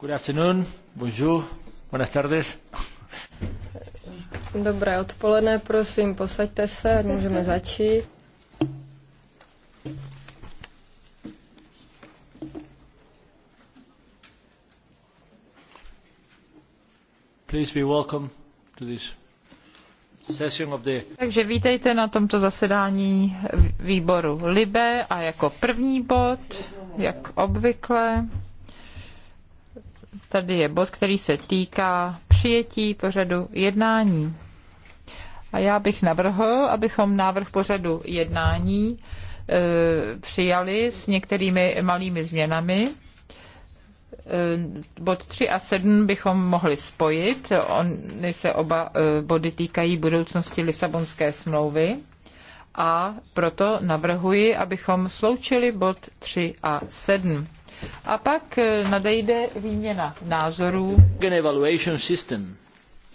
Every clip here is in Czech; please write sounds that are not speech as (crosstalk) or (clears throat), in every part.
Good afternoon, bonjour, buenas tardes. Dobré odpoledne, prosím, posaďte se, můžeme začít. Please be welcome to this session of the. takže vítejte na tomto zasedání výboru Libe a jako první bod, jak obvykle, tady je bod, který se týká přijetí pořadu jednání. A já bych navrhl, abychom návrh pořadu jednání e, přijali s některými malými změnami. E, bod 3 a 7 bychom mohli spojit. Ony se oba e, body týkají budoucnosti Lisabonské smlouvy. A proto navrhuji, abychom sloučili bod 3 a 7. A pak eh, nadejde výměna názorů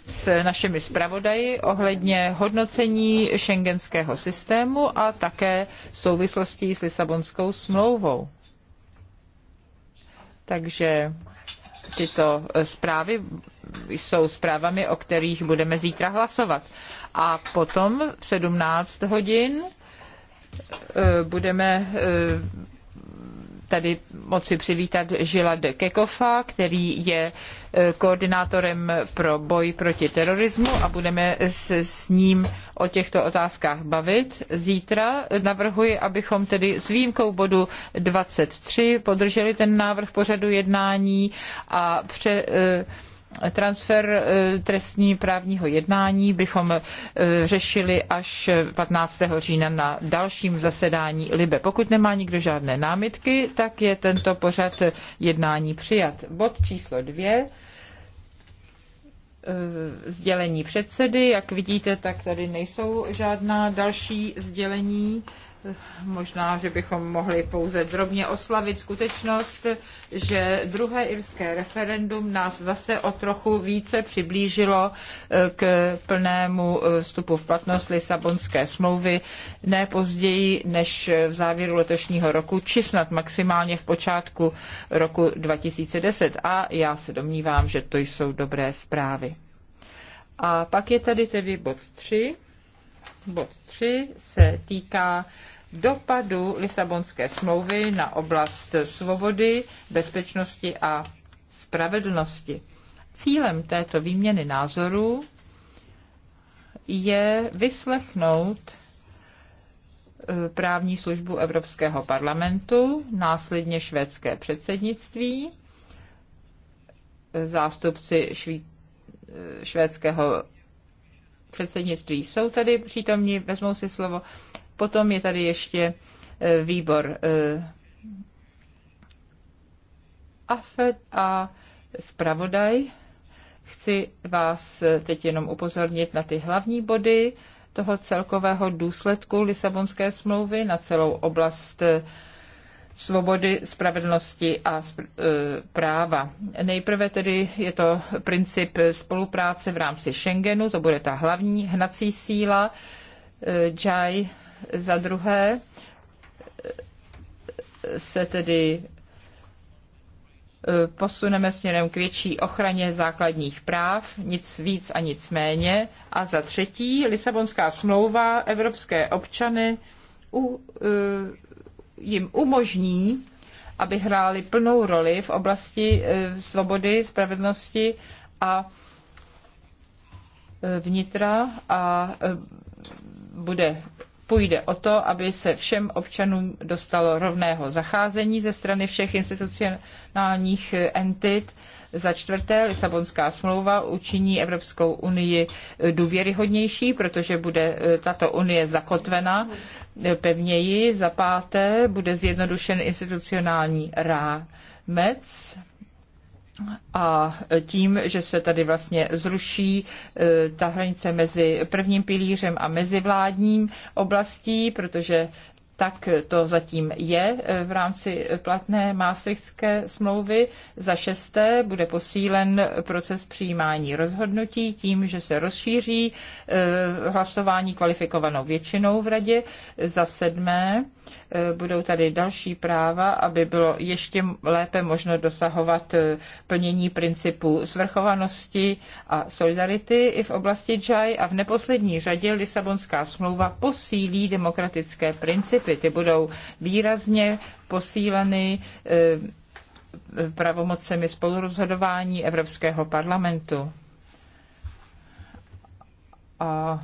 s našimi zpravodaji ohledně hodnocení šengenského systému a také v souvislostí s Lisabonskou smlouvou. Takže tyto eh, zprávy jsou zprávami, o kterých budeme zítra hlasovat. A potom v 17 hodin eh, budeme tady moci přivítat Žila de Kekofa, který je eh, koordinátorem pro boj proti terorismu a budeme se s ním o těchto otázkách bavit. Zítra navrhuji, abychom tedy s výjimkou bodu 23 podrželi ten návrh pořadu jednání a pře, eh, transfer eh, trestní právního jednání bychom eh, řešili až 15. října na dalším zasedání Libe. Pokud nemá nikdo žádné námitky, tak je tento pořad jednání přijat. Bod číslo dvě eh, sdělení předsedy. Jak vidíte, tak tady nejsou žádná další sdělení. Možná, že bychom mohli pouze drobně oslavit skutečnost, že druhé irské referendum nás zase o trochu více přiblížilo eh, k plnému eh, vstupu v platnost Lisabonské smlouvy, ne později než eh, v závěru letošního roku, či snad maximálně v počátku roku 2010. A já se domnívám, že to jsou dobré zprávy. A pak je tady tedy bod 3. Bod 3 se týká dopadu Lisabonské smlouvy na oblast svobody, bezpečnosti a spravedlnosti. Cílem této výměny názorů je vyslechnout eh, právní službu Evropského parlamentu, následně švédské předsednictví, eh, zástupci šví, eh, švédského předsednictví jsou tady přítomní, vezmou si slovo Potom je tady ještě e, výbor e, AFED a zpravodaj. Chci vás teď jenom upozornit na ty hlavní body toho celkového důsledku Lisabonské smlouvy na celou oblast e, svobody, spravedlnosti a práva. Nejprve tedy je to princip spolupráce v rámci Schengenu, to bude ta hlavní hnací síla. JAI za druhé se tedy e, posuneme směrem k větší ochraně základních práv, nic víc a nic méně. A za třetí, Lisabonská smlouva evropské občany u, e, jim umožní, aby hráli plnou roli v oblasti e, svobody, spravedlnosti a vnitra a bude půjde o to, aby se všem občanům dostalo rovného zacházení ze strany všech institucionálních entit. Za čtvrté, Lisabonská smlouva učiní Evropskou unii důvěryhodnější, protože bude eh, tato unie zakotvena eh, pevněji. Za páté, bude zjednodušen institucionální rámec a tím, že se tady vlastně zruší e, ta hranice mezi prvním pilířem a mezivládním oblastí, protože tak to zatím je e, v rámci platné Maastrichtské smlouvy. Za šesté bude posílen proces přijímání rozhodnutí tím, že se rozšíří e, hlasování kvalifikovanou většinou v radě. Za sedmé Eh, budou tady další práva, aby bylo ještě lépe možno dosahovat eh, plnění principů svrchovanosti a solidarity i v oblasti JAI a v neposlední řadě Lisabonská smlouva posílí demokratické principy. Ty budou výrazně posíleny eh, pravomocemi spolurozhodování Evropského parlamentu. A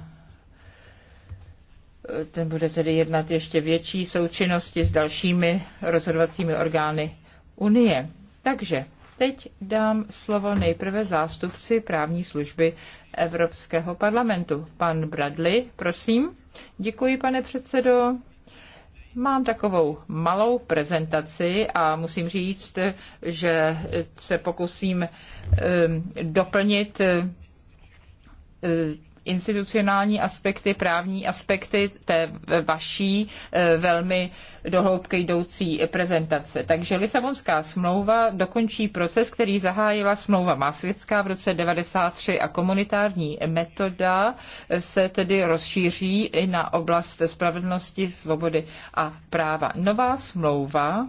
ten bude tedy jednat ještě větší součinnosti s dalšími rozhodovacími orgány Unie. Takže teď dám slovo nejprve zástupci právní služby Evropského parlamentu. Pan Bradley, prosím. Děkuji, pane předsedo. Mám takovou malou prezentaci a musím říct, že se pokusím um, doplnit uh, institucionální aspekty, právní aspekty té vaší eh, velmi dohloubky jdoucí prezentace. Takže Lisabonská smlouva dokončí proces, který zahájila smlouva Masvětská v roce 93 a komunitární metoda eh, se tedy rozšíří i na oblast spravedlnosti, svobody a práva. Nová smlouva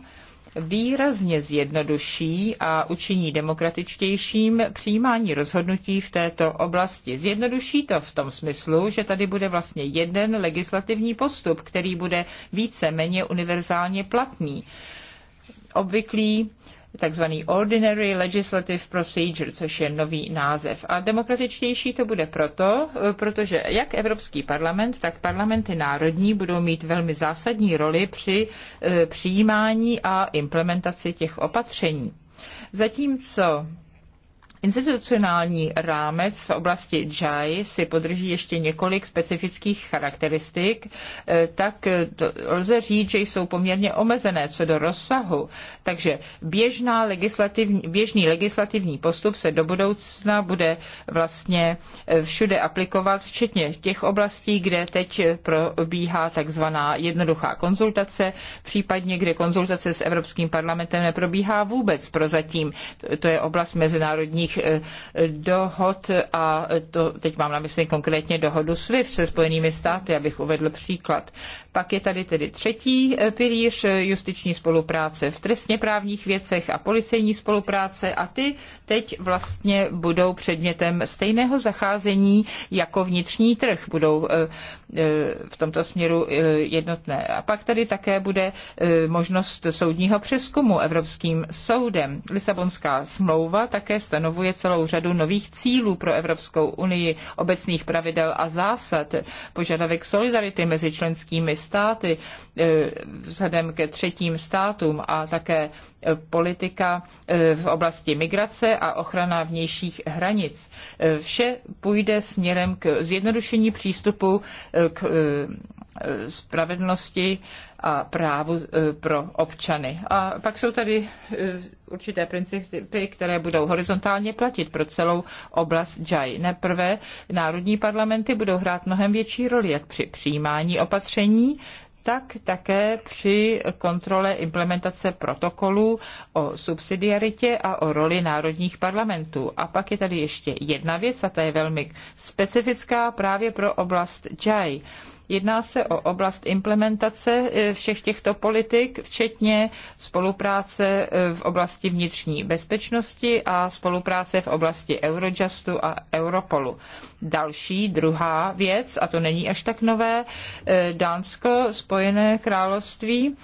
výrazně zjednoduší a učiní demokratičtějším přijímání rozhodnutí v této oblasti. Zjednoduší to v tom smyslu, že tady bude vlastně jeden legislativní postup, který bude více méně univerzálně platný. Obvyklý takzvaný Ordinary Legislative Procedure, což je nový název. A demokratičtější to bude proto, e, protože jak Evropský parlament, tak parlamenty národní budou mít velmi zásadní roli při e, přijímání a implementaci těch opatření. Zatímco Institucionální rámec v oblasti JAI si podrží ještě několik specifických charakteristik, eh, tak lze říct, že jsou poměrně omezené co do rozsahu. Takže běžná legislativní, běžný legislativní postup se do budoucna bude vlastně eh, všude aplikovat, včetně těch oblastí, kde teď probíhá takzvaná jednoduchá konzultace, případně kde konzultace s Evropským parlamentem neprobíhá vůbec prozatím. To je oblast mezinárodních mezinárodních eh, dohod a to teď mám na mysli konkrétně dohodu SWIFT se Spojenými státy, abych uvedl příklad. Pak je tady tedy třetí eh, pilíř eh, justiční spolupráce v trestně právních věcech a policejní spolupráce a ty teď vlastně budou předmětem stejného zacházení jako vnitřní trh. Budou E, v tomto směru e, jednotné. A pak tady také bude e, možnost soudního přeskumu Evropským soudem. Lisabonská smlouva také stanovuje celou řadu nových cílů pro Evropskou unii, obecných pravidel a zásad, požadavek solidarity mezi členskými státy vzhledem ke třetím státům a také politika eh, v oblasti migrace a ochrana vnějších hranic. Eh, vše půjde směrem k zjednodušení přístupu eh, k spravedlnosti a právu pro občany. A pak jsou tady určité principy, které budou horizontálně platit pro celou oblast JAI. Neprve národní parlamenty budou hrát mnohem větší roli, jak při přijímání opatření, tak také při kontrole implementace protokolu o subsidiaritě a o roli národních parlamentů. A pak je tady ještě jedna věc, a ta je velmi specifická právě pro oblast JAI Jedná se o oblast implementace eh, všech těchto politik, včetně spolupráce eh, v oblasti vnitřní bezpečnosti a spolupráce v oblasti Eurojustu a Europolu. Další, druhá věc, a to není až tak nové, eh, Dánsko, Spojené království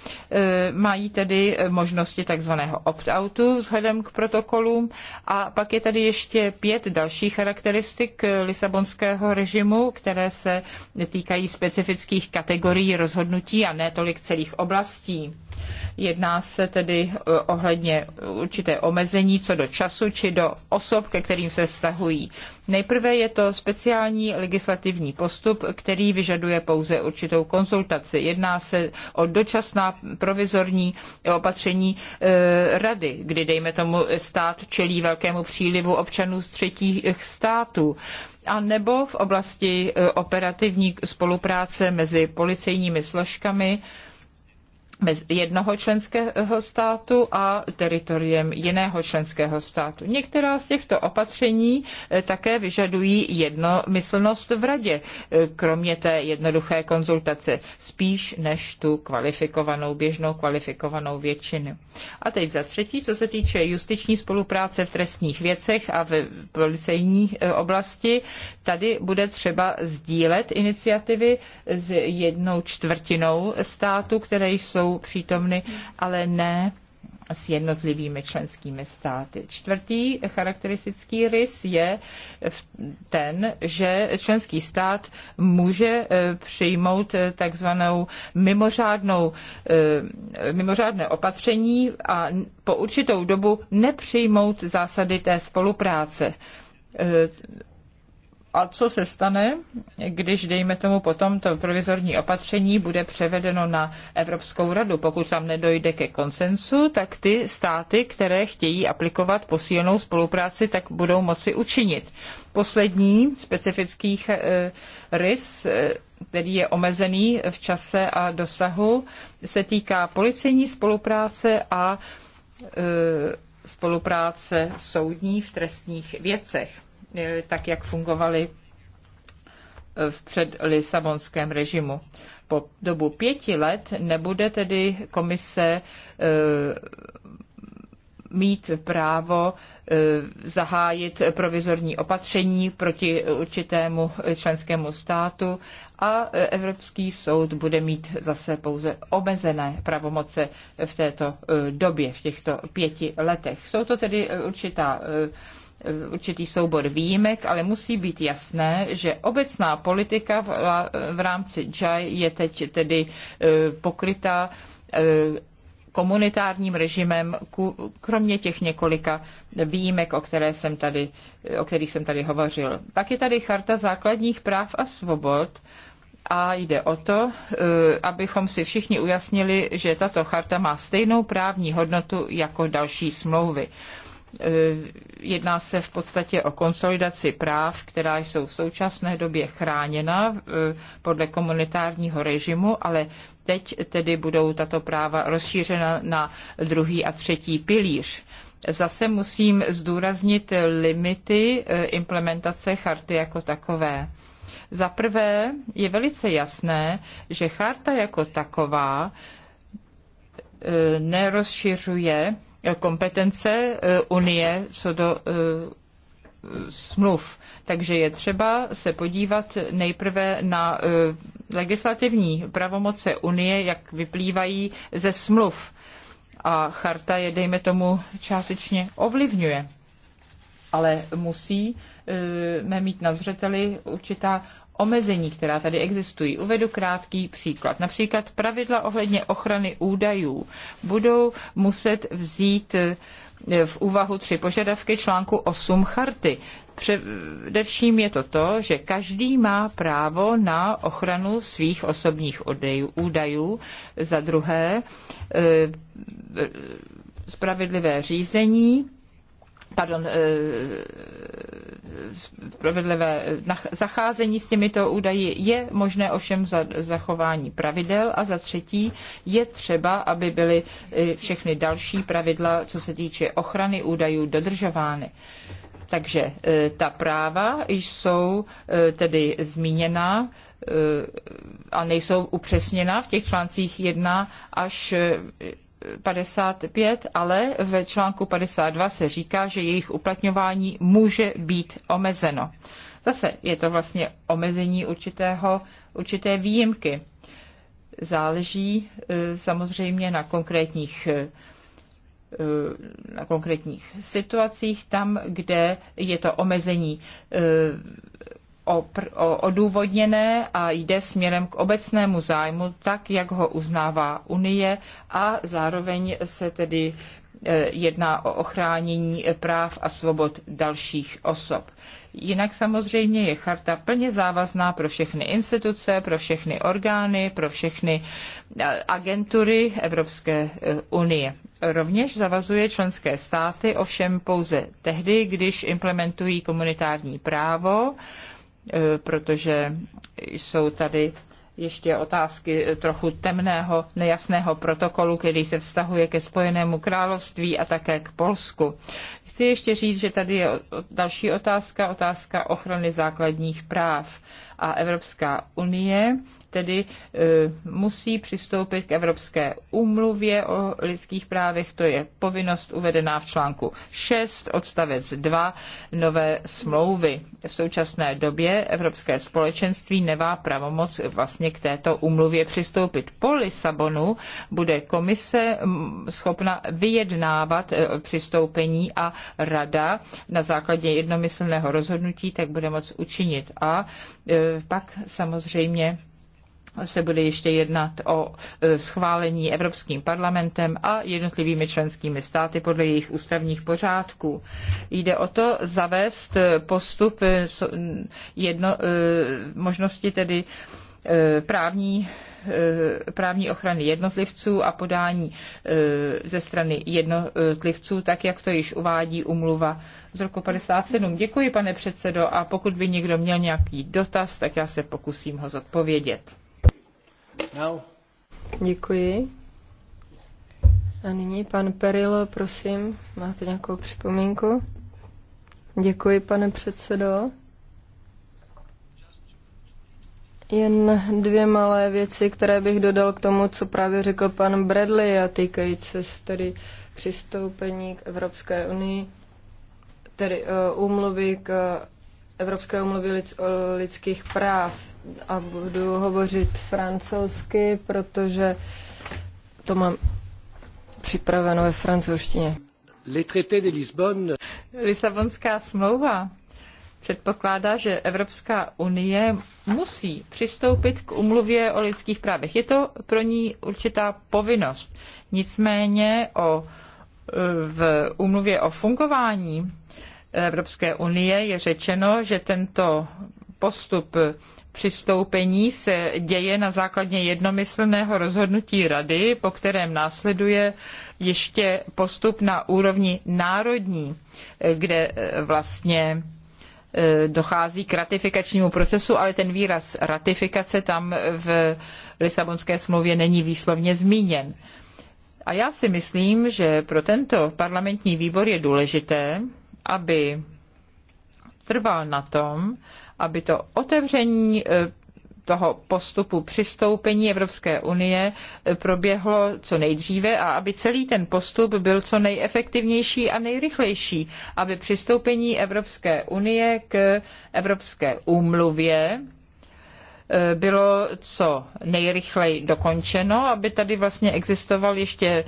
mají tedy možnosti takzvaného opt-outu vzhledem k protokolům a pak je tady ještě pět dalších charakteristik Lisabonského režimu, které se týkají speciálně specifických kategorií rozhodnutí a ne tolik celých oblastí. Jedná se tedy eh, ohledně určité omezení co do času či do osob, ke kterým se stahují. Nejprve je to speciální legislativní postup, který vyžaduje pouze určitou konzultaci. Jedná se o dočasná provizorní opatření e, rady, kdy, dejme tomu, stát čelí velkému přílivu občanů z třetích států a nebo v oblasti eh, operativní spolupráce mezi policejními složkami, mezi jednoho členského státu a teritoriem jiného členského státu. Některá z těchto opatření eh, také vyžadují jednomyslnost v radě, eh, kromě té jednoduché konzultace, spíš než tu kvalifikovanou, běžnou kvalifikovanou většinu. A teď za třetí, co se týče justiční spolupráce v trestních věcech a ve policejní eh, oblasti, tady bude třeba sdílet iniciativy s jednou čtvrtinou států, které jsou jsou přítomny, ale ne s jednotlivými členskými státy. Čtvrtý charakteristický rys je ten, že členský stát může eh, přijmout eh, takzvanou mimořádnou, eh, mimořádné opatření a po určitou dobu nepřijmout zásady té spolupráce a co se stane, když, dejme tomu, potom to provizorní opatření bude převedeno na Evropskou radu. Pokud tam nedojde ke konsensu, tak ty státy, které chtějí aplikovat posílenou spolupráci, tak budou moci učinit. Poslední specifických eh, rys, eh, který je omezený v čase a dosahu, se týká policejní spolupráce a eh, spolupráce soudní v trestních věcech. E, tak jak fungovaly v předlisabonském režimu. Po dobu pěti let nebude tedy komise e, mít právo e, zahájit provizorní opatření proti určitému členskému státu a Evropský soud bude mít zase pouze omezené pravomoce v této době, v těchto pěti letech. Jsou to tedy určitá Eh, určitý soubor výjimek, ale musí být jasné, že obecná politika v rámci JAI je teď tedy eh, pokrytá eh, komunitárním režimem, kromě těch několika výjimek, o, které jsem tady, o kterých jsem tady hovořil. Pak je tady Charta základních práv a svobod, a jde o to, abychom si všichni ujasnili, že tato charta má stejnou právní hodnotu jako další smlouvy. Eh, jedná se v podstatě o konsolidaci práv, která jsou v současné době chráněna eh, podle komunitárního režimu, ale teď tedy budou tato práva rozšířena na druhý a třetí pilíř. Zase musím zdůraznit limity eh, implementace charty jako takové. Za prvé je velice jasné, že charta jako taková nerozšiřuje Eh, kompetence eh, Unie co do eh, smluv. Takže je třeba se podívat nejprve na legislativní pravomoce Unie, jak vyplývají ze smluv. A charta je, dejme tomu, částečně ovlivňuje. Ale musí mít na zřeteli určitá omezení, která tady existují. Uvedu krátký příklad. Například pravidla ohledně ochrany údajů budou muset vzít eh, v úvahu tři požadavky článku 8 charty. Především je to to, že každý má právo na ochranu svých osobních údajů. Za druhé, eh, spravedlivé řízení pardon, eh, spravedlivé zacházení s těmito údaji je možné ovšem za zachování pravidel a za třetí je třeba, aby byly eh, všechny další pravidla, co se týče ochrany údajů, dodržovány. Takže eh, ta práva jsou tedy zmíněna a nejsou upřesněna v těch článcích 1 až 55, ale v článku 52 se říká, že jejich uplatňování může být omezeno. Zase je to vlastně omezení určitého, určité výjimky. Záleží eh, samozřejmě na konkrétních eh, na konkrétních situacích, tam, kde je to omezení eh, odůvodněné a jde směrem k obecnému zájmu, tak jak ho uznává Unie a zároveň se tedy e, jedná o ochránění práv a svobod dalších osob. Jinak samozřejmě je charta plně závazná pro všechny instituce, pro všechny orgány, pro všechny e, agentury Evropské e, unie. Rovněž zavazuje členské státy ovšem pouze tehdy, když implementují komunitární právo Eh, protože jsou tady ještě otázky eh, trochu temného, nejasného protokolu, který se vztahuje ke Spojenému království a také k Polsku. Chci ještě říct, že tady je další otázka, otázka ochrany základních práv a Evropská unie tedy e, musí přistoupit k Evropské úmluvě o lidských právech. To je povinnost uvedená v článku 6 odstavec 2 nové smlouvy. V současné době Evropské společenství nevá pravomoc vlastně k této úmluvě přistoupit. Po Lisabonu bude komise schopna vyjednávat e, přistoupení a rada na základě jednomyslného rozhodnutí tak bude moc učinit. A e, Eh, pak samozřejmě se bude ještě jednat o eh, schválení Evropským parlamentem a jednotlivými členskými státy podle jejich ústavních pořádků. Jde o to zavést eh, postup jedno, možnosti tedy právní Eh, právní ochrany jednotlivců a podání eh, ze strany jednotlivců, tak jak to již uvádí umluva z roku 57. Děkuji, pane předsedo, a pokud by někdo měl nějaký dotaz, tak já se pokusím ho zodpovědět. No. Děkuji. A nyní pan Perilo, prosím, máte nějakou připomínku? Děkuji, pane předsedo. Jen dvě malé věci, které bych dodal k tomu, co právě řekl pan Bradley a týkající se tedy přistoupení k Evropské unii, tedy eh, úmluvy uh, k Evropské umluvy lid, o lidských práv a budu hovořit francouzsky, protože to mám připraveno ve francouzštině. Les traités de Lisbonne. Lisabonská smlouva předpokládá, že Evropská unie musí přistoupit k umluvě o lidských právech. Je to pro ní určitá povinnost. Nicméně o, v umluvě o fungování Evropské unie je řečeno, že tento postup přistoupení se děje na základě jednomyslného rozhodnutí rady, po kterém následuje ještě postup na úrovni národní, kde vlastně E, dochází k ratifikačnímu procesu, ale ten výraz ratifikace tam v Lisabonské smlouvě není výslovně zmíněn. A já si myslím, že pro tento parlamentní výbor je důležité, aby trval na tom, aby to otevření e, toho postupu přistoupení Evropské unie eh, proběhlo co nejdříve a aby celý ten postup byl co nejefektivnější a nejrychlejší, aby přistoupení Evropské unie k Evropské úmluvě eh, bylo co nejrychleji dokončeno, aby tady vlastně existoval ještě eh,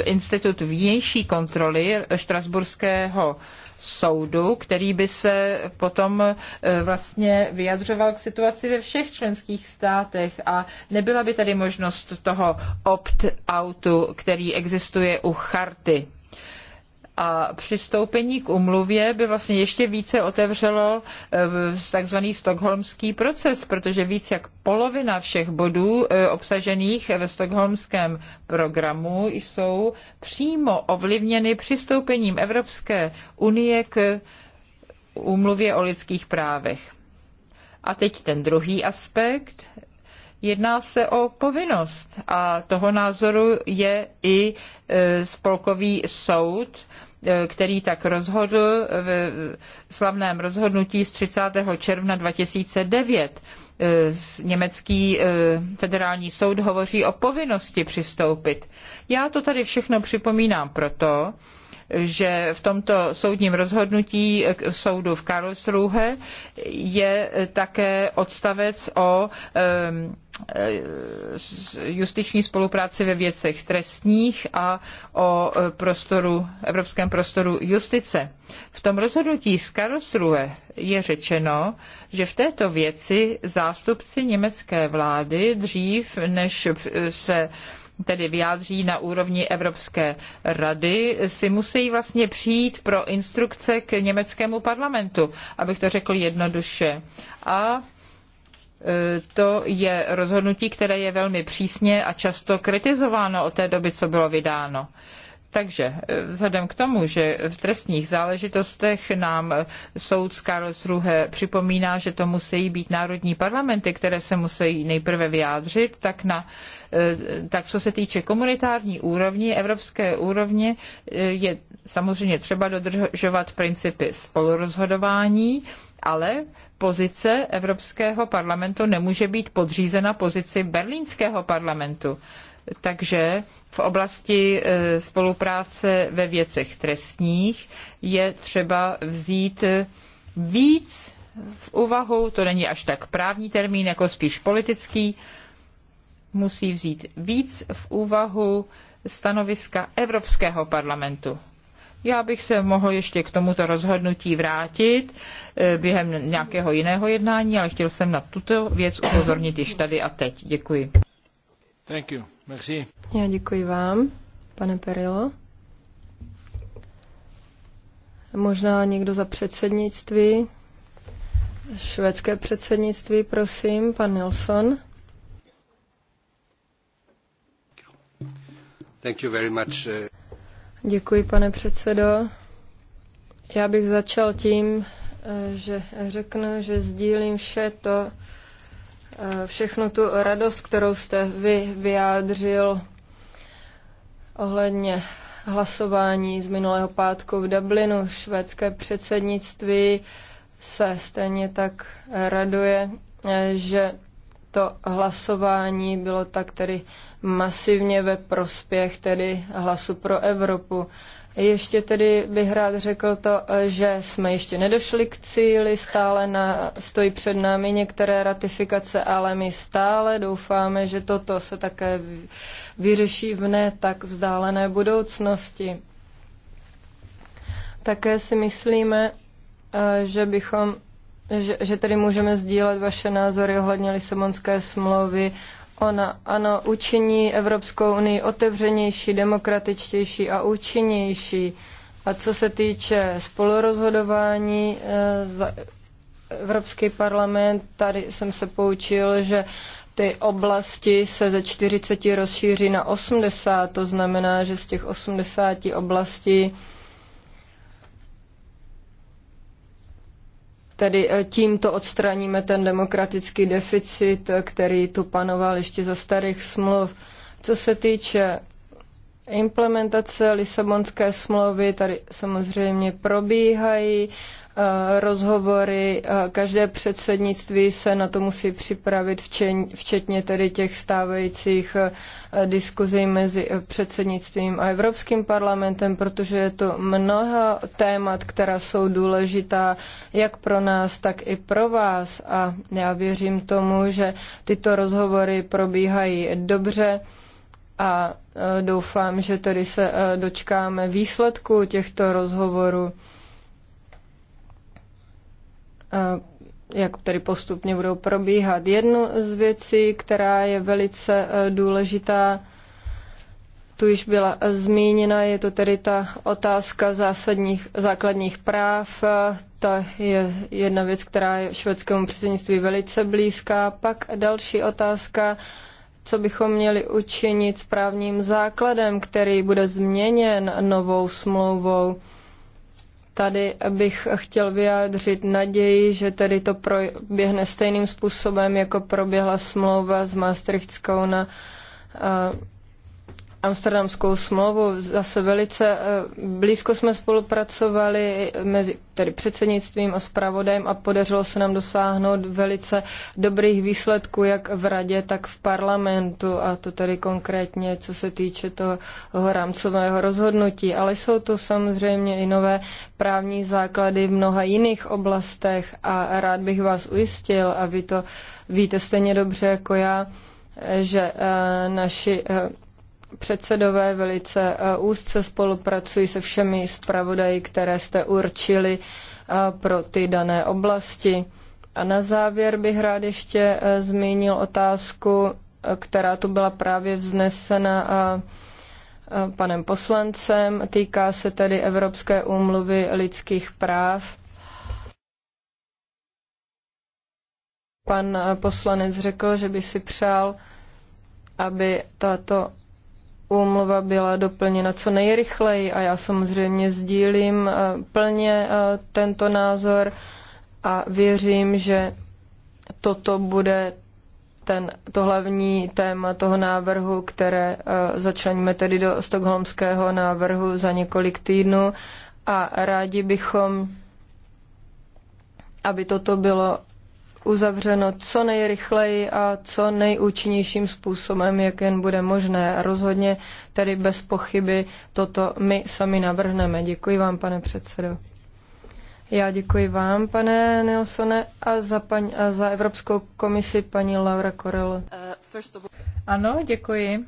institut vnější kontroly Štrasburského soudu, který by se potom e, vlastně vyjadřoval k situaci ve všech členských státech a nebyla by tady možnost toho opt-outu, který existuje u charty a přistoupení k umluvě by vlastně ještě více otevřelo eh, takzvaný stokholmský proces, protože víc jak polovina všech bodů eh, obsažených ve stokholmském programu jsou přímo ovlivněny přistoupením Evropské unie k umluvě o lidských právech. A teď ten druhý aspekt. Jedná se o povinnost a toho názoru je i eh, spolkový soud Eh, který tak rozhodl v slavném rozhodnutí z 30. června 2009. Eh, německý eh, federální soud hovoří o povinnosti přistoupit. Já to tady všechno připomínám proto, že v tomto soudním rozhodnutí soudu v Karlsruhe je také odstavec o um, Eh, justiční spolupráci ve věcech trestních a o eh, prostoru, evropském prostoru justice. V tom rozhodnutí z Karlsruhe je řečeno, že v této věci zástupci německé vlády dřív, než se tedy vyjádří na úrovni Evropské rady, si musí vlastně přijít pro instrukce k německému parlamentu, abych to řekl jednoduše. A to je rozhodnutí, které je velmi přísně a často kritizováno od té doby, co bylo vydáno. Takže eh, vzhledem k tomu, že v trestních záležitostech nám eh, soud z Karlsruhe připomíná, že to musí být národní parlamenty, které se musí nejprve vyjádřit, tak, na, eh, tak co se týče komunitární úrovni, evropské úrovně, je samozřejmě třeba dodržovat principy spolurozhodování, ale pozice Evropského parlamentu nemůže být podřízena pozici Berlínského parlamentu. Takže v oblasti e, spolupráce ve věcech trestních je třeba vzít e, víc v úvahu, to není až tak právní termín, jako spíš politický, musí vzít víc v úvahu stanoviska Evropského parlamentu. Já bych se mohl ještě k tomuto rozhodnutí vrátit e, během nějakého jiného jednání, ale chtěl jsem na tuto věc upozornit již tady a teď. Děkuji. Thank you. Merci. Já děkuji vám, pane Perilo. Možná někdo za předsednictví. Švédské předsednictví, prosím, pan Nilsson. Thank you very much. Eh. Děkuji, pane předsedo. Já bych začal tím, eh, že řeknu, že sdílím vše to, Eh, všechnu tu radost, kterou jste vy vyjádřil ohledně hlasování z minulého pátku v Dublinu. Švédské předsednictví se stejně tak raduje, eh, že to hlasování bylo tak tedy masivně ve prospěch tedy hlasu pro Evropu. Ještě tedy bych rád řekl to, že jsme ještě nedošli k cíli, stále na, stojí před námi některé ratifikace, ale my stále doufáme, že toto se také vyřeší v ne tak vzdálené budoucnosti. Také si myslíme, eh, že bychom, že, že tedy můžeme sdílet vaše názory ohledně Lisabonské smlouvy Ona ano, učiní Evropskou unii otevřenější, demokratičtější a účinnější. A co se týče spolurozhodování, eh, Evropský parlament, tady jsem se poučil, že ty oblasti se ze 40 rozšíří na 80, to znamená, že z těch 80 oblastí Tedy e, tímto odstraníme ten demokratický deficit, e, který tu panoval ještě za starých smluv. Co se týče implementace Lisabonské smlouvy, tady samozřejmě probíhají Eh, rozhovory. Eh, každé předsednictví se na to musí připravit, včetně tedy těch stávajících eh, diskuzí mezi předsednictvím a Evropským parlamentem, protože je to mnoho témat, která jsou důležitá jak pro nás, tak i pro vás. A já věřím tomu, že tyto rozhovory probíhají dobře a doufám, že tedy se dočkáme výsledku těchto rozhovorů jak tedy postupně budou probíhat. Jednu z věcí, která je velice e, důležitá, tu již byla zmíněna, je to tedy ta otázka zásadních, základních práv. E, ta je jedna věc, která je švédskému předsednictví velice blízká. Pak další otázka, co bychom měli učinit s právním základem, který bude změněn novou smlouvou. Tady bych chtěl vyjádřit naději, že tady to proběhne stejným způsobem, jako proběhla smlouva s Maastrichtskou na eh, Amsterdamskou smlouvu. Zase velice eh, blízko jsme spolupracovali mezi tedy předsednictvím a zpravodajem a podařilo se nám dosáhnout velice dobrých výsledků jak v radě, tak v parlamentu a to tedy konkrétně, co se týče toho rámcového rozhodnutí. Ale jsou to samozřejmě i nové právní základy v mnoha jiných oblastech a rád bych vás ujistil a vy to víte stejně dobře jako já, eh, že eh, naši předsedové velice eh, úzce spolupracují se všemi zpravodaji, které jste určili eh, pro ty dané oblasti. A na závěr bych rád ještě eh, zmínil otázku, která tu byla právě vznesena panem poslancem. Týká se tedy Evropské úmluvy lidských práv. Pan poslanec řekl, že by si přál, aby tato úmluva byla doplněna co nejrychleji a já samozřejmě sdílím eh, plně eh, tento názor a věřím, že toto bude ten, to hlavní téma toho návrhu, které eh, začleníme tedy do stokholmského návrhu za několik týdnů a rádi bychom, aby toto bylo uzavřeno co nejrychleji a co nejúčinnějším způsobem, jak jen bude možné. A rozhodně tedy bez pochyby toto my sami navrhneme. Děkuji vám, pane předsedo. Já děkuji vám, pane Nilsone, a za, paň, a za Evropskou komisi paní Laura Korel. Ano, děkuji.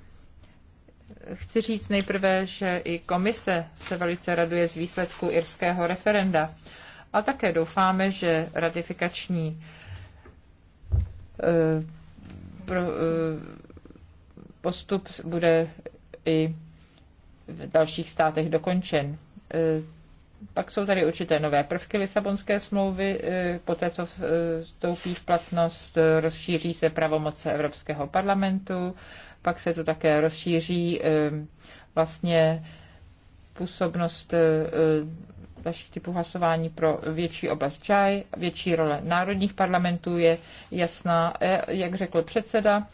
Chci říct nejprve, že i komise se velice raduje z výsledku irského referenda. A také doufáme, že ratifikační Eh, eh, postup bude i v dalších státech dokončen. Eh, pak jsou tady určité nové prvky Lisabonské smlouvy, poté co vstoupí v platnost, rozšíří se pravomoce Evropského parlamentu, pak se to také rozšíří vlastně působnost dalších typů hlasování pro větší oblast čaj, větší role národních parlamentů je jasná, e, jak řekl předseda,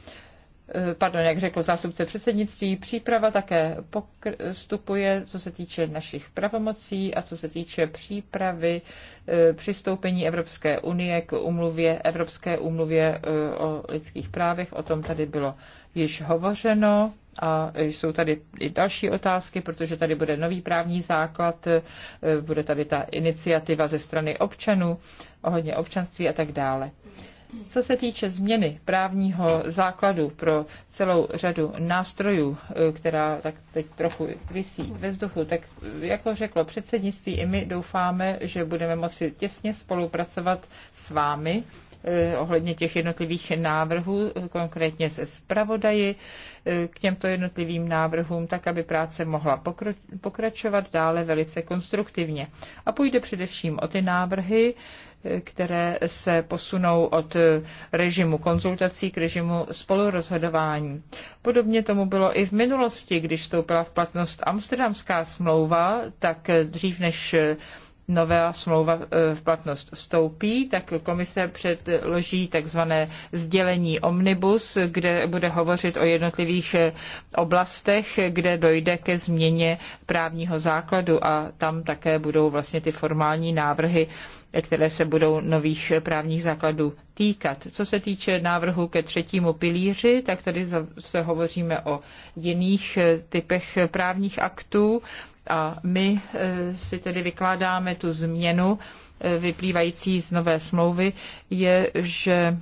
e, pardon, jak řekl zástupce předsednictví, příprava také postupuje, co se týče našich pravomocí a co se týče přípravy e, přistoupení Evropské unie k umluvě, Evropské umluvě o lidských právech. O tom tady bylo již hovořeno a jsou tady i další otázky, protože tady bude nový právní základ, e, bude tady ta iniciativa ze strany občanů ohledně občanství a tak dále. Co se týče změny právního základu pro celou řadu nástrojů, e, která tak teď trochu vysí ve vzduchu, tak e, jako řeklo předsednictví, i my doufáme, že budeme moci těsně spolupracovat s vámi Eh, ohledně těch jednotlivých návrhů, konkrétně se zpravodaji eh, k těmto jednotlivým návrhům, tak aby práce mohla pokračovat dále velice konstruktivně. A půjde především o ty návrhy, eh, které se posunou od režimu konzultací k režimu spolurozhodování. Podobně tomu bylo i v minulosti, když vstoupila v platnost Amsterdamská smlouva, tak dřív než nová smlouva e, v platnost vstoupí, tak komise předloží takzvané sdělení omnibus, kde bude hovořit o jednotlivých e, oblastech, kde dojde ke změně právního základu a tam také budou vlastně ty formální návrhy, které se budou nových právních základů týkat. Co se týče návrhu ke třetímu pilíři, tak tady se hovoříme o jiných e, typech právních aktů, a my eh, si tedy vykládáme tu změnu eh, vyplývající z nové smlouvy, je, že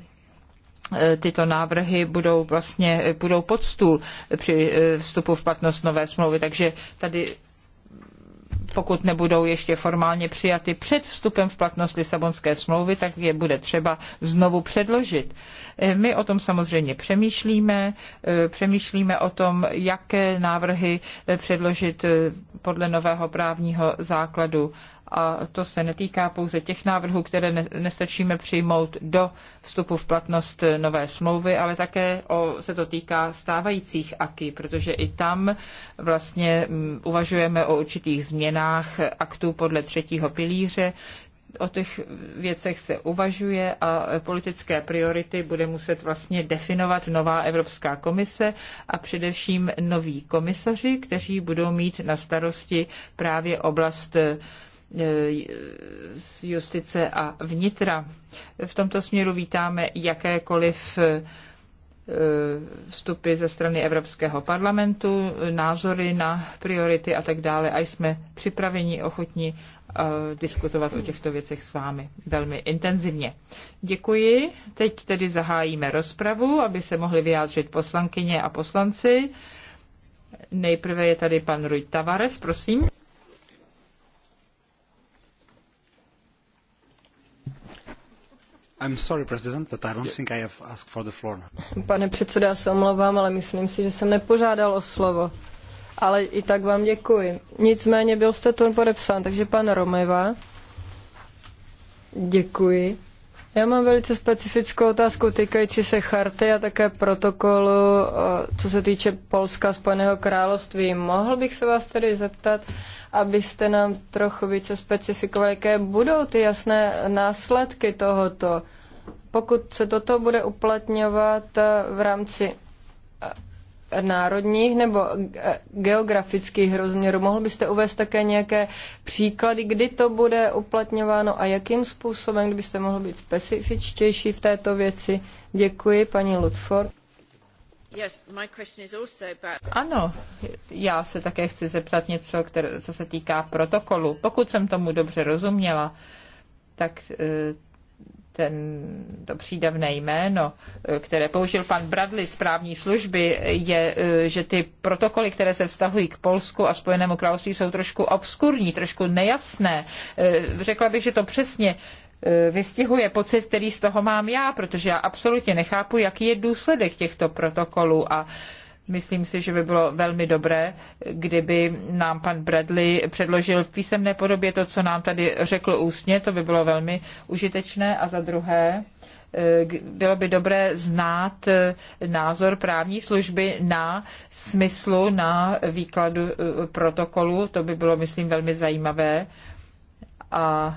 eh, tyto návrhy budou vlastně budou pod stůl při vstupu v platnost nové smlouvy. Takže tady pokud nebudou ještě formálně přijaty před vstupem v platnost Lisabonské smlouvy, tak je bude třeba znovu předložit. Eh, my o tom samozřejmě přemýšlíme, eh, přemýšlíme o tom, jaké návrhy eh, předložit podle nového právního základu a to se netýká pouze těch návrhů, které nestačíme přijmout do vstupu v platnost nové smlouvy, ale také o, se to týká stávajících aky, protože i tam vlastně mm, uvažujeme o určitých změnách aktů podle třetího pilíře, o těch věcech se uvažuje a politické priority bude muset vlastně definovat nová Evropská komise a především noví komisaři, kteří budou mít na starosti právě oblast E, justice a vnitra. V tomto směru vítáme jakékoliv e, vstupy ze strany Evropského parlamentu, názory na priority a tak dále a jsme připraveni, ochotni e, diskutovat o těchto věcech s vámi velmi intenzivně. Děkuji. Teď tedy zahájíme rozpravu, aby se mohli vyjádřit poslankyně a poslanci. Nejprve je tady pan Ruj Tavares, prosím. Pane předsedo, já se omlouvám, ale myslím si, že jsem nepožádal o slovo. Ale i tak vám děkuji. Nicméně byl jste to podepsán, takže pan Romeva. Děkuji. Já mám velice specifickou otázku týkající se charty a také protokolu, eh, co se týče Polska a Spojeného království. Mohl bych se vás tedy zeptat, abyste nám trochu více specifikovali, jaké budou ty jasné následky tohoto, pokud se toto bude uplatňovat eh, v rámci eh, národních nebo eh, geografických rozměrů. Mohl byste uvést také nějaké příklady, kdy to bude uplatňováno a jakým způsobem, kdybyste mohl být specifičtější v této věci? Děkuji, paní Ludford. Ano, já se také chci zeptat něco, které, co se týká protokolu. Pokud jsem tomu dobře rozuměla, tak eh, ten, to přídavné jméno, eh, které použil pan Bradley z právní služby, je, eh, že ty protokoly, které se vztahují k Polsku a Spojenému království, jsou trošku obskurní, trošku nejasné. Eh, řekla bych, že to přesně vystihuje pocit, který z toho mám já, protože já absolutně nechápu, jaký je důsledek těchto protokolů a Myslím si, že by bylo velmi dobré, kdyby nám pan Bradley předložil v písemné podobě to, co nám tady řekl ústně, to by bylo velmi užitečné. A za druhé, eh, bylo by dobré znát eh, názor právní služby na smyslu, na výkladu eh, protokolu. To by bylo, myslím, velmi zajímavé. A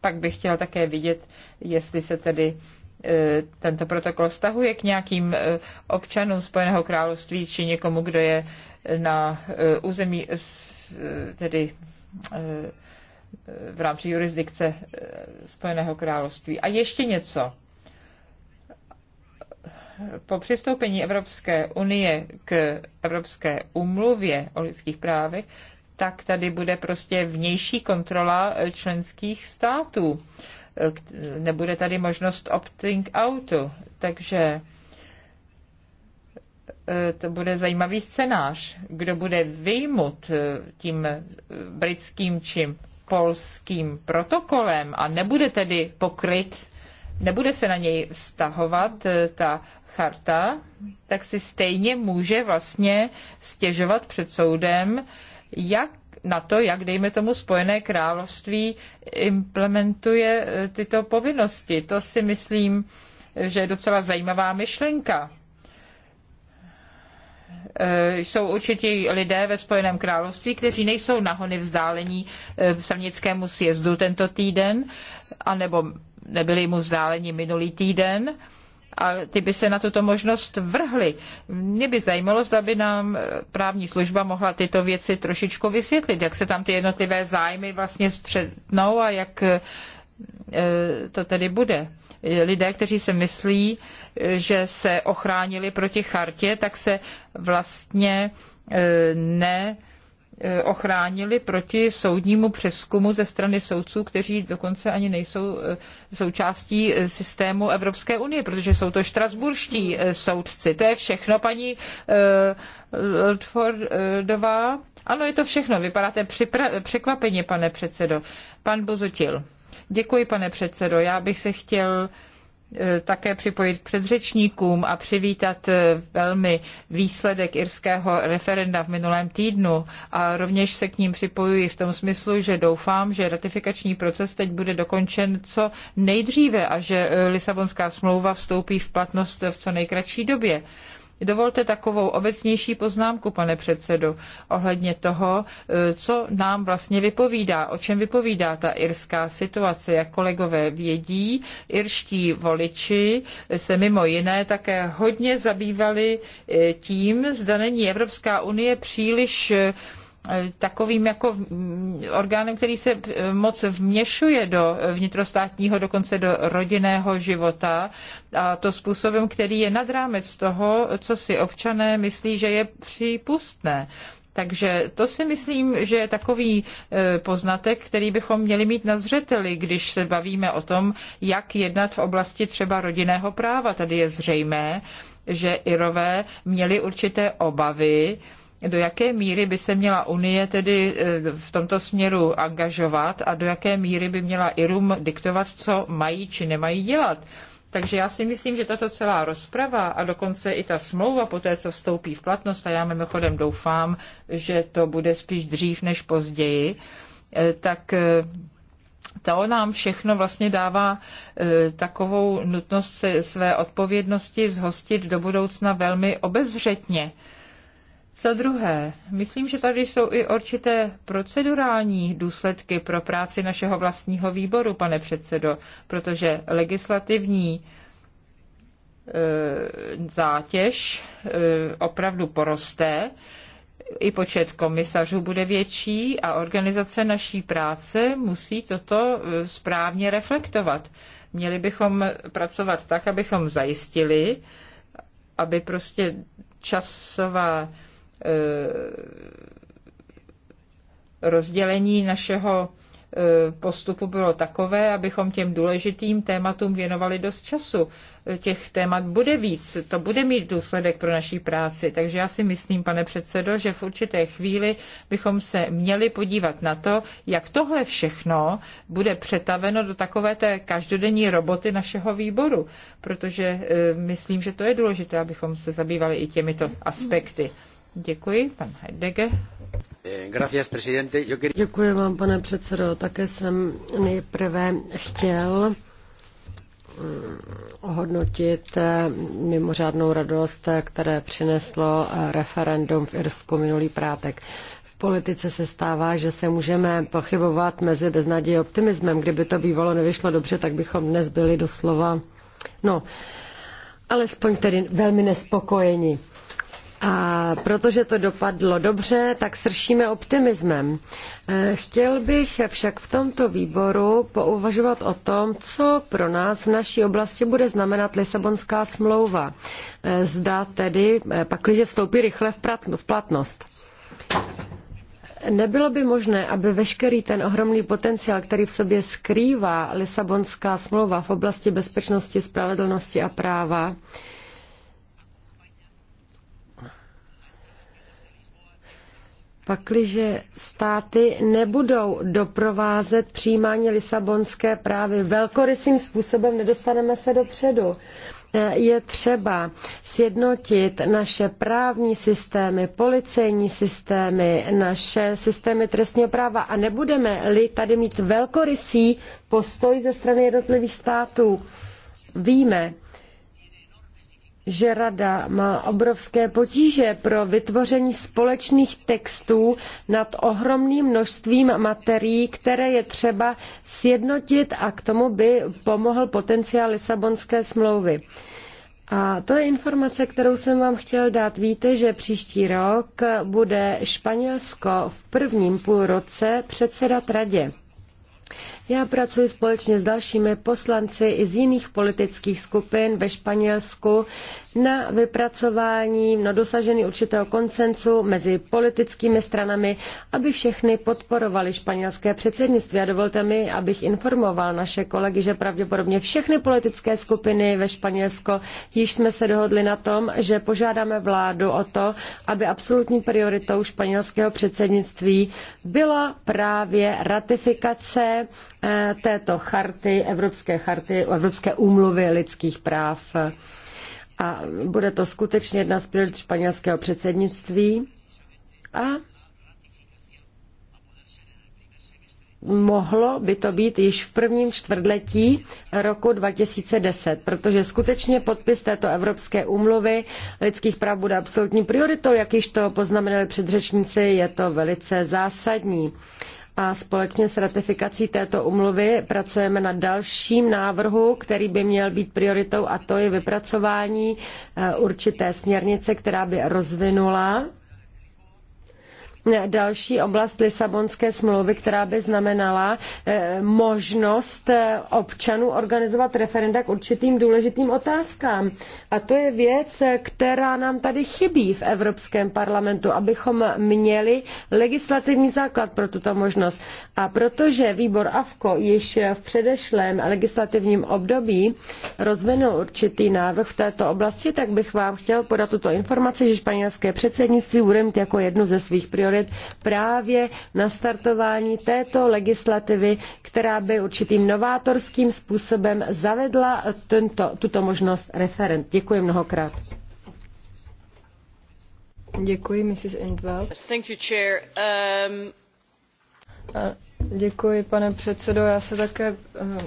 pak bych chtěla také vidět, jestli se tedy E, tento protokol vztahuje k nějakým e, občanům Spojeného království či někomu, kdo je na e, území tedy v rámci jurisdikce Spojeného království. A ještě něco. Po přistoupení Evropské unie k Evropské umluvě o lidských právech, tak tady bude prostě vnější kontrola členských států nebude tady možnost opting outu, takže e, to bude zajímavý scénář, kdo bude vyjmut e, tím e, britským či polským protokolem a nebude tedy pokryt, nebude se na něj vztahovat ta charta, tak si stejně může vlastně stěžovat před soudem, jak na to, jak dejme tomu Spojené království implementuje e, tyto povinnosti. To si myslím, že je docela zajímavá myšlenka. E, jsou určitě lidé ve Spojeném království, kteří nejsou nahony vzdálení e, samnickému sjezdu tento týden, anebo nebyli mu vzdáleni minulý týden a ty by se na tuto možnost vrhly. Mě by zajímalo, zda by nám eh, právní služba mohla tyto věci trošičku vysvětlit, jak se tam ty jednotlivé zájmy vlastně střetnou a jak eh, to tedy bude. Lidé, kteří se myslí, eh, že se ochránili proti chartě, tak se vlastně ne Eh, ochránili proti soudnímu přeskumu ze strany soudců, kteří dokonce ani nejsou eh, součástí eh, systému Evropské unie, protože jsou to štrasburští soudci. To je všechno, paní Ludfordová. Ano, je to všechno. Vypadáte překvapeně, pane předsedo. Pan Bozutil. Děkuji, pane předsedo. Já bych se chtěl Eh, také připojit k předřečníkům a přivítat eh, velmi výsledek irského referenda v minulém týdnu a rovněž se k ním připojuji v tom smyslu, že doufám, že ratifikační proces teď bude dokončen co nejdříve a že eh, Lisabonská smlouva vstoupí v platnost v co nejkratší době. Dovolte takovou obecnější poznámku, pane předsedo, ohledně toho, eh, co nám vlastně vypovídá, o čem vypovídá ta irská situace. Jak kolegové vědí, irští voliči se mimo jiné také hodně zabývali eh, tím, zda není Evropská unie příliš eh, E, takovým jako mm, orgánem, který se e, moc vměšuje do vnitrostátního, dokonce do rodinného života a to způsobem, který je nad rámec toho, co si občané myslí, že je přípustné. Takže to si myslím, že je takový e, poznatek, který bychom měli mít na zřeteli, když se bavíme o tom, jak jednat v oblasti třeba rodinného práva. Tady je zřejmé, že Irové měli určité obavy, do jaké míry by se měla Unie tedy eh, v tomto směru angažovat a do jaké míry by měla Irum diktovat, co mají či nemají dělat. Takže já si myslím, že tato celá rozprava a dokonce i ta smlouva po té, co vstoupí v platnost, a já mimochodem doufám, že to bude spíš dřív než později, eh, tak eh, to nám všechno vlastně dává takovou nutnost se své odpovědnosti zhostit do budoucna velmi obezřetně za druhé, myslím, že tady jsou i určité procedurální důsledky pro práci našeho vlastního výboru, pane předsedo, protože legislativní e, zátěž e, opravdu poroste, i počet komisařů bude větší a organizace naší práce musí toto e, správně reflektovat. Měli bychom pracovat tak, abychom zajistili, aby prostě časová Eh, rozdělení našeho eh, postupu bylo takové, abychom těm důležitým tématům věnovali dost času. Eh, těch témat bude víc, to bude mít důsledek pro naší práci. Takže já si myslím, pane předsedo, že v určité chvíli bychom se měli podívat na to, jak tohle všechno bude přetaveno do takové té každodenní roboty našeho výboru, protože myslím, že to je důležité, abychom se zabývali i těmito aspekty. Děkuji, pan Heidegger. Eh, Děkuji vám, pane předsedo. Také jsem nejprve chtěl eh, ohodnotit eh, mimořádnou radost, které přineslo referendum v Irsku minulý prátek politice se stává, že se můžeme pochybovat mezi a optimismem. Kdyby to bývalo nevyšlo dobře, tak bychom dnes byli doslova, no, alespoň tedy velmi nespokojeni. A protože to dopadlo dobře, tak sršíme optimismem. E, chtěl bych však v tomto výboru pouvažovat o tom, co pro nás v naší oblasti bude znamenat Lisabonská smlouva. E, zda tedy, e, pakliže vstoupí rychle v platnost. Nebylo by možné, aby veškerý ten ohromný potenciál, který v sobě skrývá Lisabonská smlouva v oblasti bezpečnosti, spravedlnosti a práva, Pakliže státy nebudou doprovázet přijímání Lisabonské právy velkorysým způsobem, nedostaneme se dopředu eh, je třeba sjednotit naše právní systémy, policejní systémy, naše systémy trestního práva a nebudeme-li tady mít velkorysý postoj ze strany jednotlivých států. Víme, že Rada má obrovské potíže pro vytvoření společných textů nad ohromným množstvím materií, které je třeba sjednotit a k tomu by pomohl potenciál Lisabonské smlouvy. A to je informace, kterou jsem vám chtěl dát. Víte, že příští rok bude Španělsko v prvním půlroce předsedat radě. Já pracuji společně s dalšími poslanci i z jiných politických skupin ve Španělsku na vypracování, na dosažení určitého koncensu mezi politickými stranami, aby všechny podporovali španělské předsednictví. A dovolte mi, abych informoval naše kolegy, že pravděpodobně všechny politické skupiny ve Španělsko již jsme se dohodli na tom, že požádáme vládu o to, aby absolutní prioritou španělského předsednictví byla právě ratifikace této charty, Evropské charty, Evropské úmluvy lidských práv. A bude to skutečně jedna z priorit španělského předsednictví. A mohlo by to být již v prvním čtvrtletí roku 2010, protože skutečně podpis této Evropské úmluvy lidských práv bude absolutní prioritou, jak již to poznamenali předřečníci, je to velice zásadní a společně s ratifikací této umluvy pracujeme na dalším návrhu, který by měl být prioritou a to je vypracování eh, určité směrnice, která by rozvinula další oblast Lisabonské smlouvy, která by znamenala eh, možnost eh, občanů organizovat referenda k určitým důležitým otázkám. A to je věc, eh, která nám tady chybí v Evropském parlamentu, abychom měli legislativní základ pro tuto možnost. A protože výbor AFKO již v předešlém legislativním období rozvinul určitý návrh v této oblasti, tak bych vám chtěl podat tuto informaci, že španělské předsednictví bude mít jako jednu ze svých priorit priorit právě nastartování této legislativy, která by určitým novátorským způsobem zavedla tento, tuto možnost referent. Děkuji mnohokrát. Děkuji, Mrs. Indwell. Thank you, chair. Um... Děkuji, pane předsedo. Já se také eh,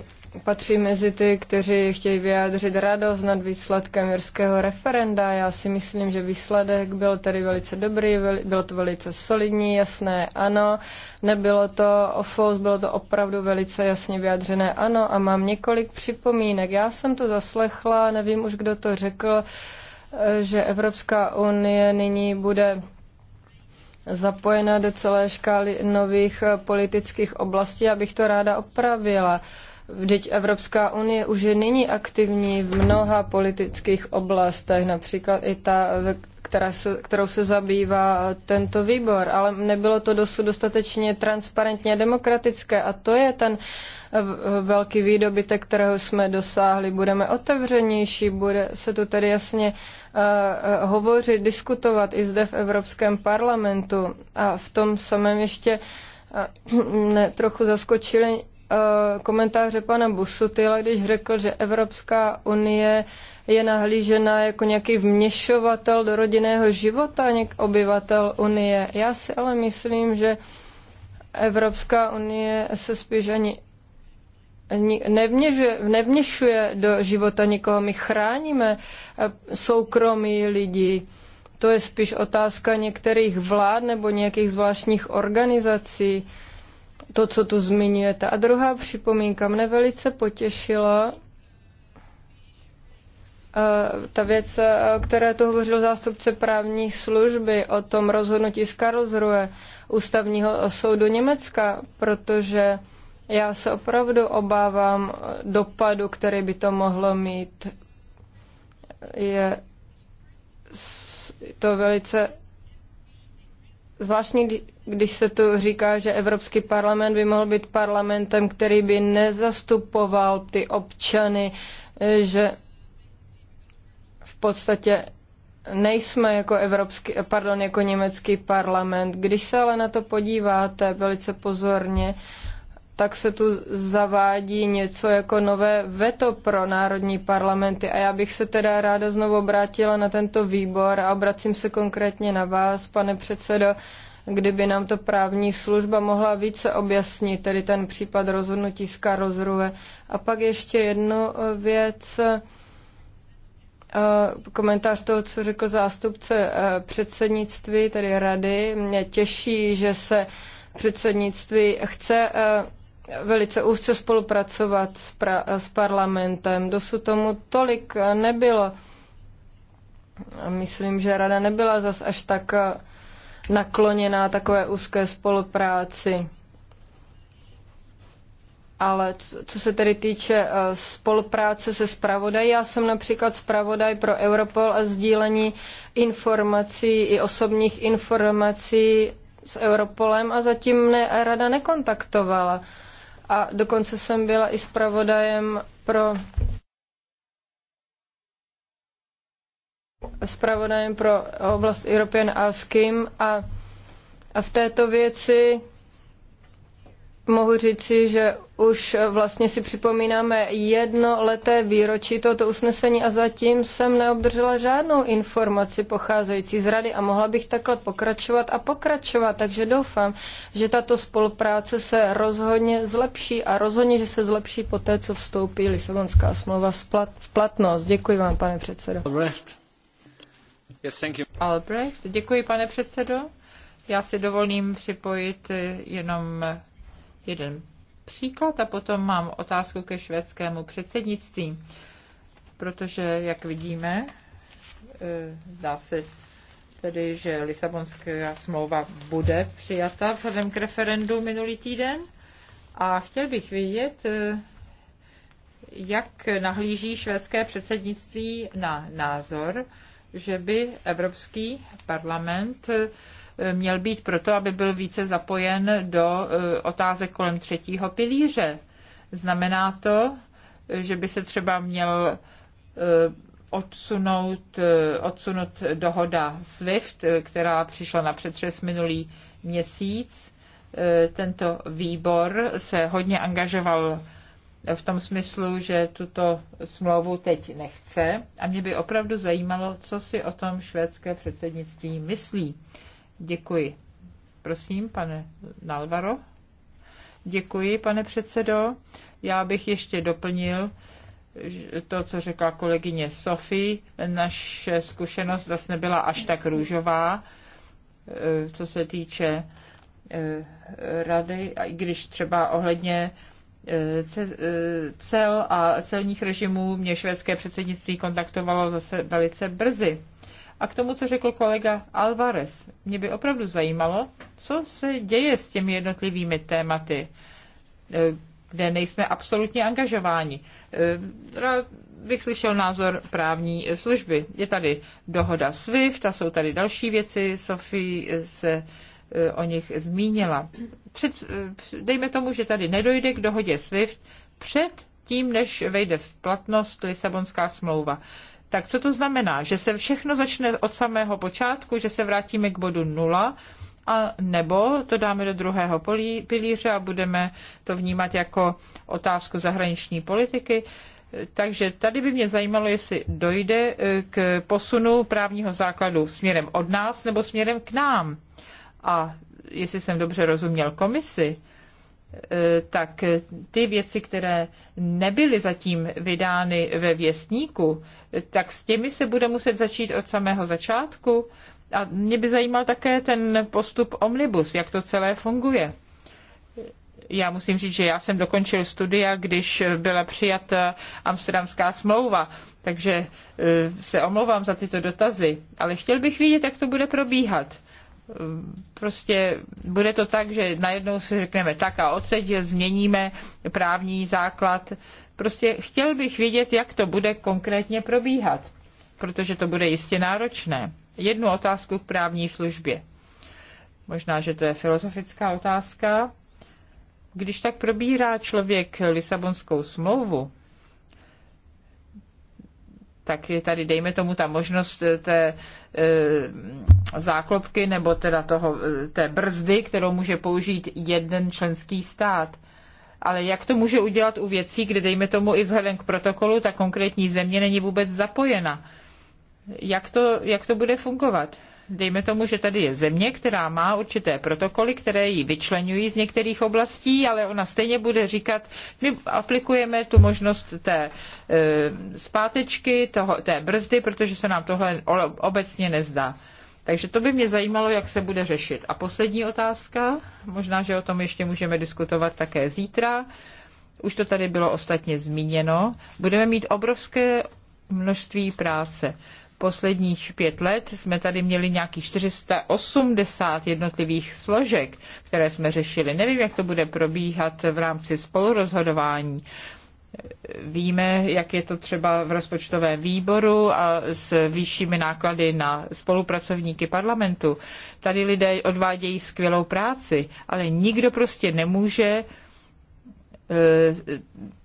patří mezi ty, kteří chtějí vyjádřit radost nad výsledkem jirského referenda. Já si myslím, že výsledek byl tedy velice dobrý, bylo to velice solidní, jasné ano. Nebylo to ofos, bylo to opravdu velice jasně vyjádřené ano. A mám několik připomínek. Já jsem to zaslechla, nevím už, kdo to řekl, eh, že Evropská unie nyní bude zapojena do celé škály nových eh, politických oblastí, abych to ráda opravila. Vždyť Evropská unie už je nyní aktivní v mnoha politických oblastech, například i ta, která se, kterou se zabývá tento výbor, ale nebylo to dosud dostatečně transparentně a demokratické a to je ten velký výdobytek, kterého jsme dosáhli. Budeme otevřenější, bude se tu tedy jasně uh, hovořit, diskutovat i zde v Evropském parlamentu a v tom samém ještě uh, ne, trochu zaskočili Eh, komentáře pana Busutila, když řekl, že Evropská unie je nahlížena jako nějaký vměšovatel do rodinného života něk obyvatel unie. Já si ale myslím, že Evropská unie se spíš ani nevměžuje, nevměšuje do života nikoho. My chráníme eh, soukromí lidí. To je spíš otázka některých vlád nebo nějakých zvláštních organizací. Uh, to, co tu zmiňujete. A druhá připomínka mne velice potěšila eh, ta věc, o eh, které tu hovořil zástupce právní služby, o tom rozhodnutí z Karlsruhe ústavního soudu Německa, protože já se opravdu obávám dopadu, který by to mohlo mít. Je to velice zvláštní, když se tu říká, že Evropský parlament by mohl být parlamentem, který by nezastupoval ty občany, eh, že v podstatě nejsme jako evropský, eh, pardon, jako německý parlament. Když se ale na to podíváte velice pozorně, tak se tu zavádí něco jako nové veto pro národní parlamenty. A já bych se teda ráda znovu obrátila na tento výbor a obracím se konkrétně na vás, pane předsedo. Uh, kdyby nám to právní služba mohla více objasnit, tedy ten případ rozhodnutí z Karlsruhe. A pak ještě jednu eh, věc, eh, komentář toho, co řekl zástupce eh, předsednictví, tedy rady. Mě těší, že se předsednictví chce velice úzce spolupracovat s, pra- s parlamentem. Dosud tomu tolik nebylo. Myslím, že rada nebyla zas až tak nakloněná takové úzké spolupráci. Ale co se tedy týče eh, spolupráce se zpravodají, já jsem například zpravodaj pro Europol a sdílení informací i osobních informací s Europolem a zatím mne rada nekontaktovala. A dokonce jsem byla i zpravodajem pro zpravodajem pro oblast European Alským a, a v této věci mohu říci, že už vlastně si připomínáme jednoleté výročí tohoto usnesení a zatím jsem neobdržela žádnou informaci pocházející z rady a mohla bych takhle pokračovat a pokračovat, takže doufám, že tato spolupráce se rozhodně zlepší a rozhodně, že se zlepší po té, co vstoupí Lisabonská smlouva v platnost. Děkuji vám, pane předsedo. Yes, thank you. Albrecht, děkuji pane předsedo. Já si dovolím připojit jenom jeden příklad a potom mám otázku ke švédskému předsednictví, protože, jak vidíme, eh, zdá se tedy, že Lisabonská smlouva bude přijata vzhledem k referendu minulý týden. A chtěl bych vědět, eh, jak nahlíží švédské předsednictví na názor, že by Evropský parlament eh, měl být proto, aby byl více zapojen do eh, otázek kolem třetího pilíře. Znamená to, eh, že by se třeba měl odsunout, odsunout dohoda SWIFT, která přišla na přetřes minulý měsíc. Tento výbor se hodně angažoval v tom smyslu, že tuto smlouvu teď nechce. A mě by opravdu zajímalo, co si o tom švédské předsednictví myslí. Děkuji. Prosím, pane Nalvaro. Děkuji, pane předsedo. Já bych ještě doplnil to, co řekla kolegyně Sofi, Naše zkušenost zase nebyla až tak růžová, eh, co se týče eh, rady, i když třeba ohledně Eh, cel a celních režimů mě švédské předsednictví kontaktovalo zase velice brzy. A k tomu, co řekl kolega Alvarez, mě by opravdu zajímalo, co se děje s těmi jednotlivými tématy, eh, kde nejsme absolutně angažováni. Eh, rád bych slyšel názor právní služby. Je tady dohoda SWIFT a jsou tady další věci. Sofie se Eh, o nich zmínila. Před, eh, dejme tomu, že tady nedojde k dohodě SWIFT před tím, než vejde v platnost Lisabonská smlouva. Tak co to znamená? Že se všechno začne od samého počátku, že se vrátíme k bodu nula, a nebo to dáme do druhého pilíře a budeme to vnímat jako otázku zahraniční politiky. Takže tady by mě zajímalo, jestli dojde eh, k posunu právního základu směrem od nás nebo směrem k nám. A jestli jsem dobře rozuměl komisi, eh, tak ty věci, které nebyly zatím vydány ve věstníku, tak s těmi se bude muset začít od samého začátku. A mě by zajímal také ten postup omnibus, jak to celé funguje. Já musím říct, že já jsem dokončil studia, když byla přijata amsterdamská smlouva, takže eh, se omlouvám za tyto dotazy, ale chtěl bych vědět, jak to bude probíhat prostě bude to tak, že najednou si řekneme tak a odseď změníme právní základ. Prostě chtěl bych vědět, jak to bude konkrétně probíhat, protože to bude jistě náročné. Jednu otázku k právní službě. Možná, že to je filozofická otázka. Když tak probírá člověk Lisabonskou smlouvu, tak je tady, dejme tomu, ta možnost té eh, záklopky nebo teda toho, eh, té brzdy, kterou může použít jeden členský stát. Ale jak to může udělat u věcí, kde dejme tomu i vzhledem k protokolu, ta konkrétní země není vůbec zapojena? Jak to, jak to bude fungovat? Dejme tomu, že tady je země, která má určité protokoly, které ji vyčlenují z některých oblastí, ale ona stejně bude říkat, my aplikujeme tu možnost té e, zpátečky, toho, té brzdy, protože se nám tohle obecně nezdá. Takže to by mě zajímalo, jak se bude řešit. A poslední otázka, možná, že o tom ještě můžeme diskutovat také zítra. Už to tady bylo ostatně zmíněno. Budeme mít obrovské množství práce posledních pět let jsme tady měli nějakých 480 jednotlivých složek, které jsme řešili. Nevím, jak to bude probíhat v rámci spolurozhodování. Víme, jak je to třeba v rozpočtovém výboru a s vyššími náklady na spolupracovníky parlamentu. Tady lidé odvádějí skvělou práci, ale nikdo prostě nemůže e,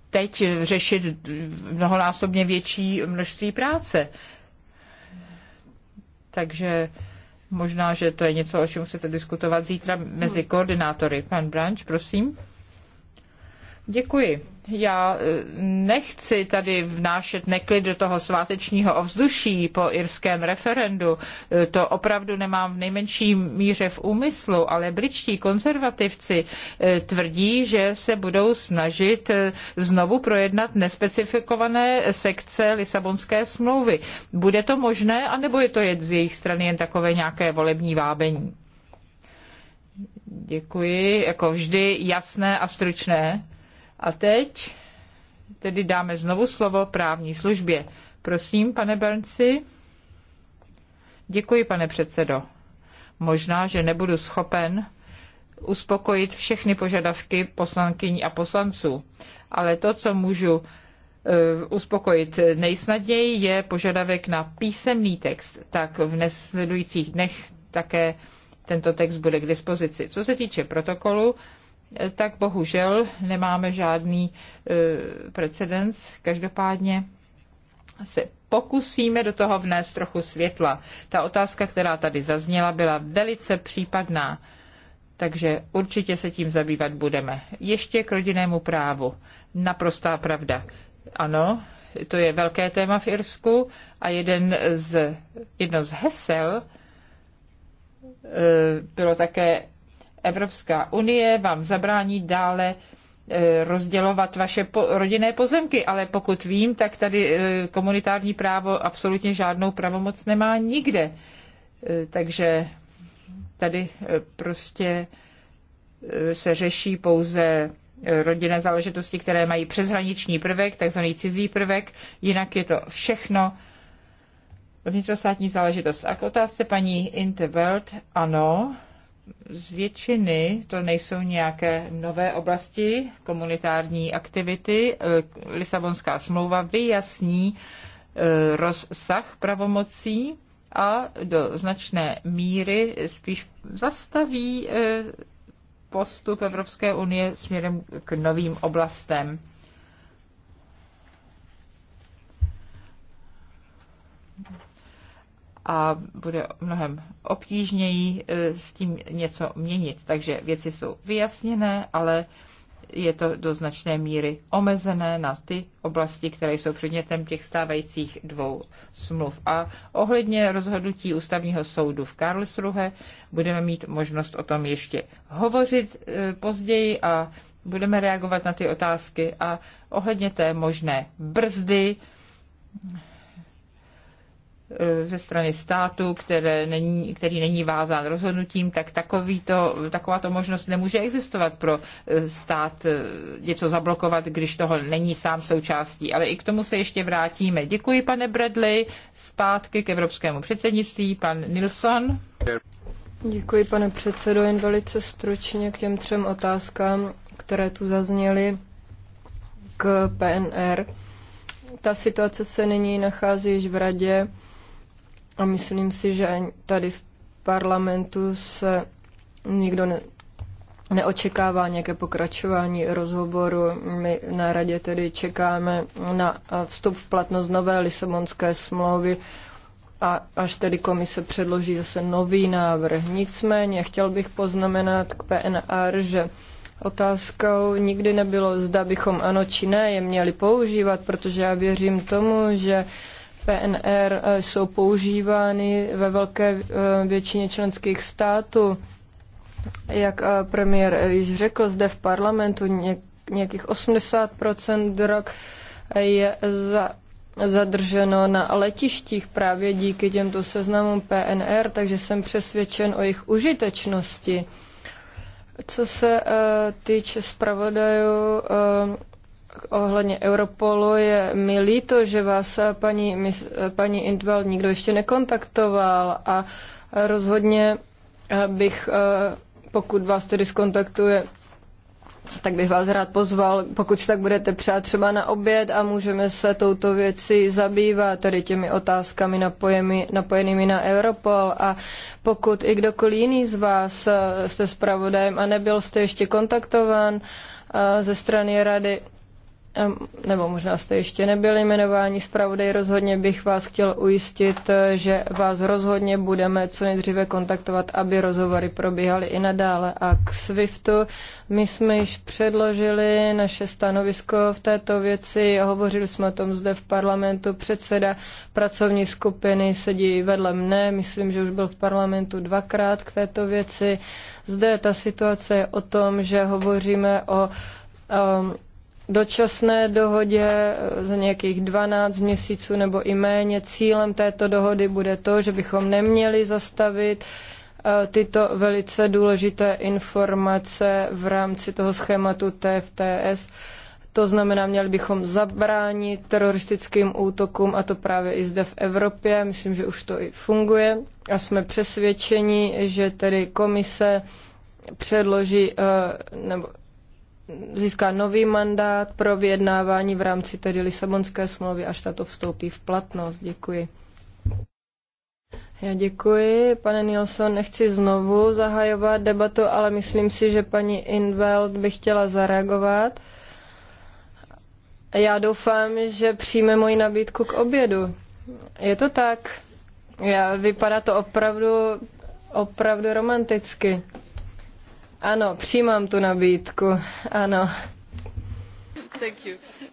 teď řešit mnohonásobně větší množství práce. Takže možná, že to je něco, o čem chcete diskutovat zítra mezi koordinátory. Pan Branč, prosím. Děkuji. Já eh, nechci tady vnášet neklid do toho svátečního ovzduší po irském referendu. Eh, to opravdu nemám v nejmenší míře v úmyslu, ale britští konzervativci eh, tvrdí, že se budou snažit znovu projednat nespecifikované sekce Lisabonské smlouvy. Bude to možné, anebo je to z jejich strany jen takové nějaké volební vábení? Děkuji, jako vždy jasné a stručné. A teď tedy dáme znovu slovo právní službě. Prosím, pane Bernci. Děkuji, pane předsedo. Možná, že nebudu schopen uspokojit všechny požadavky poslankyní a poslanců, ale to, co můžu eh, uspokojit nejsnadněji, je požadavek na písemný text. Tak v nesledujících dnech také tento text bude k dispozici. Co se týče protokolu, tak bohužel nemáme žádný e, precedens. Každopádně se pokusíme do toho vnést trochu světla. Ta otázka, která tady zazněla, byla velice případná, takže určitě se tím zabývat budeme. Ještě k rodinnému právu. Naprostá pravda. Ano, to je velké téma v Irsku a jeden z, jedno z hesel e, bylo také Evropská unie vám zabrání dále e, rozdělovat vaše rodinné pozemky, ale pokud vím, tak tady e, komunitární právo absolutně žádnou pravomoc nemá nikde. E, takže tady prostě se řeší pouze rodinné záležitosti, které mají přeshraniční prvek, takzvaný cizí prvek, jinak je to všechno vnitrostátní záležitost. A k otázce paní Intervelt, ano, z většiny to nejsou nějaké nové oblasti komunitární aktivity. E, Lisabonská smlouva vyjasní e, rozsah pravomocí a do značné míry spíš zastaví e, postup Evropské unie směrem k novým oblastem. a bude mnohem obtížněji e, s tím něco měnit. Takže věci jsou vyjasněné, ale je to do značné míry omezené na ty oblasti, které jsou předmětem těch stávajících dvou smluv. A ohledně rozhodnutí ústavního soudu v Karlsruhe budeme mít možnost o tom ještě hovořit e, později a budeme reagovat na ty otázky. A ohledně té možné brzdy, Eh, ze strany státu, které není, který není vázán rozhodnutím, tak taková to možnost nemůže existovat pro eh, stát eh, něco zablokovat, když toho není sám součástí. Ale i k tomu se ještě vrátíme. Děkuji, pane Bradley. Zpátky k evropskému předsednictví, pan Nilsson. Děkuji, pane předsedo, jen velice stručně k těm třem otázkám, které tu zazněly k PNR. Ta situace se nyní nachází již v radě a myslím si, že tady v parlamentu se nikdo ne, neočekává nějaké pokračování rozhovoru. My na radě tedy čekáme na vstup v platnost nové Lisabonské smlouvy a až tedy komise předloží zase nový návrh. Nicméně chtěl bych poznamenat k PNR, že otázkou nikdy nebylo, zda bychom ano či ne je měli používat, protože já věřím tomu, že PNR eh, jsou používány ve velké eh, většině členských států. Jak eh, premiér již řekl zde v parlamentu, nějakých 80 drog je za, zadrženo na letištích právě díky těmto seznamům PNR, takže jsem přesvědčen o jejich užitečnosti. Co se týče zpravodajů ohledně Europolu je mi líto, že vás eh, paní, eh, paní Intval nikdo ještě nekontaktoval a rozhodně eh, bych, pokud vás tedy skontaktuje, tak bych vás rád pozval, pokud si tak budete přát třeba na oběd a můžeme se touto věci zabývat, tedy těmi otázkami napojemi, napojenými na Europol a pokud i kdokoliv jiný z vás jste zpravodajem a nebyl jste ještě kontaktován ze strany rady, nebo možná jste ještě nebyli jmenováni zpravodaj, rozhodně bych vás chtěl ujistit, že vás rozhodně budeme co nejdříve kontaktovat, aby rozhovory probíhaly i nadále. A k SWIFTu my jsme již předložili naše stanovisko v této věci, hovořili jsme o tom zde v parlamentu, předseda pracovní skupiny sedí vedle mne, myslím, že už byl v parlamentu dvakrát k této věci. Zde ta situace je o tom, že hovoříme o um, dočasné dohodě eh, za nějakých 12 měsíců nebo i méně. Cílem této dohody bude to, že bychom neměli zastavit eh, tyto velice důležité informace v rámci toho schématu TFTS. To znamená, měli bychom zabránit teroristickým útokům, a to právě i zde v Evropě. Myslím, že už to i funguje. A jsme přesvědčeni, že tedy komise předloží eh, nebo získá nový mandát pro vyjednávání v rámci tedy Lisabonské smlouvy, až tato vstoupí v platnost. Děkuji. Já děkuji, pane Nilsson. Nechci znovu zahajovat debatu, ale myslím si, že paní Inveld by chtěla zareagovat. Já doufám, že přijme moji nabídku k obědu. Je to tak? Já, vypadá to opravdu, opravdu romanticky. Ano, přijímám tu nabídku. Ano.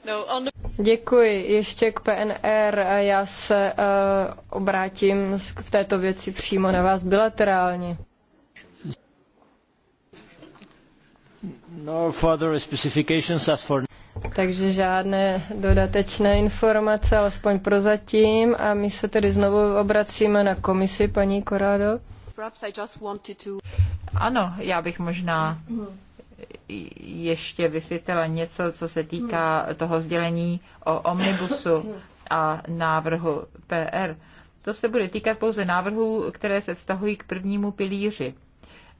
No, Děkuji. Ještě k PNR. Já se uh, obrátím v této věci přímo na vás bilaterálně. No further specifications as for... Takže žádné dodatečné informace, alespoň prozatím. A my se tedy znovu obracíme na komisi, paní Korádo. Ano, já bych možná ještě vysvětlila něco, co se týká toho sdělení o omnibusu a návrhu PR. To se bude týkat pouze návrhů, které se vztahují k prvnímu pilíři.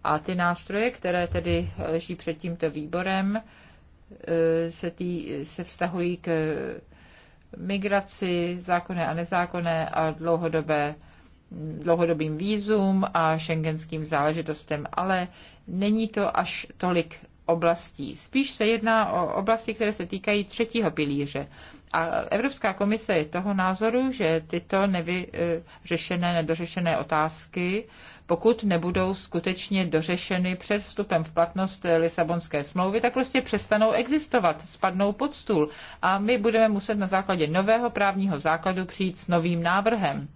A ty nástroje, které tedy leží před tímto výborem, eh, se, tý, se vztahují k migraci, zákonné a nezákonné a dlouhodobé dlouhodobým výzum a šengenským záležitostem, ale není to až tolik oblastí. Spíš se jedná o oblasti, které se týkají třetího pilíře. A Evropská komise je toho názoru, že tyto nevyřešené, nedořešené otázky, pokud nebudou skutečně dořešeny před vstupem v platnost Lisabonské smlouvy, tak prostě přestanou existovat, spadnou pod stůl a my budeme muset na základě nového právního základu přijít s novým návrhem.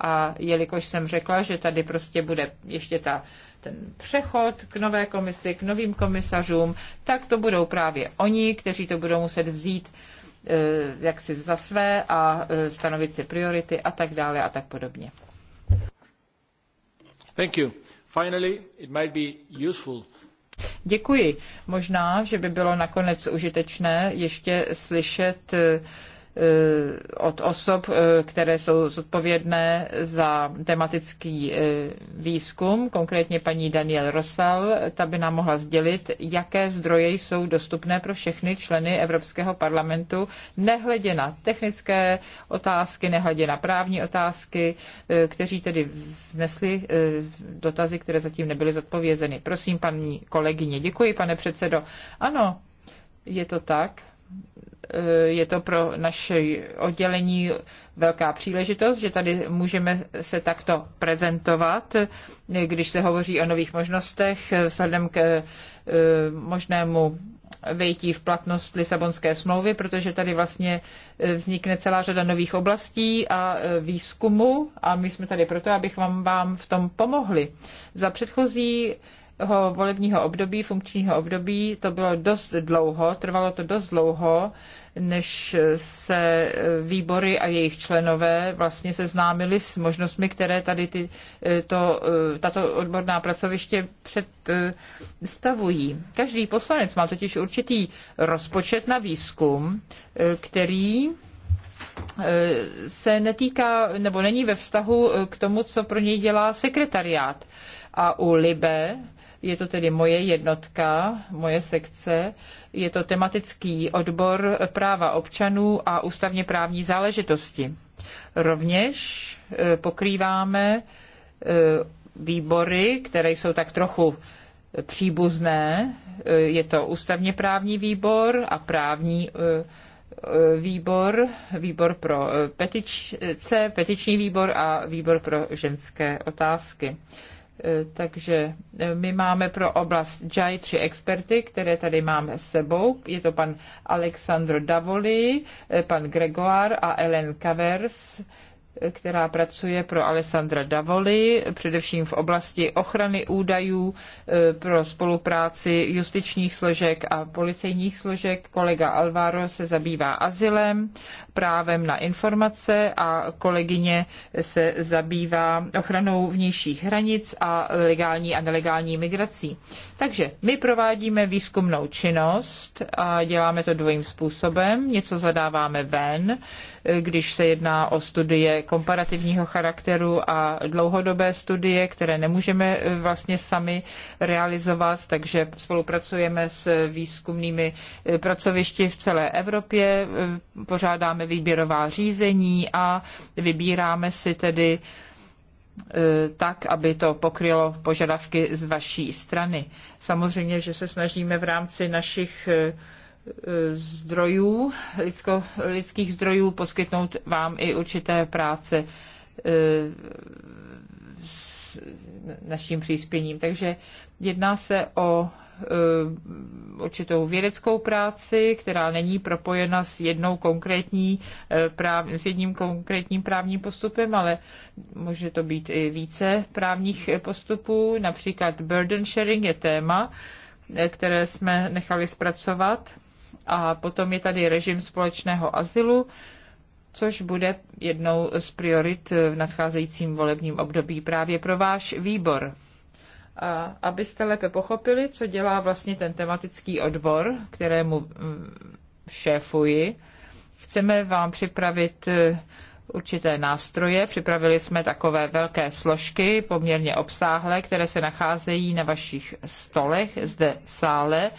A jelikož jsem řekla, že tady prostě bude ještě ta, ten přechod k nové komisi, k novým komisařům, tak to budou právě oni, kteří to budou muset vzít eh, jak si za své a eh, stanovit si priority a tak dále a tak podobně. Thank you. Finally, it might be useful. Děkuji. Možná, že by bylo nakonec užitečné ještě slyšet eh, Eh, od osob, eh, které jsou zodpovědné za tematický eh, výzkum, konkrétně paní Daniel Rosal, ta by nám mohla sdělit, jaké zdroje jsou dostupné pro všechny členy Evropského parlamentu, nehledě na technické otázky, nehledě na právní otázky, kteří tedy vznesli dotazy, které zatím nebyly zodpovězeny. Prosím, paní kolegyně, děkuji, pane předsedo. Ano, je to tak je to pro naše oddělení velká příležitost, že tady můžeme se takto prezentovat, když se hovoří o nových možnostech vzhledem k eh, možnému vejtí v platnost Lisabonské smlouvy, protože tady vlastně eh, vznikne celá řada nových oblastí a eh, výzkumu a my jsme tady proto, abych vám, vám v tom pomohli. Za předchozí volebního období, funkčního období, to bylo dost dlouho, trvalo to dost dlouho, než se výbory a jejich členové vlastně seznámili s možnostmi, které tady ty, eh, to, eh, tato odborná pracoviště představují. Eh, Každý poslanec má totiž určitý rozpočet na výzkum, který se netýká nebo není ve vztahu k tomu, co pro něj dělá sekretariát. A u Libe je to tedy moje jednotka, moje sekce. Je to tematický odbor práva občanů a ústavně právní záležitosti. Rovněž e, pokrýváme e, výbory, které jsou tak trochu příbuzné. E, je to ústavně právní výbor a právní výbor, výbor pro petičce, petiční výbor a výbor pro ženské otázky. Eh, takže eh, my máme pro oblast JAI tři experty, které tady máme s sebou. Je to pan Alexandro Davoli, eh, pan Gregoire a Ellen Cavers která pracuje pro Alessandra Davoli, především v oblasti ochrany údajů e, pro spolupráci justičních složek a policejních složek. Kolega Alvaro se zabývá azylem, právem na informace a kolegyně se zabývá ochranou vnějších hranic a legální a nelegální migrací. Takže my provádíme výzkumnou činnost a děláme to dvojím způsobem. Něco zadáváme ven, když se jedná o studie komparativního charakteru a dlouhodobé studie, které nemůžeme eh, vlastně sami realizovat, takže spolupracujeme s výzkumnými eh, pracovišti v celé Evropě, eh, pořádáme výběrová řízení a vybíráme si tedy tak, aby to pokrylo požadavky z vaší strany. Samozřejmě, že se snažíme v rámci našich zdrojů, lidsko, lidských zdrojů, poskytnout vám i určité práce eh, s naším příspěním. Takže jedná se o eh, určitou vědeckou práci, která není propojena s jednou konkrétní eh, práv, s jedním konkrétním právním postupem, ale může to být i více právních postupů. Například burden sharing je téma, které jsme nechali zpracovat a potom je tady režim společného azylu, což bude jednou z priorit v nadcházejícím volebním období právě pro váš výbor. A abyste lépe pochopili, co dělá vlastně ten tematický odbor, kterému mm, šéfuji, chceme vám připravit e, určité nástroje. Připravili jsme takové velké složky, poměrně obsáhlé, které se nacházejí na vašich stolech zde v sále.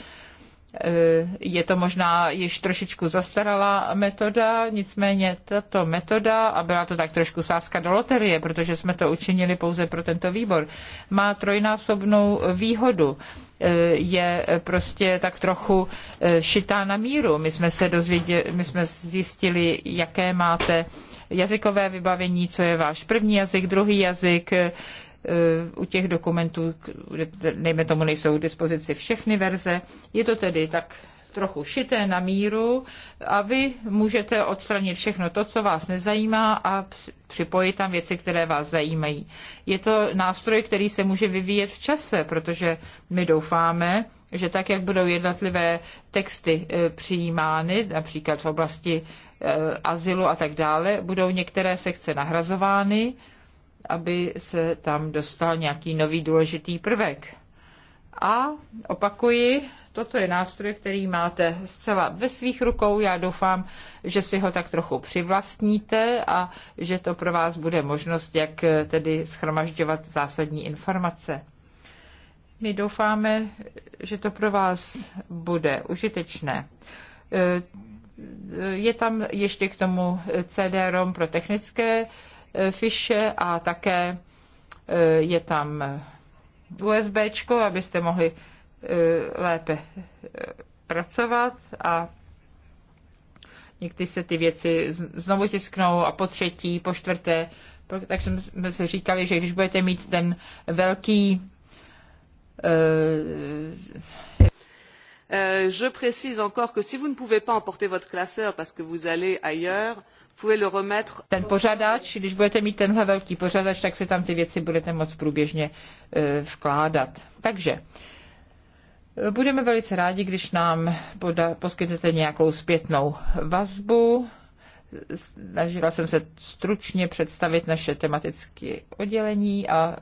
Eh, je to možná již trošičku zastaralá metoda, nicméně tato metoda, a byla to tak trošku sázka do loterie, protože jsme to učinili pouze pro tento výbor, má trojnásobnou výhodu eh, je prostě tak trochu eh, šitá na míru. My jsme se dozvěděli, my jsme zjistili, jaké máte jazykové vybavení, co je váš první jazyk, druhý jazyk, u těch dokumentů, nejme tomu nejsou k dispozici všechny verze. Je to tedy tak trochu šité na míru a vy můžete odstranit všechno to, co vás nezajímá a připojit tam věci, které vás zajímají. Je to nástroj, který se může vyvíjet v čase, protože my doufáme, že tak, jak budou jednotlivé texty e, přijímány, například v oblasti e, azylu a tak dále, budou některé sekce nahrazovány, aby se tam dostal nějaký nový důležitý prvek. A opakuji, toto je nástroj, který máte zcela ve svých rukou. Já doufám, že si ho tak trochu přivlastníte a že to pro vás bude možnost, jak tedy schromažďovat zásadní informace. My doufáme, že to pro vás bude užitečné. E, je tam ještě k tomu CD-ROM pro technické fiše a také eh, je tam eh, USB, abyste mohli eh, lépe pracovat a někdy se ty věci znovu tisknou a po třetí, po čtvrté, tak jsme si říkali, že když budete mít ten velký Je précise encore que si vous ne pouvez pas emporter votre classeur parce que vous allez ailleurs, ten pořadač, když budete mít tenhle velký pořadač, tak si tam ty věci budete moc průběžně eh, vkládat. Takže eh, budeme velice rádi, když nám poda, poskytnete nějakou zpětnou vazbu. Snažila jsem se stručně představit naše tematické oddělení a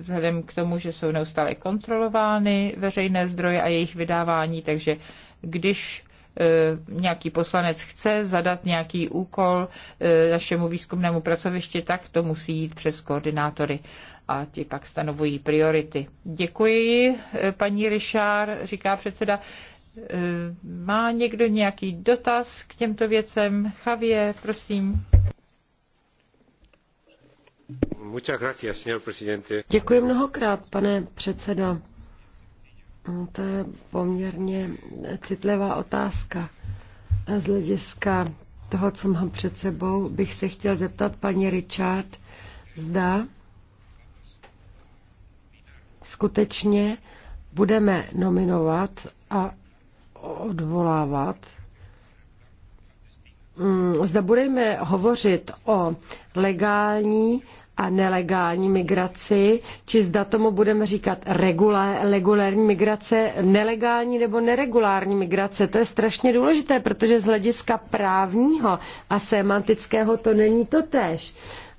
vzhledem k tomu, že jsou neustále kontrolovány veřejné zdroje a jejich vydávání, takže když Eh, nějaký poslanec chce zadat nějaký úkol eh, našemu výzkumnému pracovišti, tak to musí jít přes koordinátory a ti pak stanovují priority. Děkuji, eh, paní Richard, říká předseda. Má někdo nějaký dotaz k těmto věcem? Chavě, prosím. Děkuji mnohokrát, pane předsedo. No, to je poměrně citlivá otázka. Z hlediska toho, co mám před sebou, bych se chtěl zeptat paní Richard, zda skutečně budeme nominovat a odvolávat. Mm, zda budeme hovořit o legální a nelegální migraci, či zda tomu budeme říkat regulá, regulární migrace, nelegální nebo neregulární migrace. To je strašně důležité, protože z hlediska právního a semantického to není totéž.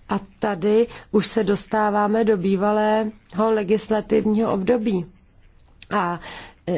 A tady už se dostáváme do bývalého legislativního období. A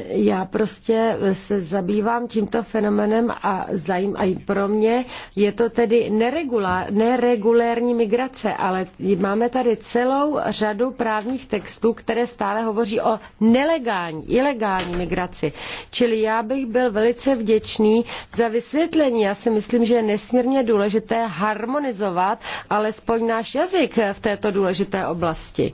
já prostě se zabývám tímto fenomenem a zajím i pro mě je to tedy neregulár, neregulérní migrace, ale máme tady celou řadu právních textů, které stále hovoří o nelegální, ilegální migraci. Čili já bych byl velice vděčný za vysvětlení. Já si myslím, že je nesmírně důležité harmonizovat alespoň náš jazyk v této důležité oblasti.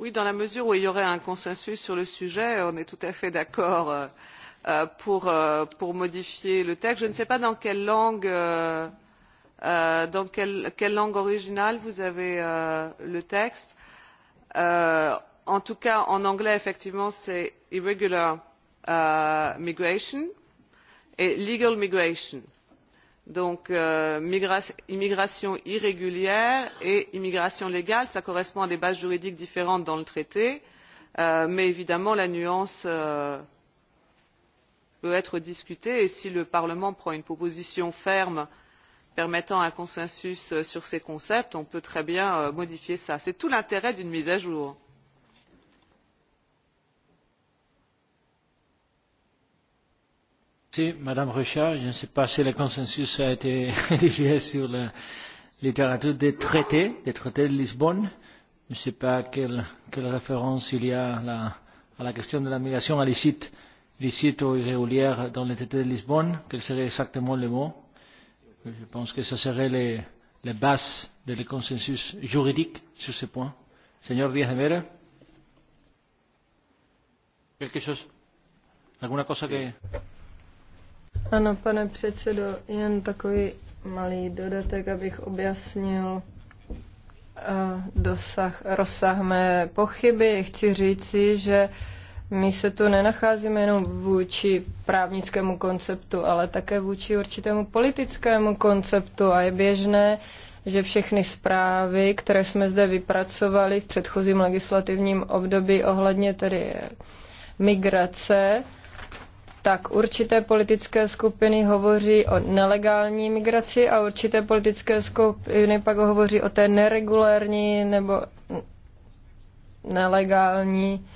Oui, dans la mesure où il y aurait un consensus sur le sujet, on est tout à fait d'accord euh, euh, pour, euh, pour modifier le texte. Je ne sais pas dans quelle langue, euh, euh, dans quelle, quelle langue originale vous avez euh, le texte. Euh, en tout cas, en anglais, effectivement, c'est irregular euh, migration et legal migration. Euh, donc euh, immigration irrégulière et immigration légale cela correspond à des bases juridiques différentes dans le traité euh, mais évidemment la nuance euh, peut être discutée et si le parlement prend une position ferme permettant un consensus euh, sur ces concepts on peut très bien euh, modifier cela. c'est tout l'intérêt d'une mise à jour. Merci, Madame Richard. Je ne sais pas si le consensus a été (laughs) rédigé sur la littérature des traités, des traités de Lisbonne. Je ne sais pas quelle, quelle référence il y a à la, à la question de la migration illicite, illicite ou irrégulière dans les traités de Lisbonne. Quel serait exactement le mot Je pense que ce serait les, les bases de le consensus juridique sur ce point. Señor Díaz de Mera, quelque chose, alguna cosa que... Ano, pane předsedo, jen takový malý dodatek, abych objasnil eh, dosah, rozsah mé pochyby. Chci říci, že my se tu nenacházíme jenom vůči právnickému konceptu, ale také vůči určitému politickému konceptu a je běžné, že všechny zprávy, které jsme zde vypracovali v předchozím legislativním období ohledně tedy migrace, tak určité politické skupiny hovoří o nelegální migraci a určité politické skupiny pak hovoří o té neregulární nebo nelegální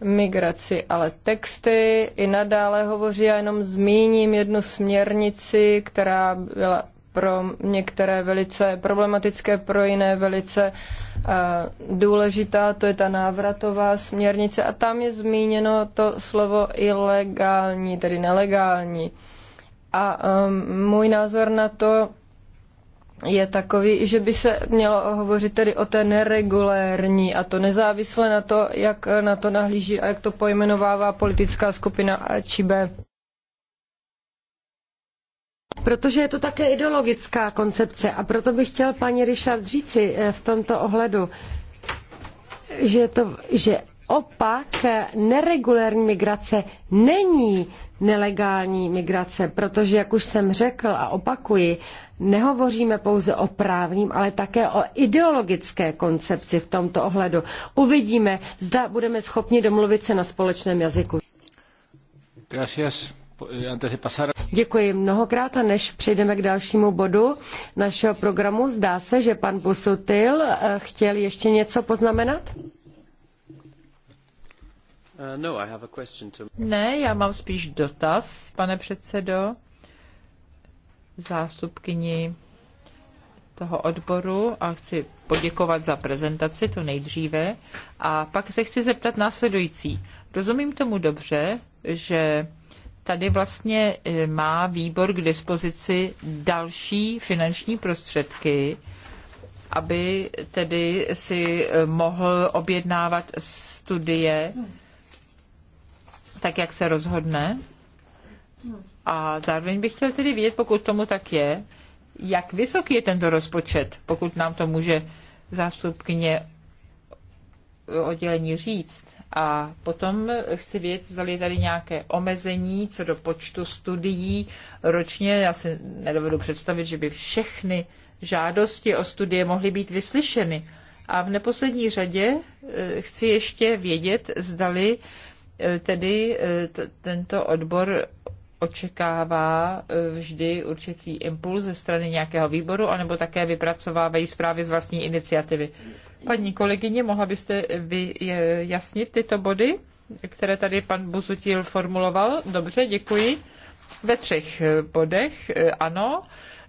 migraci, ale texty i nadále hovoří, já jenom zmíním jednu směrnici, která byla pro některé velice problematické, pro jiné velice uh, důležitá, to je ta návratová směrnice a tam je zmíněno to slovo ilegální, tedy nelegální. A um, můj názor na to je takový, že by se mělo hovořit tedy o té neregulérní a to nezávisle na to, jak na to nahlíží a jak to pojmenovává politická skupina b. Protože je to také ideologická koncepce a proto bych chtěl paní Richard říci eh, v tomto ohledu, že, to, že opak eh, neregulární migrace není nelegální migrace, protože, jak už jsem řekl a opakuji, nehovoříme pouze o právním, ale také o ideologické koncepci v tomto ohledu. Uvidíme, zda budeme schopni domluvit se na společném jazyku. Gracias. Děkuji mnohokrát a než přejdeme k dalšímu bodu našeho programu, zdá se, že pan Busutil eh, chtěl ještě něco poznamenat? Uh, no, ne, já mám spíš dotaz, pane předsedo, zástupkyni toho odboru a chci poděkovat za prezentaci, to nejdříve. A pak se chci zeptat následující. Rozumím tomu dobře, že tady vlastně eh, má výbor k dispozici další finanční prostředky, aby tedy si eh, mohl objednávat studie tak, jak se rozhodne. A zároveň bych chtěl tedy vědět, pokud tomu tak je, jak vysoký je tento rozpočet, pokud nám to může zástupkyně oddělení říct. A potom chci vědět, zda je tady nějaké omezení co do počtu studií ročně. Já si nedovedu představit, že by všechny žádosti o studie mohly být vyslyšeny. A v neposlední řadě eh, chci ještě vědět, zdali eh, tedy eh, tento odbor očekává e, vždy určitý impuls ze strany nějakého výboru, anebo také vypracovávají zprávy z vlastní iniciativy. Paní kolegyně, mohla byste vyjasnit tyto body, které tady pan Buzutil formuloval? Dobře, děkuji. Ve třech bodech, e, ano.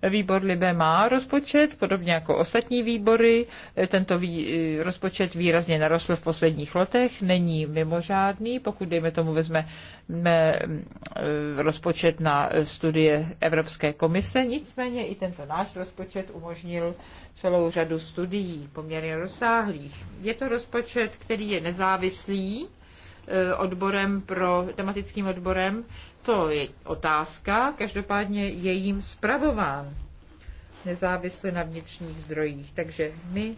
Výbor Libe má rozpočet, podobně jako ostatní výbory. Tento vý, rozpočet výrazně narostl v posledních letech, není mimořádný, pokud dejme tomu vezme mé, hm, eh, rozpočet na studie Evropské komise. Nicméně i tento náš rozpočet umožnil celou řadu studií, poměrně rozsáhlých. Je to rozpočet, který je nezávislý, eh, odborem pro, tematickým odborem to je otázka, každopádně je jim spravován nezávisle na vnitřních zdrojích. Takže my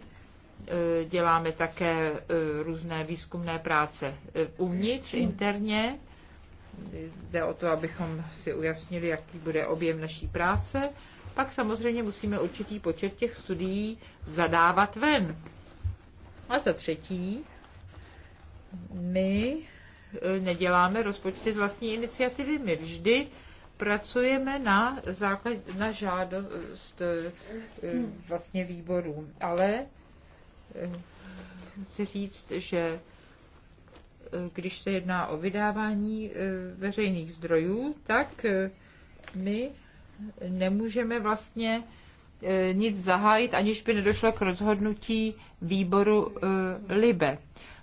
e, děláme také e, různé výzkumné práce e, uvnitř, interně. Jde o to, abychom si ujasnili, jaký bude objem naší práce. Pak samozřejmě musíme určitý počet těch studií zadávat ven. A za třetí, my Eh, neděláme rozpočty z vlastní iniciativy. My vždy pracujeme na, základ, na žádost eh, eh, vlastně výborů. Ale chci říct, že když se jedná o vydávání veřejných zdrojů, tak my nemůžeme vlastně nic zahájit, aniž by nedošlo k rozhodnutí výboru Libe.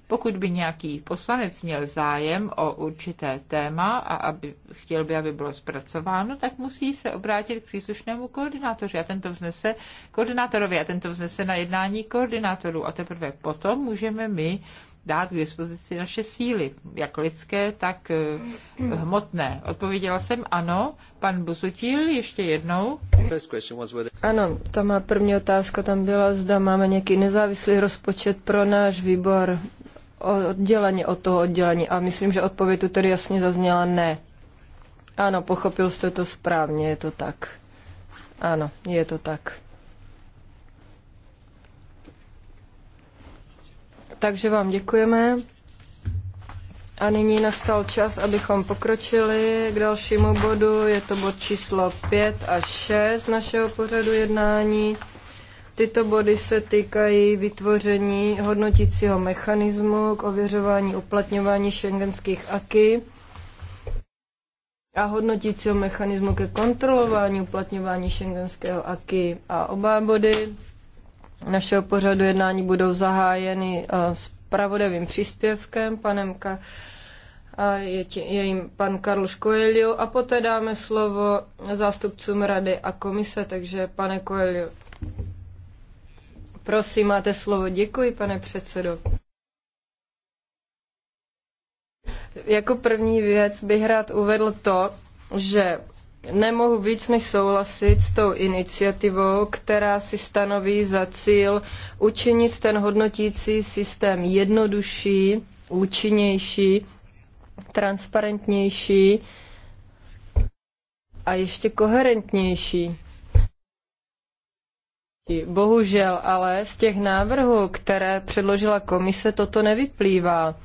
Pokud by nějaký poslanec měl zájem o určité téma a aby, chtěl by, aby bylo zpracováno, tak musí se obrátit k příslušnému koordinátoři a tento vznese koordinátorovi a tento vznese na jednání koordinátorů a teprve potom můžeme my dát k dispozici naše síly, jak lidské, tak eh, hmotné. Odpověděla jsem ano. Pan Busutil ještě jednou. Ano, ta má první otázka tam byla, zda máme nějaký nezávislý rozpočet pro náš výbor odděleně od toho oddělení. A myslím, že odpověď tu tedy jasně zazněla ne. Ano, pochopil jste to správně, je to tak. Ano, je to tak. Takže vám děkujeme. A nyní nastal čas, abychom pokročili k dalšímu bodu. Je to bod číslo 5 a 6 našeho pořadu jednání. Tyto body se týkají vytvoření hodnotícího mechanismu k ověřování uplatňování šengenských aky a hodnotícího mechanismu ke kontrolování uplatňování šengenského aky. A oba body našeho pořadu jednání budou zahájeny eh, s pravodavým příspěvkem panem Ka- a je, tě, je jim pan Karl Coelho a poté dáme slovo zástupcům rady a komise, takže pane Koelio. Prosím, máte slovo. Děkuji, pane předsedo. Jako první věc bych rád uvedl to, že nemohu víc než souhlasit s tou iniciativou, která si stanoví za cíl učinit ten hodnotící systém jednodušší, účinnější, transparentnější a ještě koherentnější. Bohužel, ale z těch návrhů, které předložila komise, toto nevyplývá.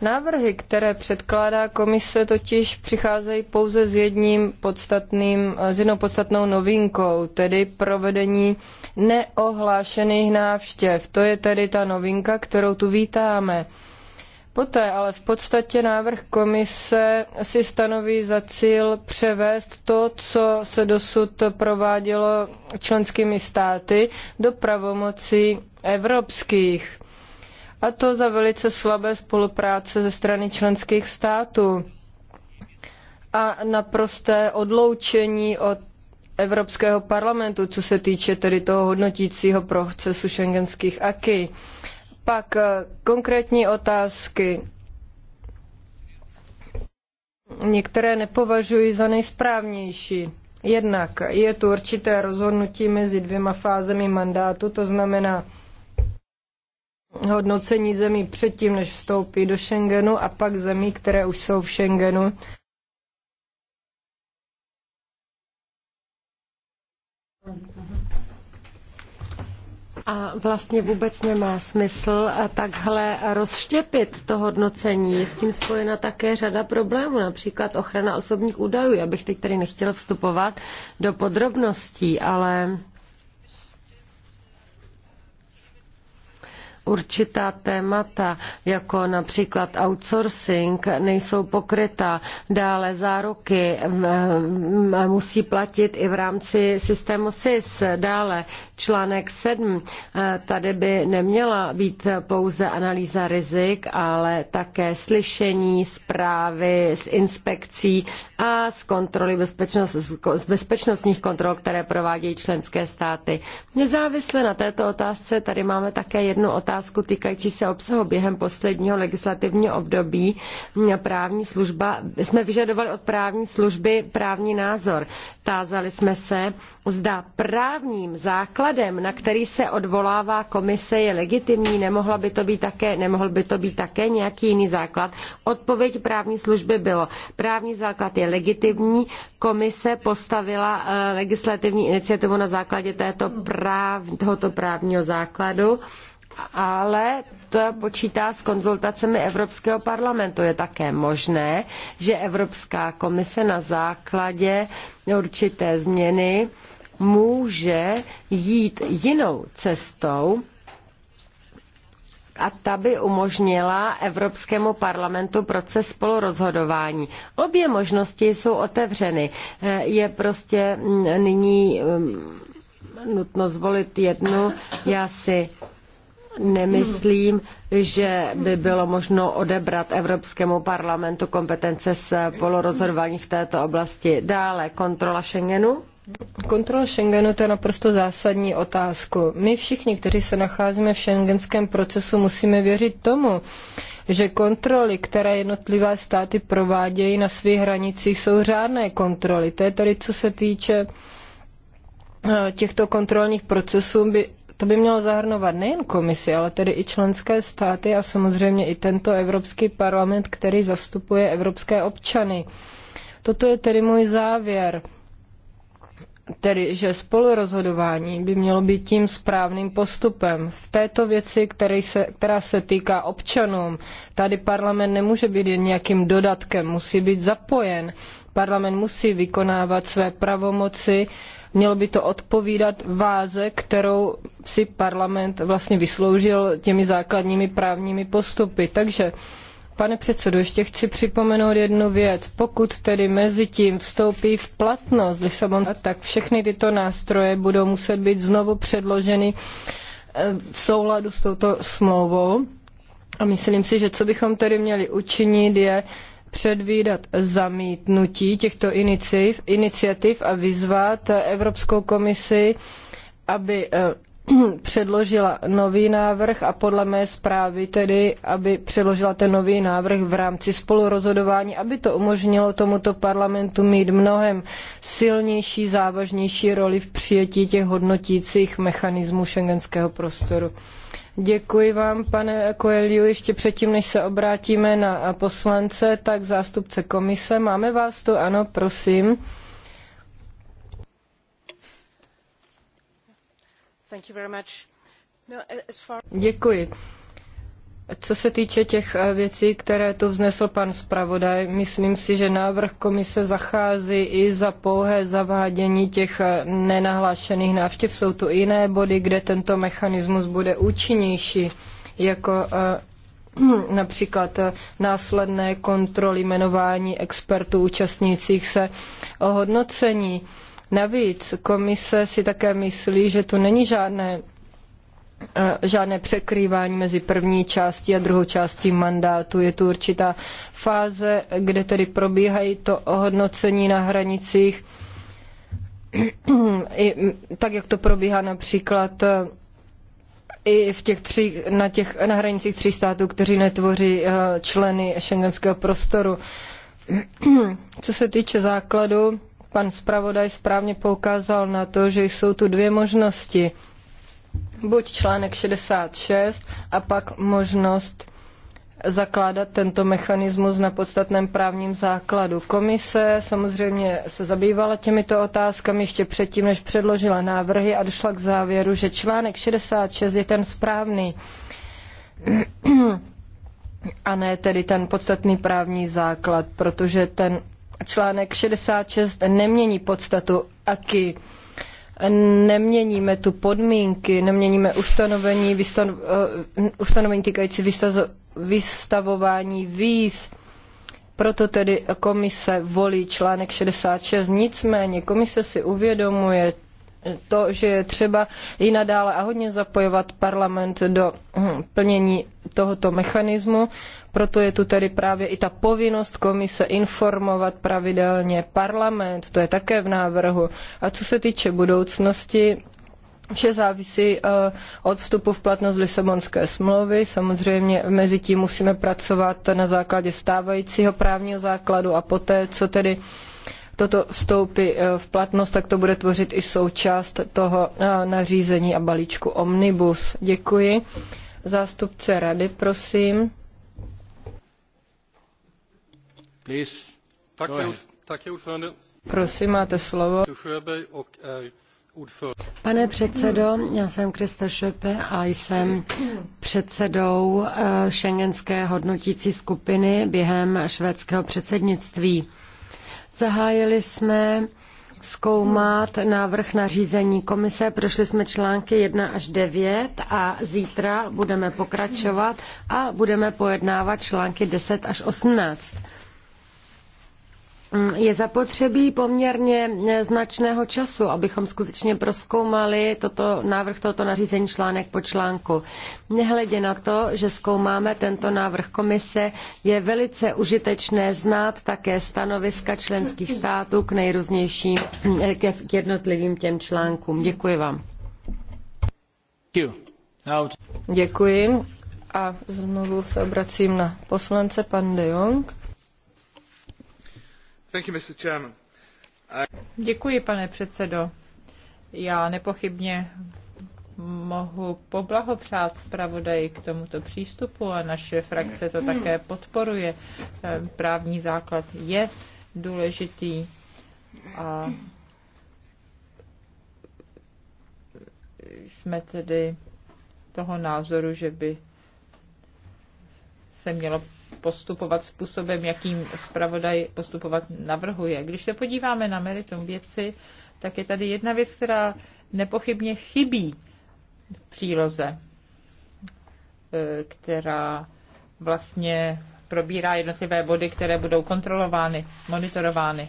Návrhy, které předkládá komise, totiž přicházejí pouze s jedním podstatným, s jednou podstatnou novinkou, tedy provedení neohlášených návštěv. To je tedy ta novinka, kterou tu vítáme. Poté ale v podstatě návrh komise si stanoví za cíl převést to, co se dosud provádělo členskými státy, do pravomocí evropských. A to za velice slabé spolupráce ze strany členských států a naprosté odloučení od Evropského parlamentu, co se týče tedy toho hodnotícího procesu šengenských aky. Pak eh, konkrétní otázky. Některé nepovažuji za nejsprávnější. Jednak je tu určité rozhodnutí mezi dvěma fázemi mandátu, to znamená hodnocení zemí předtím, než vstoupí do Schengenu a pak zemí, které už jsou v Schengenu. A vlastně vůbec nemá smysl takhle rozštěpit to hodnocení. Je s tím spojena také řada problémů, například ochrana osobních údajů. Já bych teď tady nechtěla vstupovat do podrobností, ale určitá témata, jako například outsourcing, nejsou pokryta. Dále záruky musí platit i v rámci systému SIS. Dále článek 7. E, tady by neměla být pouze analýza rizik, ale také slyšení, zprávy z inspekcí a z kontroly bezpečnost, z bezpečnostních kontrol, které provádějí členské státy. Nezávisle na této otázce tady máme také jednu otázku otázku týkající se obsahu během posledního legislativního období. Právní služba, jsme vyžadovali od právní služby právní názor. Tázali jsme se, zda právním základem, na který se odvolává komise, je legitimní, nemohla by to být také, nemohl by to být také nějaký jiný základ. Odpověď právní služby bylo, právní základ je legitimní, komise postavila eh, legislativní iniciativu na základě této práv, tohoto právního základu ale to počítá s konzultacemi Evropského parlamentu. Je také možné, že Evropská komise na základě určité změny může jít jinou cestou, a ta by umožnila Evropskému parlamentu proces spolurozhodování. Obě možnosti jsou otevřeny. Je prostě nyní mm, nutno zvolit jednu. Já si nemyslím, že by bylo možno odebrat Evropskému parlamentu kompetence s polorozhodování v této oblasti. Dále kontrola Schengenu. Kontrola Schengenu to je naprosto zásadní otázku. My všichni, kteří se nacházíme v šengenském procesu, musíme věřit tomu, že kontroly, které jednotlivé státy provádějí na svých hranicích, jsou řádné kontroly. To je tedy, co se týče eh, těchto kontrolních procesů by to by mělo zahrnovat nejen komisi, ale tedy i členské státy a samozřejmě i tento Evropský parlament, který zastupuje evropské občany. Toto je tedy můj závěr. Tedy, že spolurozhodování by mělo být tím správným postupem. V této věci, se, která se týká občanům, tady parlament nemůže být jen nějakým dodatkem, musí být zapojen. Parlament musí vykonávat své pravomoci, Mělo by to odpovídat váze, kterou si parlament vlastně vysloužil těmi základními právními postupy. Takže Pane předsedo, ještě chci připomenout jednu věc. Pokud tedy mezi tím vstoupí v platnost Lisabon, tak všechny tyto nástroje budou muset být znovu předloženy eh, v souladu s touto smlouvou. A myslím si, že co bychom tedy měli učinit, je předvídat zamítnutí těchto iniciativ a vyzvat Evropskou komisi, aby eh, (clears throat) předložila nový návrh a podle mé zprávy tedy, aby předložila ten nový návrh v rámci spolurozhodování, aby to umožnilo tomuto parlamentu mít mnohem silnější, závažnější roli v přijetí těch hodnotících mechanismů šengenského prostoru. Děkuji vám, pane Coelho. Ještě předtím, než se obrátíme na poslance, tak zástupce komise. Máme vás tu? Ano, prosím. No, Děkuji. Co se týče těch eh, věcí, které tu vznesl pan zpravodaj, myslím si, že návrh komise zachází i za pouhé zavádění těch eh, nenahlášených návštěv. Jsou tu jiné body, kde tento mechanismus bude účinnější, jako eh, (clears throat) například následné kontroly jmenování expertů účastnících se o hodnocení. Navíc komise si také myslí, že tu není žádné žádné překrývání mezi první částí a druhou částí mandátu. Je tu určitá fáze, kde tedy probíhají to hodnocení na hranicích, I, tak jak to probíhá například e, i v těch tři, na, těch, na hranicích tří států, kteří netvoří e, členy šengenského prostoru. Co se týče základu, pan zpravodaj správně poukázal na to, že jsou tu dvě možnosti buď článek 66 a pak možnost zakládat tento mechanismus na podstatném právním základu. Komise samozřejmě se zabývala těmito otázkami ještě předtím, než předložila návrhy a došla k závěru, že článek 66 je ten správný (clears throat) a ne tedy ten podstatný právní základ, protože ten článek 66 nemění podstatu aky neměníme tu podmínky, neměníme ustanovení, vystanov, eh, ustanovení týkající vystavování víz, proto tedy komise volí článek 66. Nicméně komise si uvědomuje to, že je třeba i nadále a hodně zapojovat parlament do hm, plnění tohoto mechanismu proto je tu tedy právě i ta povinnost komise informovat pravidelně parlament, to je také v návrhu. A co se týče budoucnosti, Vše závisí eh, od vstupu v platnost Lisabonské smlouvy. Samozřejmě mezi tím musíme pracovat na základě stávajícího právního základu a poté, co tedy toto vstoupí eh, v platnost, tak to bude tvořit i součást toho eh, nařízení a balíčku Omnibus. Děkuji. Zástupce rady, prosím. Prosím, máte slovo. E, Pane předsedo, já jsem Krista Šepe a jsem předsedou e, šengenské hodnotící skupiny během švédského předsednictví. Zahájili jsme zkoumat návrh nařízení komise. Prošli jsme články 1 až 9 a zítra budeme pokračovat a budeme pojednávat články 10 až 18. Mm, je zapotřebí poměrně značného času, abychom skutečně proskoumali toto, návrh tohoto nařízení článek po článku. Nehledě na to, že zkoumáme tento návrh komise, je velice užitečné znát také stanoviska členských států k nejrůznějším, k jednotlivým těm článkům. Děkuji vám. Děkuji. A znovu se obracím na poslance pan De Jong. Děkuji, pane předsedo. Já nepochybně mohu poblahopřát zpravodaji k tomuto přístupu a naše frakce to také podporuje. Ehm, právní základ je důležitý a jsme tedy toho názoru, že by se mělo postupovat způsobem, jakým zpravodaj postupovat navrhuje. Když se podíváme na meritum věci, tak je tady jedna věc, která nepochybně chybí v příloze, e, která vlastně probírá jednotlivé body, které budou kontrolovány, monitorovány.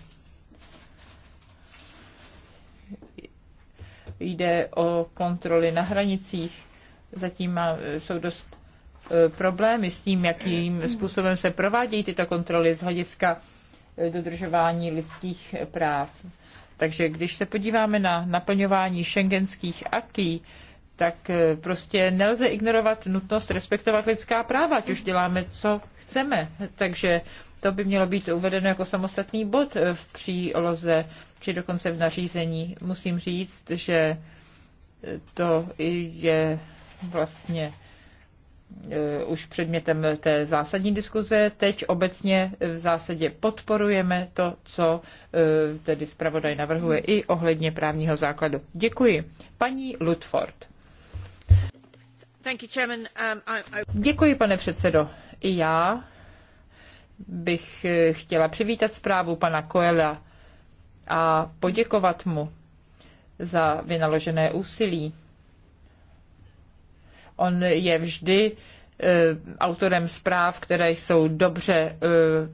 Jde o kontroly na hranicích, zatím e, jsou dost E, problémy s tím, jakým způsobem se provádějí tyto kontroly z hlediska e, dodržování lidských práv. Takže když se podíváme na naplňování šengenských aký, tak e, prostě nelze ignorovat nutnost respektovat lidská práva, ať už děláme, co chceme. Takže to by mělo být uvedeno jako samostatný bod v příloze, či dokonce v nařízení. Musím říct, že to je vlastně Eh, už předmětem té zásadní diskuze. Teď obecně v zásadě podporujeme to, co eh, tedy zpravodaj navrhuje i ohledně právního základu. Děkuji. Paní Ludford. Um, Děkuji, pane předsedo. I já bych eh, chtěla přivítat zprávu pana Koela a poděkovat mu za vynaložené úsilí On je vždy eh, autorem zpráv, které jsou dobře eh,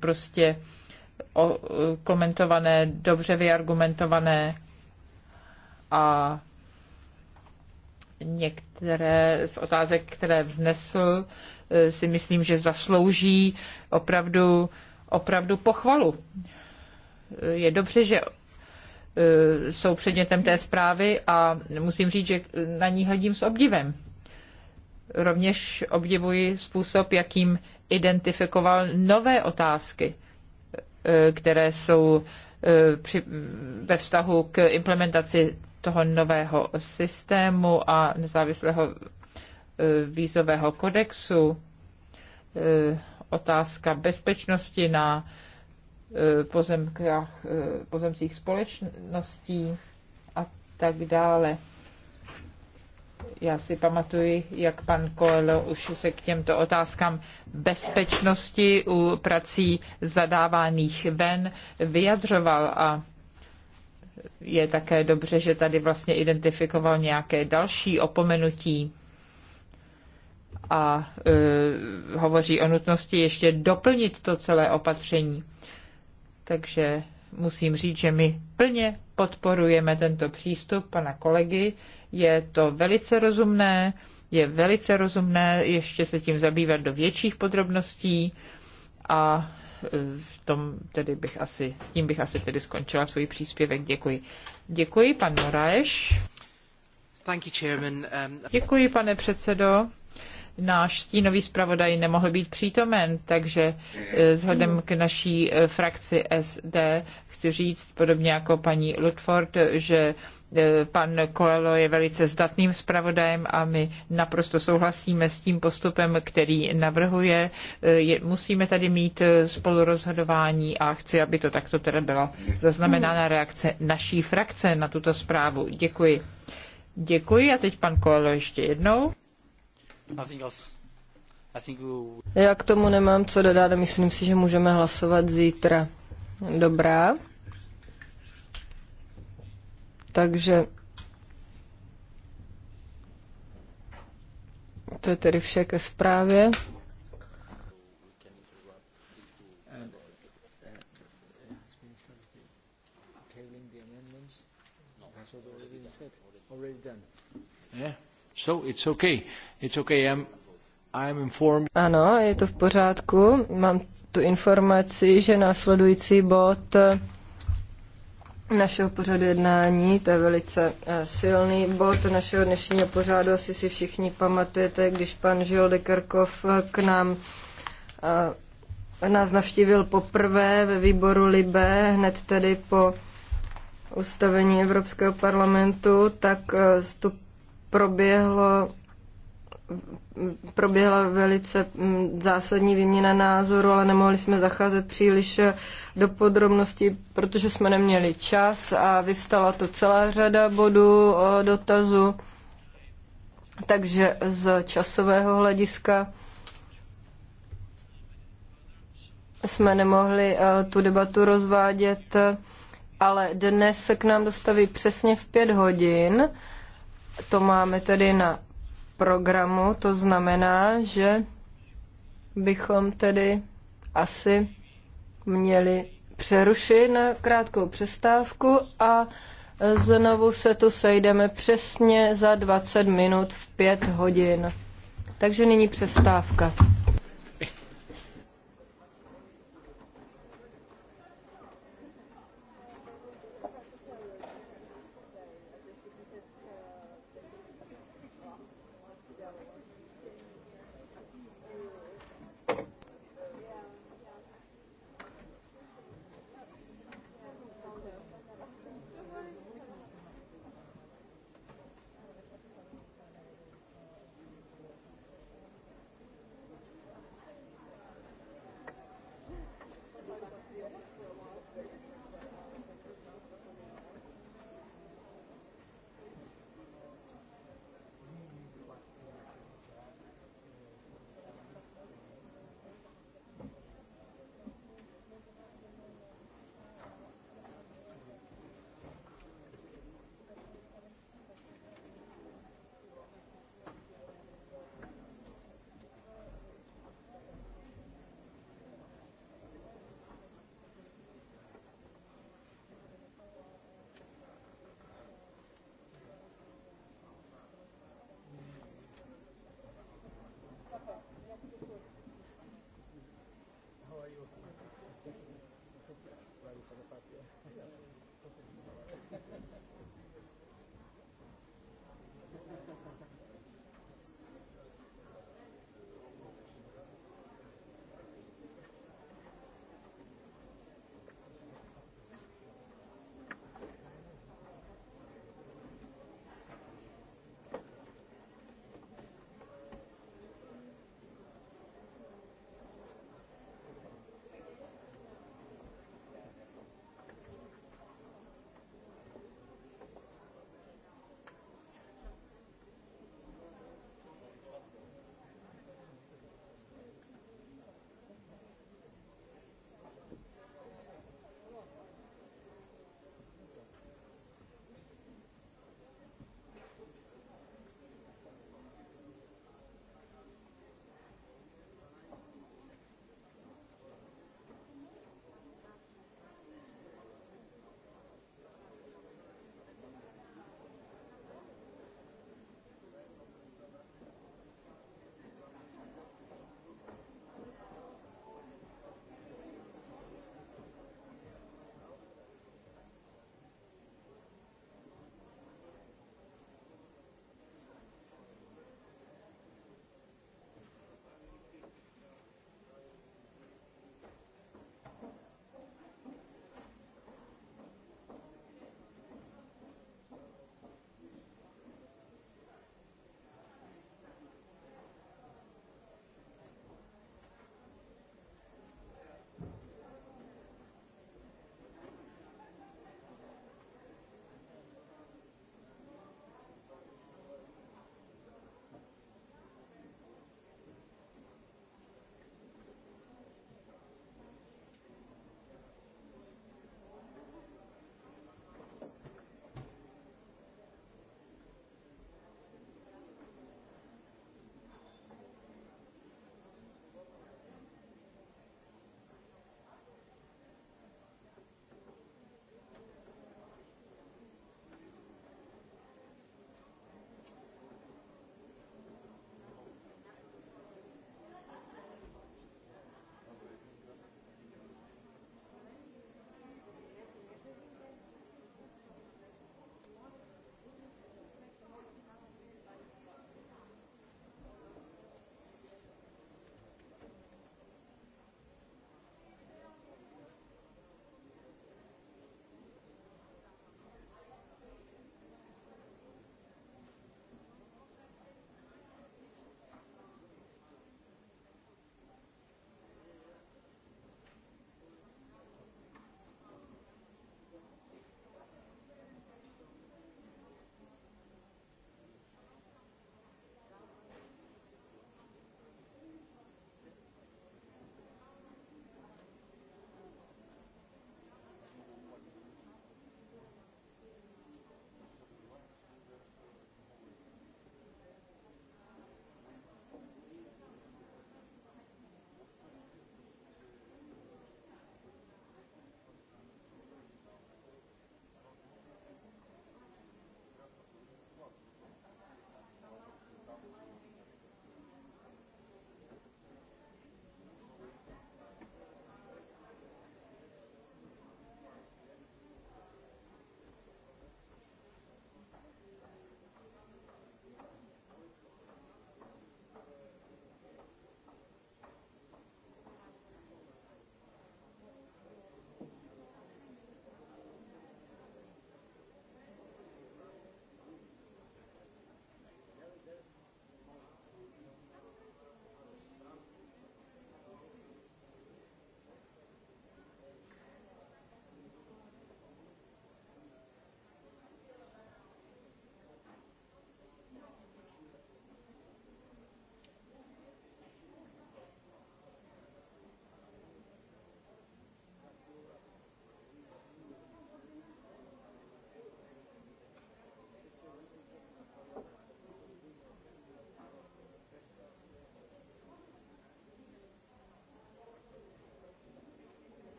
prostě komentované, dobře vyargumentované a některé z otázek, které vznesl, eh, si myslím, že zaslouží opravdu, opravdu pochvalu. Je dobře, že jsou předmětem té zprávy a musím říct, že na ní hledím s obdivem. Rovněž obdivuji způsob, jakým identifikoval nové otázky, eh, které jsou eh, při, ve vztahu k implementaci toho nového systému a nezávislého eh, vízového kodexu, otázka bezpečnosti na pozemkách, pozemcích společností a tak dále. Já si pamatuji, jak pan Coelho už se k těmto otázkám bezpečnosti u prací zadávaných ven vyjadřoval a je také dobře, že tady vlastně identifikoval nějaké další opomenutí a e, hovoří o nutnosti ještě doplnit to celé opatření. Takže musím říct, že my plně podporujeme tento přístup pana kolegy. Je to velice rozumné, je velice rozumné ještě se tím zabývat do větších podrobností a e, v tom tedy bych asi, s tím bych asi tedy skončila svůj příspěvek. Děkuji. Děkuji, pan Moraeš. Um, Děkuji, pane předsedo náš stínový zpravodaj nemohl být přítomen, takže eh, vzhledem k naší eh, frakci SD chci říct, podobně jako paní Ludford, že eh, pan Koelo je velice zdatným zpravodajem a my naprosto souhlasíme s tím postupem, který navrhuje. Musíme tady mít spolurozhodování a chci, aby to takto teda byla zaznamenána reakce naší frakce na tuto zprávu. Děkuji. Děkuji a teď pan Koelo ještě jednou. Já k tomu nemám co dodat, myslím si, že můžeme hlasovat zítra. Dobrá. Takže to je tedy vše ke zprávě. So it's okay. It's okay, I'm, I'm informed. Ano, je to v pořádku. Mám tu informaci, že následující bod eh, našeho pořadu jednání, to je velice eh, silný bod našeho dnešního pořádu, asi si všichni pamatujete, když pan Žil Dekerkov eh, k nám nás navštívil poprvé ve výboru Libe, hned tedy po ustavení Evropského parlamentu, tak to proběhlo proběhla velice mm, zásadní výměna názoru, ale nemohli jsme zacházet příliš eh, do podrobností, protože jsme neměli čas a vyvstala to celá řada bodů eh, dotazu. Takže z časového hlediska jsme nemohli eh, tu debatu rozvádět, ale dnes se k nám dostaví přesně v pět hodin. To máme tedy na programu. To znamená, že bychom tedy asi měli přerušit na krátkou přestávku a znovu se tu sejdeme přesně za 20 minut v 5 hodin. Takže nyní přestávka.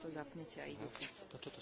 to zapnete a idete. Toto to,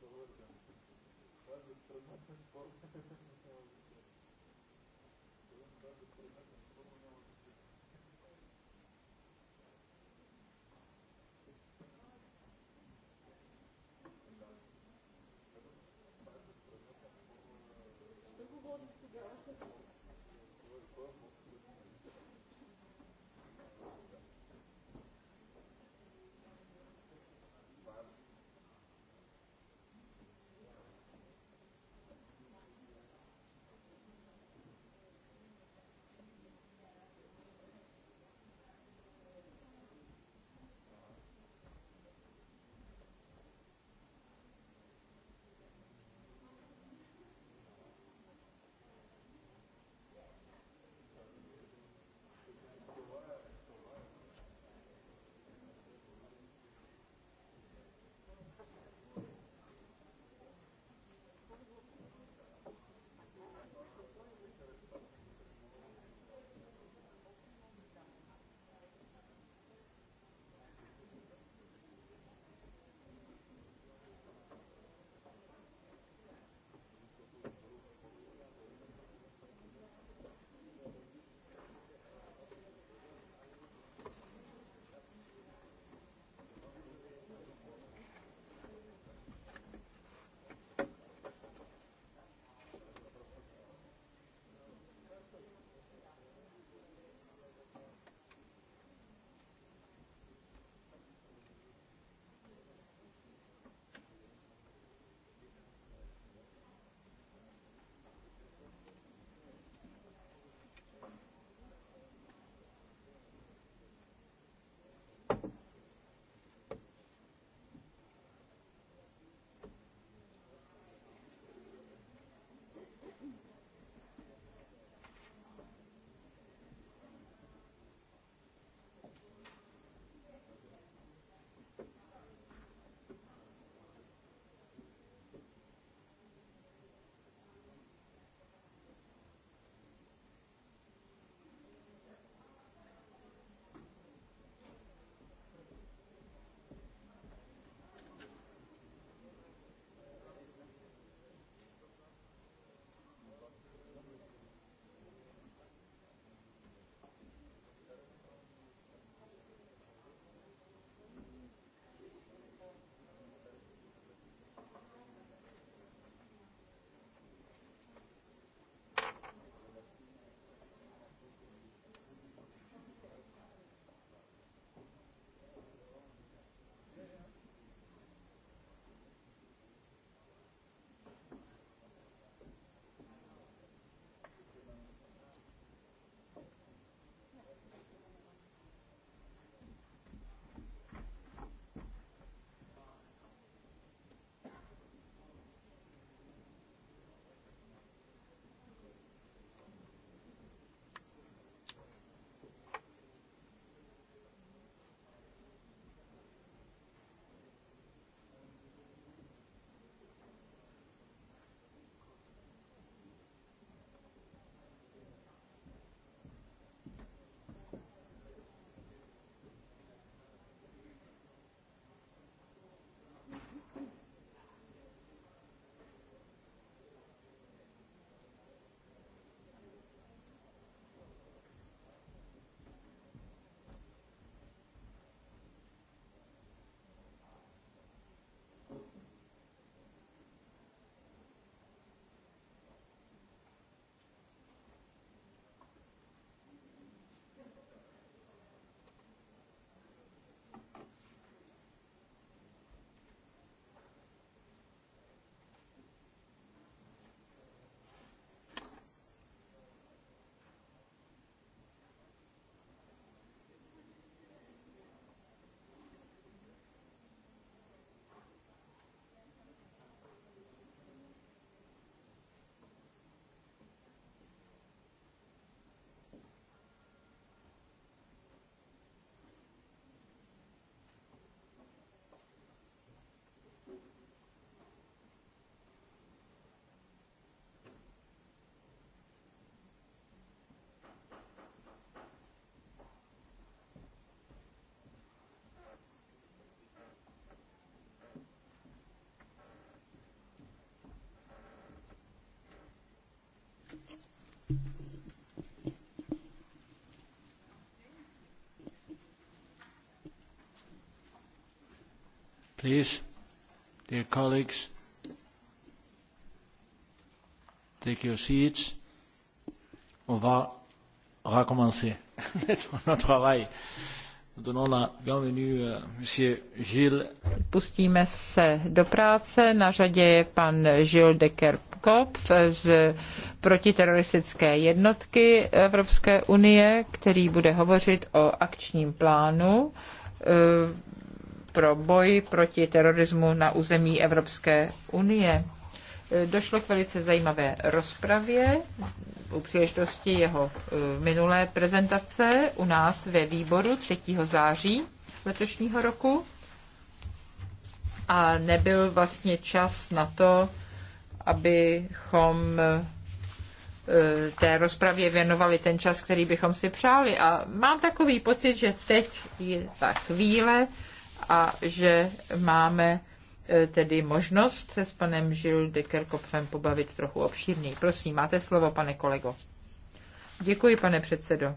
dovolenka. Ale to je sport. Please, dear colleagues, take your seats. On va recommencer (laughs) notre travail. Nous donnons la bienvenue à euh, Gilles. Pustíme se do práce. Na řadě je pan Gilles de Kerkop z protiteroristické jednotky Evropské unie, který bude hovořit o akčním plánu pro boj proti terorismu na území Evropské unie. Došlo k velice zajímavé rozpravě u příležitosti jeho e, minulé prezentace u nás ve výboru 3. září letošního roku a nebyl vlastně čas na to, abychom e, té rozpravě věnovali ten čas, který bychom si přáli. A mám takový pocit, že teď je ta chvíle, a že máme e, tedy možnost se s panem Žil de Kerkopfem pobavit trochu obšírněji. Prosím, máte slovo, pane kolego. Děkuji, pane předsedo.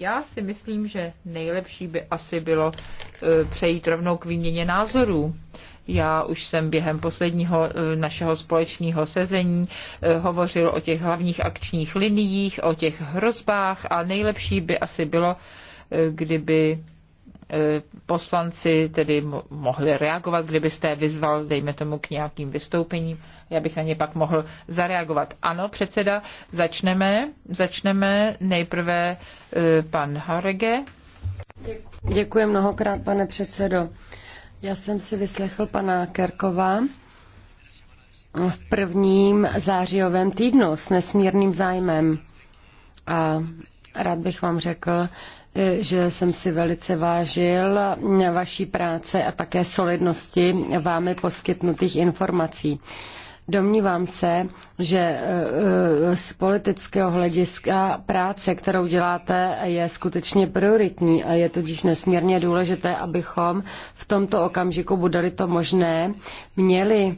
Já si myslím, že nejlepší by asi bylo e, přejít rovnou k výměně názorů. Já už jsem během posledního e, našeho společného sezení hovořil o těch hlavních akčních liniích, o těch hrozbách a nejlepší by asi bylo, kdyby Eh, poslanci tedy mohli reagovat, kdybyste je vyzval, dejme tomu, k nějakým vystoupením. Já bych na ně pak mohl zareagovat. Ano, předseda, začneme. Začneme nejprve eh, pan Harege. Děkuji mnohokrát, pane předsedo. Já jsem si vyslechl pana Kerkova v prvním zářijovém týdnu s nesmírným zájmem. A rád bych vám řekl, že jsem si velice vážil vaší práce a také solidnosti vámi poskytnutých informací. Domnívám se, že e, e, z politického hlediska práce, kterou děláte, je skutečně prioritní a je tudíž nesmírně důležité, abychom v tomto okamžiku, bude-li to možné, měli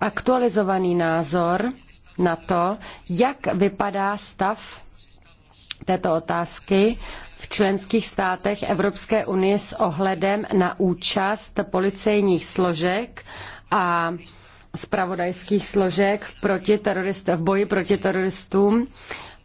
aktualizovaný názor na to, jak vypadá stav této otázky v členských státech Evropské unie s ohledem na účast policejních složek a spravodajských složek v, proti v boji proti teroristům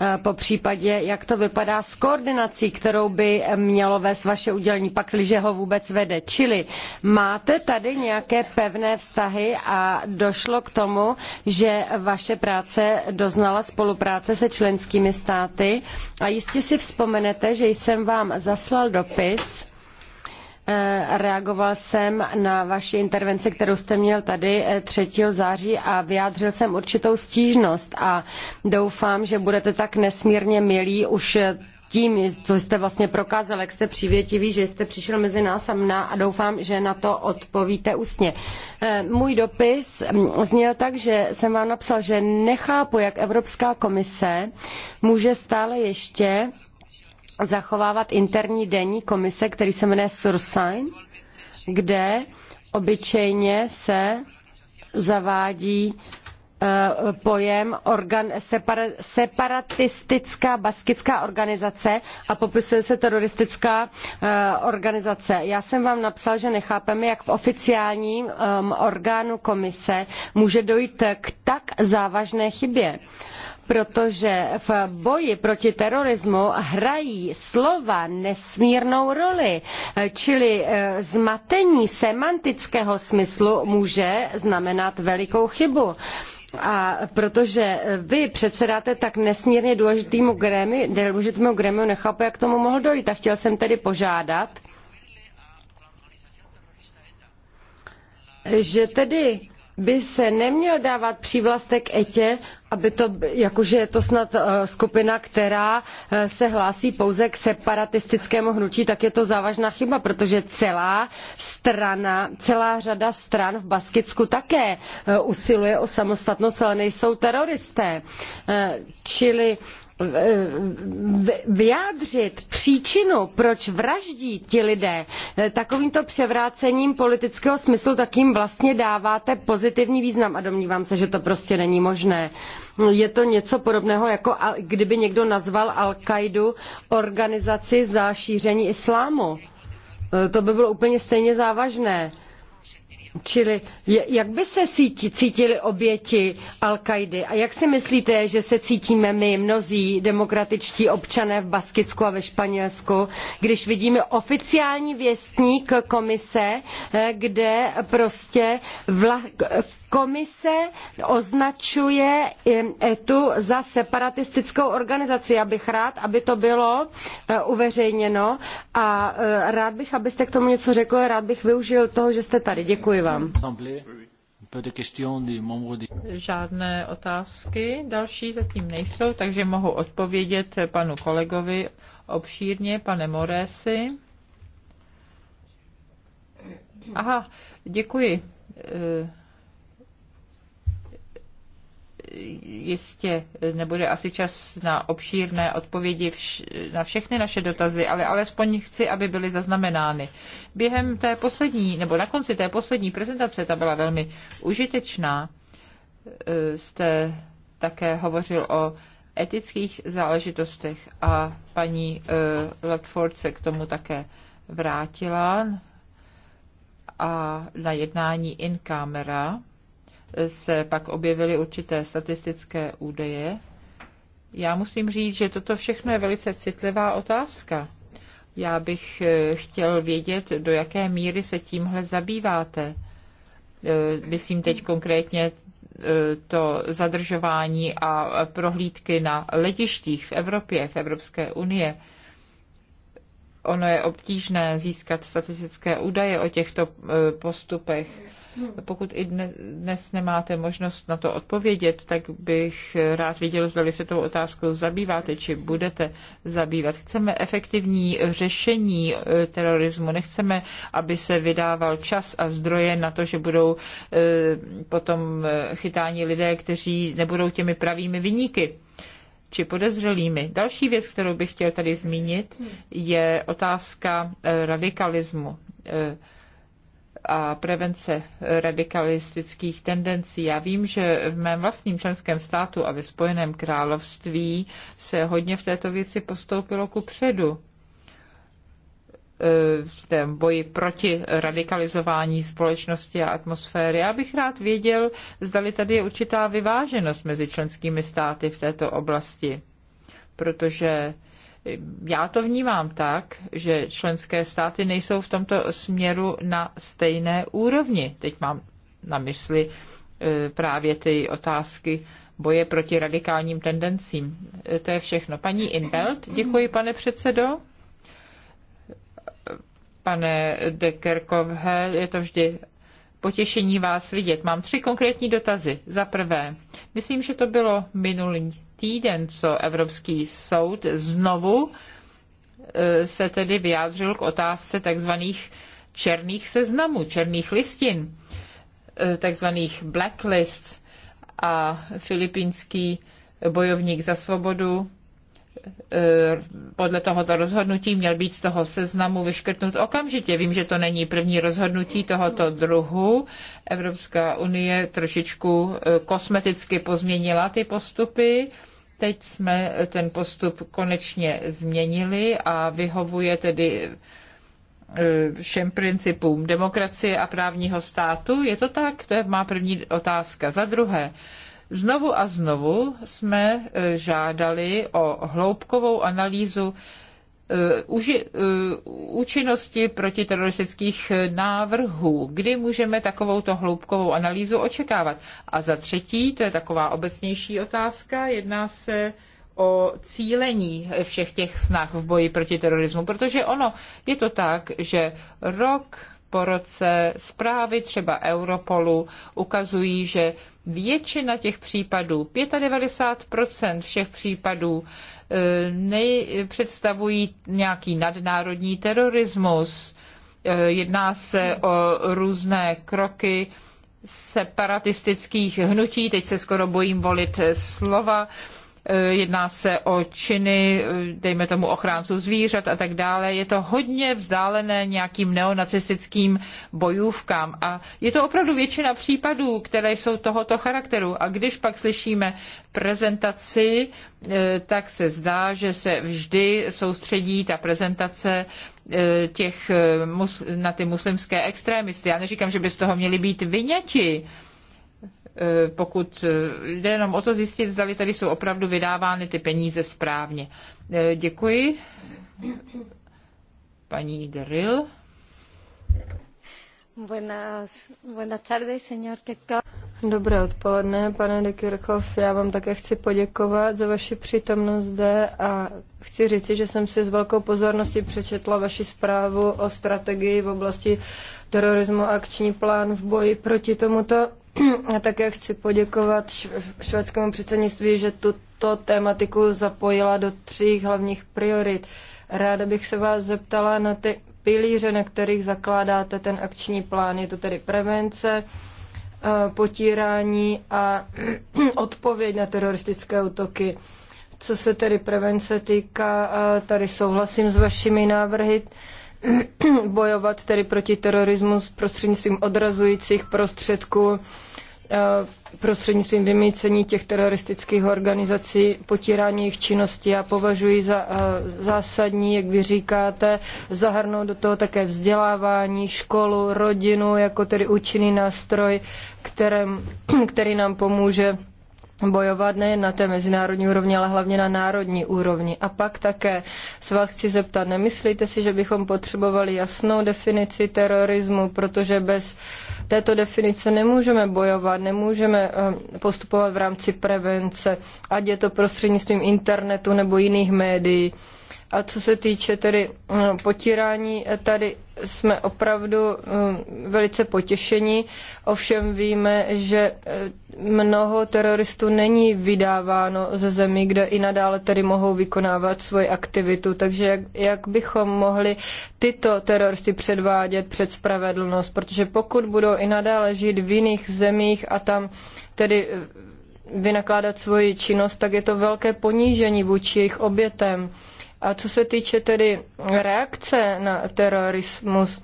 Eh, po případě, jak to vypadá s koordinací, kterou by mělo vést vaše udělení, pakliže ho vůbec vede. Čili máte tady nějaké pevné vztahy a došlo k tomu, že vaše práce doznala spolupráce se členskými státy a jistě si vzpomenete, že jsem vám zaslal dopis, Eh, reagoval jsem na vaši intervenci, kterou jste měl tady 3. Eh, září a vyjádřil jsem určitou stížnost a doufám, že budete tak nesmírně milí už eh, tím, to jste vlastně prokázal, jak jste přivětivý, že jste přišel mezi nás a mna a doufám, že na to odpovíte ústně. Můj dopis mm, zněl tak, že jsem vám napsal, že nechápu, jak Evropská komise může stále ještě zachovávat interní denní komise, který se jmenuje Sursign, kde obyčejně se zavádí eh, pojem organ, separa, separatistická baskická organizace a popisuje se teroristická eh, organizace. Já jsem vám napsal, že nechápeme, jak v oficiálním eh, orgánu komise může dojít k tak závažné chybě protože v boji proti terorismu hrají slova nesmírnou roli, čili eh, zmatení semantického smyslu může znamenat velikou chybu. A protože vy předsedáte tak nesmírně důležitému grémi, důležitému grémiu, nechápu, jak tomu mohl dojít. A chtěl jsem tedy požádat, že tedy by se neměl dávat přívlastek etě, aby to, jakože je to snad eh, skupina, která eh, se hlásí pouze k separatistickému hnutí, tak je to závažná chyba, protože celá strana, celá řada stran v Baskicku také eh, usiluje o samostatnost, ale nejsou teroristé. Čili vyjádřit příčinu, proč vraždí ti lidé, eh, takovýmto převrácením politického smyslu, tak jim vlastně dáváte pozitivní význam a domnívám se, že to prostě není možné. Je to něco podobného, jako kdyby někdo nazval Al-Kaidu organizaci za šíření islámu. Eh, to by bylo úplně stejně závažné. Čili jak by se cítili oběti al kaidy a jak si myslíte, že se cítíme my, mnozí demokratičtí občané v Baskicku a ve Španělsku, když vidíme oficiální věstník komise, eh, kde prostě vla, Komise označuje ETU e, za separatistickou organizaci. Já bych rád, aby to bylo e, uveřejněno a e, rád bych, abyste k tomu něco řekl, rád bych využil toho, že jste tady. Děkuji vám. Žádné otázky další zatím nejsou, takže mohu odpovědět panu kolegovi obšírně, pane Moresi. Aha, děkuji jistě nebude asi čas na obšírné odpovědi vš- na všechny naše dotazy, ale alespoň chci, aby byly zaznamenány. Během té poslední, nebo na konci té poslední prezentace, ta byla velmi užitečná, eh, jste také hovořil o etických záležitostech a paní eh, Ledford se k tomu také vrátila a na jednání in camera se pak objevily určité statistické údaje. Já musím říct, že toto všechno je velice citlivá otázka. Já bych eh, chtěl vědět, do jaké míry se tímhle zabýváte. Eh, myslím teď konkrétně eh, to zadržování a prohlídky na letištích v Evropě, v Evropské unie. Ono je obtížné získat statistické údaje o těchto postupech pokud i dnes nemáte možnost na to odpovědět, tak bych rád viděl, zda se tou otázkou zabýváte, či budete zabývat. Chceme efektivní řešení eh, terorismu. Nechceme, aby se vydával čas a zdroje na to, že budou eh, potom eh, chytáni lidé, kteří nebudou těmi pravými vyníky či podezřelými. Další věc, kterou bych chtěl tady zmínit, je otázka radikalismu a prevence radikalistických tendencí. Já vím, že v mém vlastním členském státu a ve Spojeném království se hodně v této věci postoupilo ku předu e, v tém boji proti radikalizování společnosti a atmosféry. Já bych rád věděl, zdali tady je určitá vyváženost mezi členskými státy v této oblasti, protože já to vnímám tak, že členské státy nejsou v tomto směru na stejné úrovni. Teď mám na mysli e, právě ty otázky boje proti radikálním tendencím. E, to je všechno. Paní Inbelt, děkuji, pane předsedo. Pane Dekerkovhe, je to vždy potěšení vás vidět. Mám tři konkrétní dotazy. Za prvé, myslím, že to bylo minulý týden, co Evropský soud znovu e, se tedy vyjádřil k otázce takzvaných černých seznamů, černých listin, e, takzvaných blacklists a filipínský bojovník za svobodu Eh, podle tohoto rozhodnutí měl být z toho seznamu vyškrtnut okamžitě. Vím, že to není první rozhodnutí tohoto druhu. Evropská unie trošičku eh, kosmeticky pozměnila ty postupy. Teď jsme ten postup konečně změnili a vyhovuje tedy eh, všem principům demokracie a právního státu. Je to tak? To je má první otázka. Za druhé, Znovu a znovu jsme e, žádali o hloubkovou analýzu e, e, účinnosti protiteroristických návrhů. Kdy můžeme takovouto hloubkovou analýzu očekávat? A za třetí, to je taková obecnější otázka, jedná se o cílení všech těch snah v boji proti terorismu, protože ono je to tak, že rok po roce zprávy třeba Europolu ukazují, že většina těch případů, 95% všech případů, eh, nepředstavují představují nějaký nadnárodní terorismus. Eh, jedná se o různé kroky separatistických hnutí, teď se skoro bojím volit eh, slova, Eh, jedná se o činy, eh, dejme tomu ochránců zvířat a tak dále. Je to hodně vzdálené nějakým neonacistickým bojůvkám a je to opravdu většina případů, které jsou tohoto charakteru. A když pak slyšíme prezentaci, eh, tak se zdá, že se vždy soustředí ta prezentace těch, na ty muslimské extremisty. Já neříkám, že by z toho měli být vyňati, Eh, pokud eh, jde jenom o to zjistit, zdali tady jsou opravdu vydávány ty peníze správně. Eh, děkuji. Paní Deril. tardes, señor Dobré odpoledne, pane de Kirchhoff. Já vám také chci poděkovat za vaši přítomnost zde a chci říci, že jsem si s velkou pozorností přečetla vaši zprávu o strategii v oblasti terorismu a akční plán v boji proti tomuto a také chci poděkovat švédskému předsednictví, že tuto tématiku zapojila do tří hlavních priorit. Ráda bych se vás zeptala na ty pilíře, na kterých zakládáte ten akční plán. Je to tedy prevence, eh, potírání a (clears throat) odpověď na teroristické útoky. Co se tedy prevence týká, eh, tady souhlasím s vašimi návrhy. (clears throat) bojovat tedy proti terorismu s prostřednictvím odrazujících prostředků, eh, prostřednictvím vymýcení těch teroristických organizací, potírání jejich činnosti. Já považuji za eh, zásadní, jak vy říkáte, zahrnout do toho také vzdělávání, školu, rodinu, jako tedy účinný nástroj, kterém, (clears throat) který nám pomůže bojovat nejen na té mezinárodní úrovni, ale hlavně na národní úrovni. A pak také se vás chci zeptat, nemyslíte si, že bychom potřebovali jasnou definici terorismu, protože bez této definice nemůžeme bojovat, nemůžeme eh, postupovat v rámci prevence, ať je to prostřednictvím internetu nebo jiných médií. A co se týče tedy eh, potírání eh, tady jsme opravdu um, velice potěšeni. Ovšem víme, že eh, mnoho teroristů není vydáváno ze zemí, kde i nadále tedy mohou vykonávat svoji aktivitu. Takže jak, jak bychom mohli tyto teroristy předvádět před spravedlnost? Protože pokud budou i nadále žít v jiných zemích a tam tedy eh, vynakládat svoji činnost, tak je to velké ponížení vůči jejich obětem. A co se týče tedy reakce na terorismus,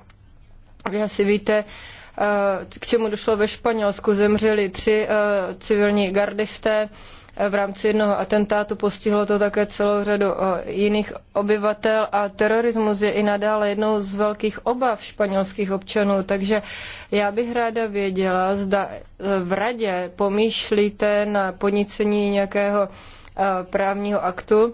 vy asi víte, eh, k čemu došlo ve Španělsku. Zemřeli tři eh, civilní gardisté eh, v rámci jednoho atentátu. Postihlo to také celou řadu jiných obyvatel a terorismus je i nadále jednou z velkých obav španělských občanů. Takže já bych ráda věděla, zda v radě pomýšlíte na podnicení nějakého právního aktu,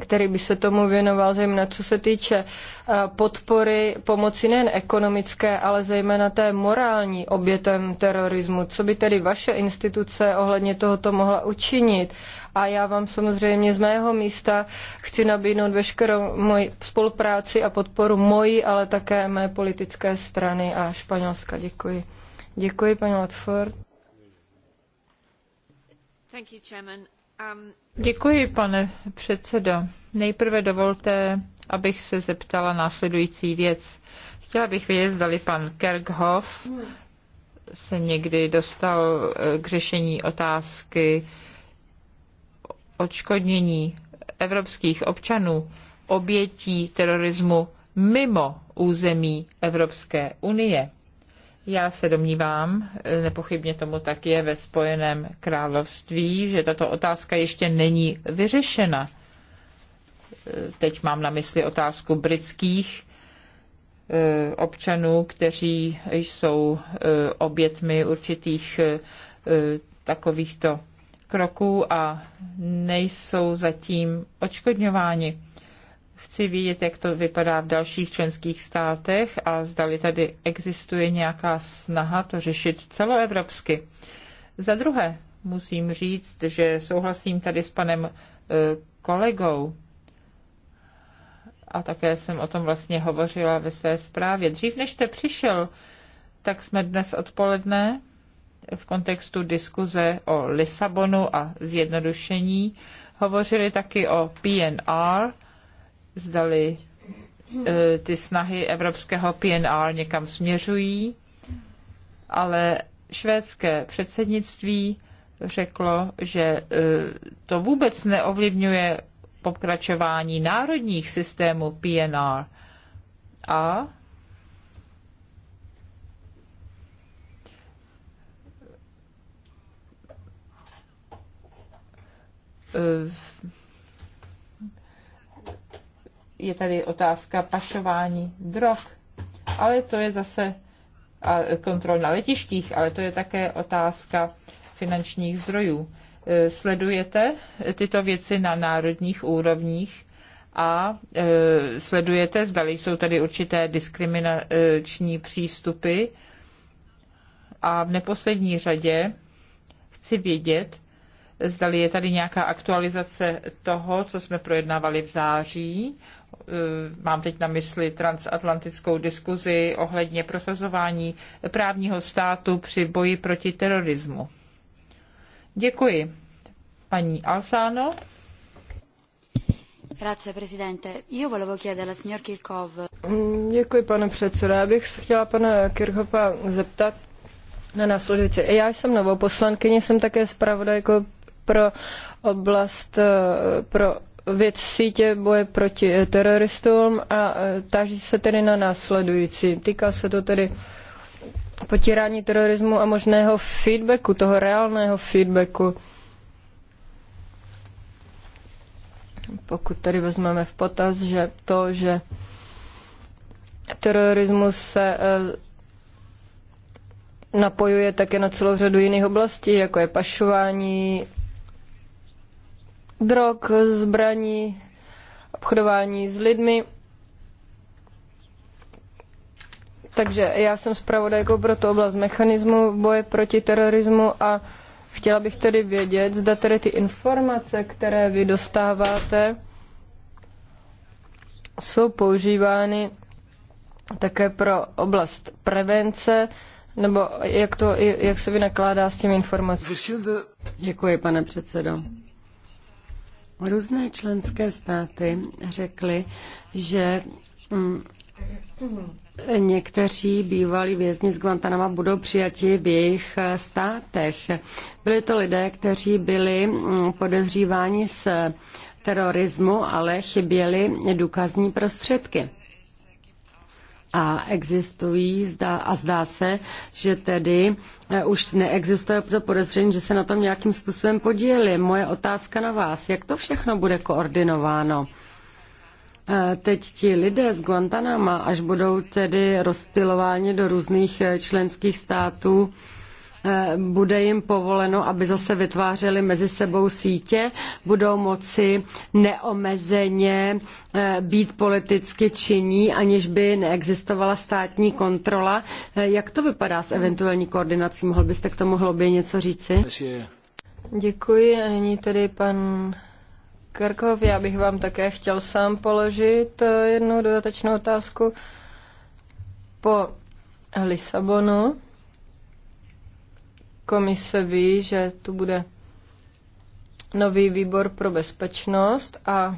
který by se tomu věnoval, zejména co se týče eh, podpory pomoci nejen ekonomické, ale zejména té morální obětem terorismu. Co by tedy vaše instituce ohledně tohoto mohla učinit? A já vám samozřejmě z mého místa chci nabídnout veškerou moji spolupráci a podporu moji, ale také mé politické strany a Španělska. Děkuji. Děkuji, paní Latford. You, Um, Děkuji, pane předsedající Nejprve dovolte, abych se zeptala následující věc. Chtěla bych vědět, zdali pan kirchhoff se někdy dostal eh, k řešení otázky odškodnění evropských občanů obětí terorismu mimo území Evropské unie. Já se domnívám, nepochybně tomu tak je ve Spojeném království, že tato otázka ještě není vyřešena. Teď mám na mysli otázku britských eh, občanů, kteří jsou eh, obětmi určitých eh, takovýchto kroků a nejsou zatím očkodňováni. Chci vidět, jak to vypadá v dalších členských státech a zdali tady existuje nějaká snaha to řešit celoevropsky. Za druhé, musím říct, že souhlasím tady s panem eh, kolegou, a také jsem o tom vlastně hovořila ve své zprávě. Dřív než jste přišel, tak jsme dnes odpoledne v kontextu diskuze o Lisabonu a zjednodušení hovořili taky o PNR zdali eh, ty snahy evropského PNR někam směřují, ale švédské předsednictví řeklo, že eh, to vůbec neovlivňuje pokračování národních systémů PNR. A eh, je tady otázka pašování drog, ale to je zase kontrol na letištích, ale to je také otázka finančních zdrojů. E, sledujete tyto věci na národních úrovních a e, sledujete, zdali jsou tady určité diskriminační přístupy. A v neposlední řadě chci vědět, zdali je tady nějaká aktualizace toho, co jsme projednávali v září Eh, mám teď na mysli transatlantickou diskuzi ohledně prosazování právního státu při boji proti terorismu. Děkuji. Paní Alsano. Mm, děkuji, pane předsedo. Já bych se chtěla pana Kirchhoffa zeptat na následující. Já jsem novou poslankyně, jsem také zpravodajkou pro oblast eh, pro věc sítě boje proti eh, teroristům a eh, táží se tedy na následující. Týká se to tedy potírání terorismu a možného feedbacku, toho reálného feedbacku. Pokud tedy vezmeme v potaz, že to, že terorismus se eh, napojuje také na celou řadu jiných oblastí, jako je pašování, drog, zbraní, obchodování s lidmi. Takže já jsem zpravodajkou pro tu oblast mechanismu boje proti terorismu a chtěla bych tedy vědět, zda tedy ty informace, které vy dostáváte, jsou používány také pro oblast prevence, nebo jak, to, jak se vynakládá s těmi informacemi. Děkuji, pane předsedo. Různé členské státy řekly, že mm, Někteří bývalí vězni z Guantanama budou přijati v jejich eh, státech. Byli to lidé, kteří byli mm, podezříváni z terorismu, ale chyběly důkazní prostředky a existují zdá, a zdá se, že tedy eh, už neexistuje to podezření, že se na tom nějakým způsobem podíleli. Moje otázka na vás, jak to všechno bude koordinováno? Eh, teď ti lidé z Guantanama, až budou tedy rozpilováni do různých eh, členských států, Eh, bude jim povoleno, aby zase vytvářeli mezi sebou sítě, budou moci neomezeně eh, být politicky činní, aniž by neexistovala státní kontrola. Eh, jak to vypadá s eventuální koordinací? Mohl byste k tomu hlouběji něco říci? Děkuji a nyní tedy pan Krkov, já bych vám také chtěl sám položit jednu dodatečnou otázku. Po Lisabonu komise ví, že tu bude nový výbor pro bezpečnost a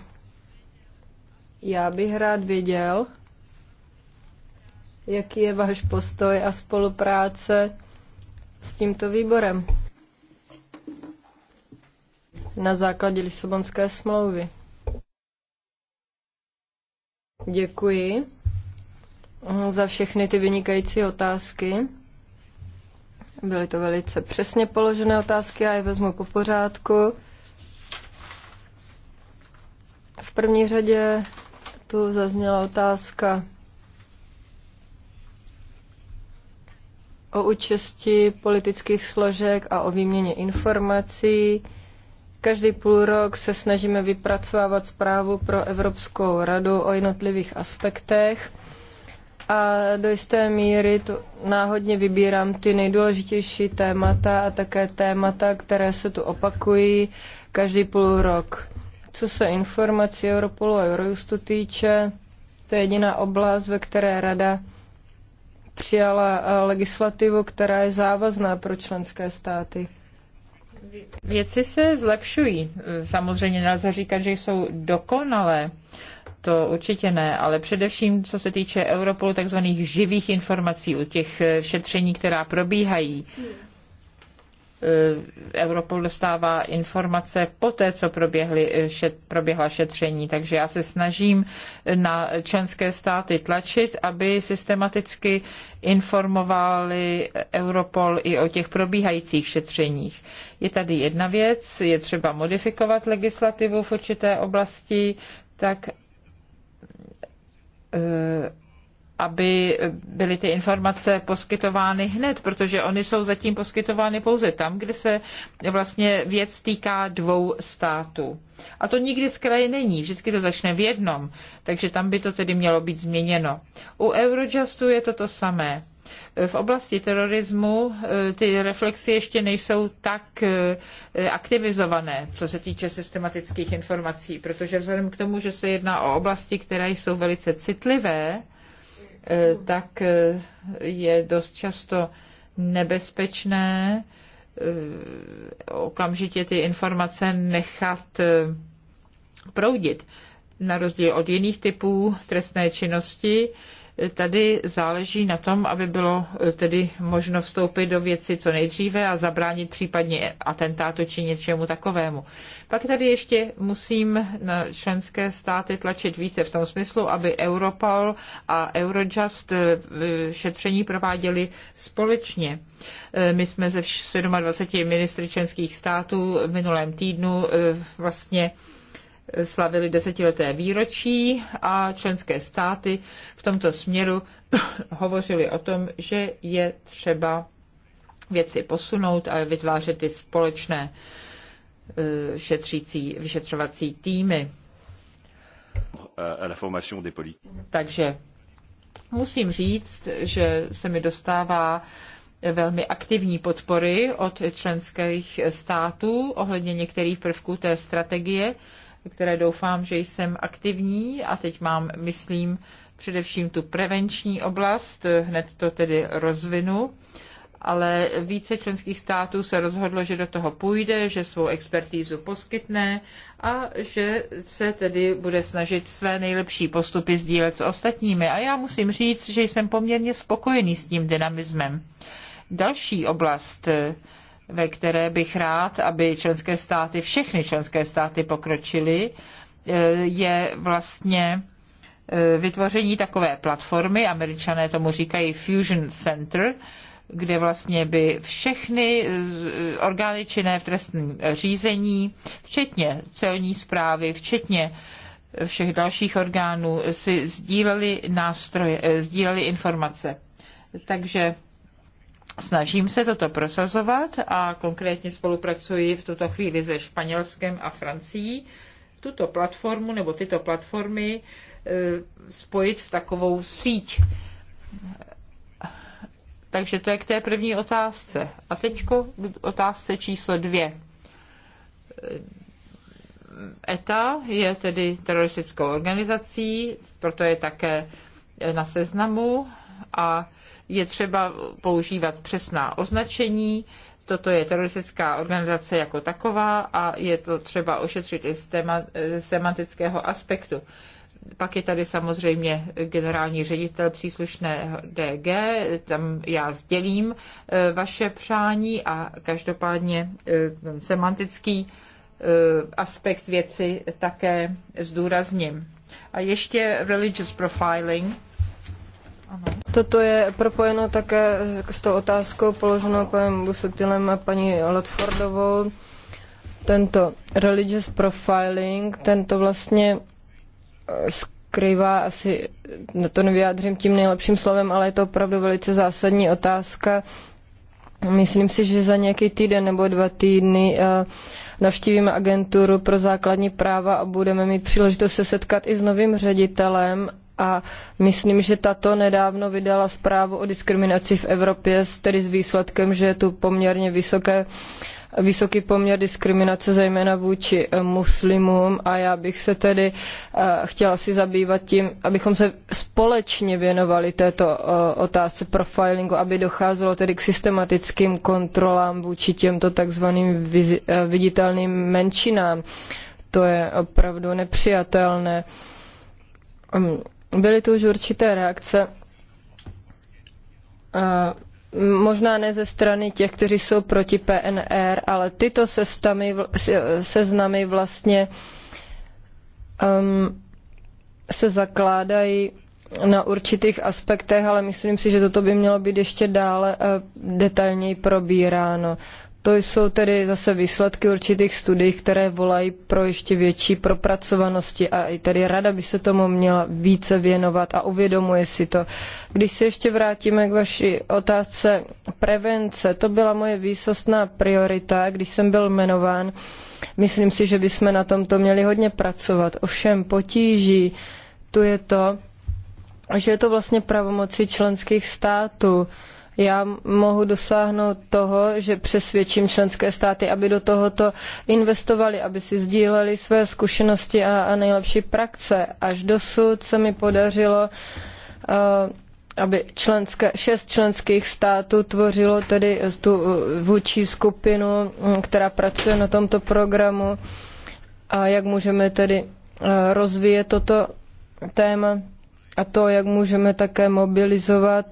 já bych rád věděl, jaký je váš postoj a spolupráce s tímto výborem na základě Lisabonské smlouvy. Děkuji za všechny ty vynikající otázky. Byly to velice přesně položené otázky, já je vezmu po pořádku. V první řadě tu zazněla otázka o účasti politických složek a o výměně informací. Každý půl rok se snažíme vypracovávat zprávu pro Evropskou radu o jednotlivých aspektech a do jisté míry to náhodně vybírám ty nejdůležitější témata a také témata, které se tu opakují každý půl rok. Co se informací Europolu a Eurojustu týče, to je jediná oblast, ve které Rada přijala eh, legislativu, která je závazná pro členské státy. Věci se zlepšují. Samozřejmě nelze říkat, že jsou dokonalé to určitě ne, ale především co se týče Europolu, takzvaných živých informací u těch eh, šetření, která probíhají. Eh, Europol dostává informace po té, co proběhly, eh, šet, proběhla šetření. Takže já se snažím na členské státy tlačit, aby systematicky informovali Europol i o těch probíhajících šetřeních. Je tady jedna věc, je třeba modifikovat legislativu v určité oblasti, tak Eh, aby byly ty informace poskytovány hned, protože oni jsou zatím poskytovány pouze tam, kde se vlastně věc týká dvou států. A to nikdy z kraje není, vždycky to začne v jednom, takže tam by to tedy mělo být změněno. U Eurojustu je to to samé. V oblasti terorismu eh, ty reflexy ještě nejsou tak eh, aktivizované, co se týče systematických informací, protože vzhledem k tomu, že se jedná o oblasti, které jsou velice citlivé, eh, tak je dost často nebezpečné okamžitě ty informace nechat proudit. Na rozdíl od jiných typů trestné činnosti, tady záleží na tom, aby bylo eh, tedy možno vstoupit do věci co nejdříve a zabránit případně atentátu či něčemu takovému. Pak tady ještě musím na členské státy tlačit více v tom smyslu, aby Europol a Eurojust eh, šetření prováděli společně. Eh, my jsme ze 27 ministry členských států v minulém týdnu vlastně slavili desetileté výročí a členské státy v tomto směru (coughs) hovořili o tom, že je třeba věci posunout a vytvářet ty společné eh, šetřící, vyšetřovací týmy. Takže musím říct, že se mi dostává velmi aktivní podpory od členských států ohledně některých prvků té strategie které doufám, že jsem aktivní a teď mám, myslím, především tu prevenční oblast, hned to tedy rozvinu ale více členských států se rozhodlo, že do toho půjde, že svou expertízu poskytne a že se tedy bude snažit své nejlepší postupy sdílet s ostatními. A já musím říct, že jsem poměrně spokojený s tím dynamismem. Další oblast, ve které bych rád, aby členské státy, všechny členské státy pokročily, eh, je vlastně eh, vytvoření takové platformy, američané tomu říkají Fusion Center, kde vlastně by všechny eh, orgány činné v trestním řízení, včetně celní zprávy, včetně všech dalších orgánů, si sdíleli nástroje, sdíleli informace. Takže Snažím se toto prosazovat a konkrétně spolupracuji v tuto chvíli se Španělskem a Francií. Tuto platformu nebo tyto platformy e, spojit v takovou síť. Takže to je k té první otázce. A teď k otázce číslo dvě. ETA e je tedy teroristickou organizací, proto je také na seznamu a je třeba používat přesná označení, toto je teroristická organizace jako taková a je to třeba ošetřit i z, téma, z semantického aspektu. Pak je tady samozřejmě generální ředitel příslušné DG, tam já sdělím e, vaše přání a každopádně e, ten semantický e, aspekt věci také zdůrazním. A ještě religious profiling Toto je propojeno také s tou otázkou položenou panem Busutilem a paní Ledfordovou. Tento religious profiling, tento vlastně eh, skrývá asi, no to nevyjádřím tím nejlepším slovem, ale je to opravdu velice zásadní otázka. Myslím si, že za nějaký týden nebo dva týdny eh, navštívíme agenturu pro základní práva a budeme mít příležitost se setkat i s novým ředitelem a myslím, že tato nedávno vydala zprávu o diskriminaci v Evropě, tedy s výsledkem, že je tu poměrně vysoké vysoký poměr diskriminace, zejména vůči eh, muslimům a já bych se tedy eh, chtěla si zabývat tím, abychom se společně věnovali této eh, otázce profilingu, aby docházelo tedy k systematickým kontrolám vůči těmto takzvaným viditelným menšinám. To je opravdu nepřijatelné ehm, Byly tu už určité reakce. A možná ne ze strany těch, kteří jsou proti PNR, ale tyto sestami, seznamy vlastně um, se zakládají na určitých aspektech, ale myslím si, že toto by mělo být ještě dále detailněji probíráno. To jsou tedy zase výsledky určitých studií, které volají pro ještě větší propracovanosti a i tedy rada by se tomu měla více věnovat a uvědomuje si to. Když se ještě vrátíme k vaší otázce prevence, to byla moje výsostná priorita, když jsem byl jmenován. Myslím si, že bychom na tomto měli hodně pracovat. Ovšem potíží tu je to, že je to vlastně pravomoci členských států. Já mohu dosáhnout toho, že přesvědčím členské státy, aby do tohoto investovali, aby si sdíleli své zkušenosti a, a nejlepší praxe. Až dosud se mi podařilo uh, aby členské, šest členských států tvořilo tedy tu eh, vůči skupinu, mm, která pracuje na tomto programu a jak můžeme tedy eh, rozvíjet toto téma a to, jak můžeme také mobilizovat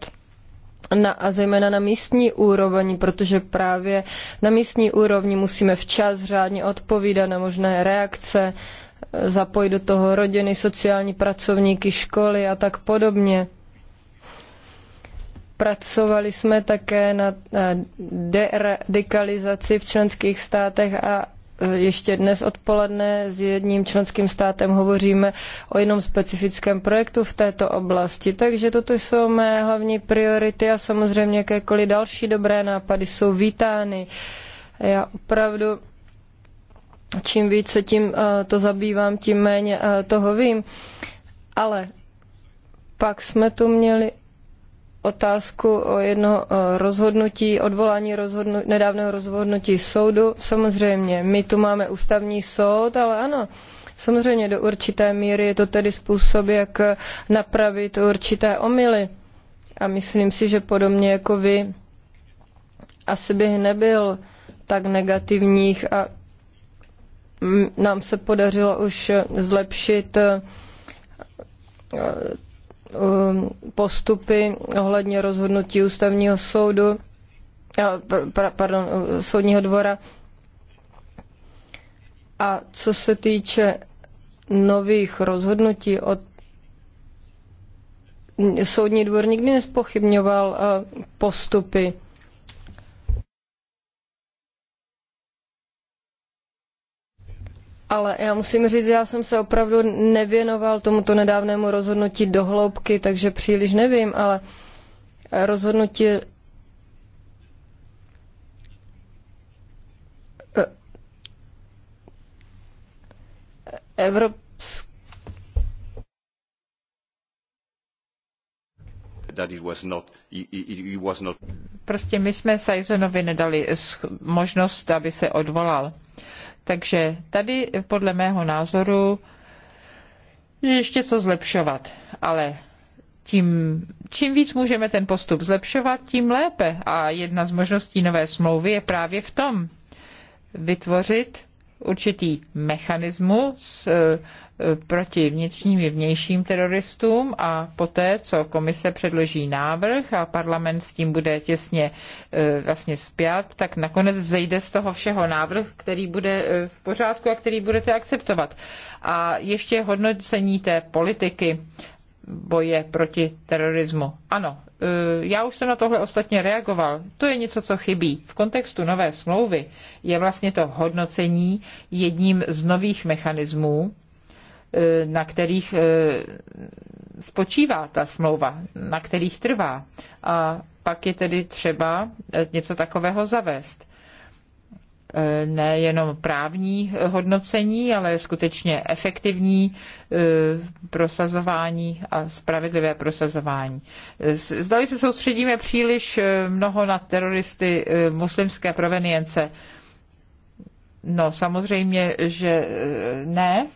na, a zejména na místní úroveň, protože právě na místní úrovni musíme včas řádně odpovídat na možné reakce, zapojit do toho rodiny, sociální pracovníky, školy a tak podobně. Pracovali jsme také na eh, deradikalizaci v členských státech a ještě dnes odpoledne s jedním členským státem hovoříme o jednom specifickém projektu v této oblasti. Takže toto jsou mé hlavní priority a samozřejmě jakékoliv další dobré nápady jsou vítány. Já opravdu čím více, tím eh, to zabývám, tím méně eh, toho vím. Ale pak jsme tu měli otázku o jedno rozhodnutí, odvolání rozhodnu, nedávného rozhodnutí soudu. Samozřejmě, my tu máme ústavní soud, ale ano, samozřejmě do určité míry je to tedy způsob, jak napravit určité omily. A myslím si, že podobně jako vy, asi bych nebyl tak negativních a nám se podařilo už zlepšit Um, postupy ohledně rozhodnutí ústavního soudu, pardon, uh, soudního dvora. A co se týče nových rozhodnutí od Soudní dvůr nikdy nespochybňoval uh, postupy ale já musím říct, já jsem se opravdu nevěnoval tomuto nedávnému rozhodnutí do hloubky, takže příliš nevím, ale rozhodnutí Evropské Prostě my jsme Sajzonovi nedali možnost, aby se odvolal. Takže tady podle mého názoru je ještě co zlepšovat, ale tím, čím víc můžeme ten postup zlepšovat, tím lépe. A jedna z možností nové smlouvy je právě v tom vytvořit určitý mechanismus, eh, proti vnitřním i vnějším teroristům a poté, co komise předloží návrh a parlament s tím bude těsně eh, vlastně zpět, tak nakonec vzejde z toho všeho návrh, který bude eh, v pořádku a který budete akceptovat. A ještě hodnocení té politiky boje proti terorismu. Ano, eh, já už jsem na tohle ostatně reagoval. To je něco, co chybí. V kontextu nové smlouvy je vlastně to hodnocení jedním z nových mechanismů, na kterých eh, spočívá ta smlouva, na kterých trvá. A pak je tedy třeba eh, něco takového zavést. Eh, Nejenom právní hodnocení, ale skutečně efektivní prosazování a spravedlivé prosazování. Zdali se soustředíme příliš mnoho na teroristy muslimské provenience. No samozřejmě, že ne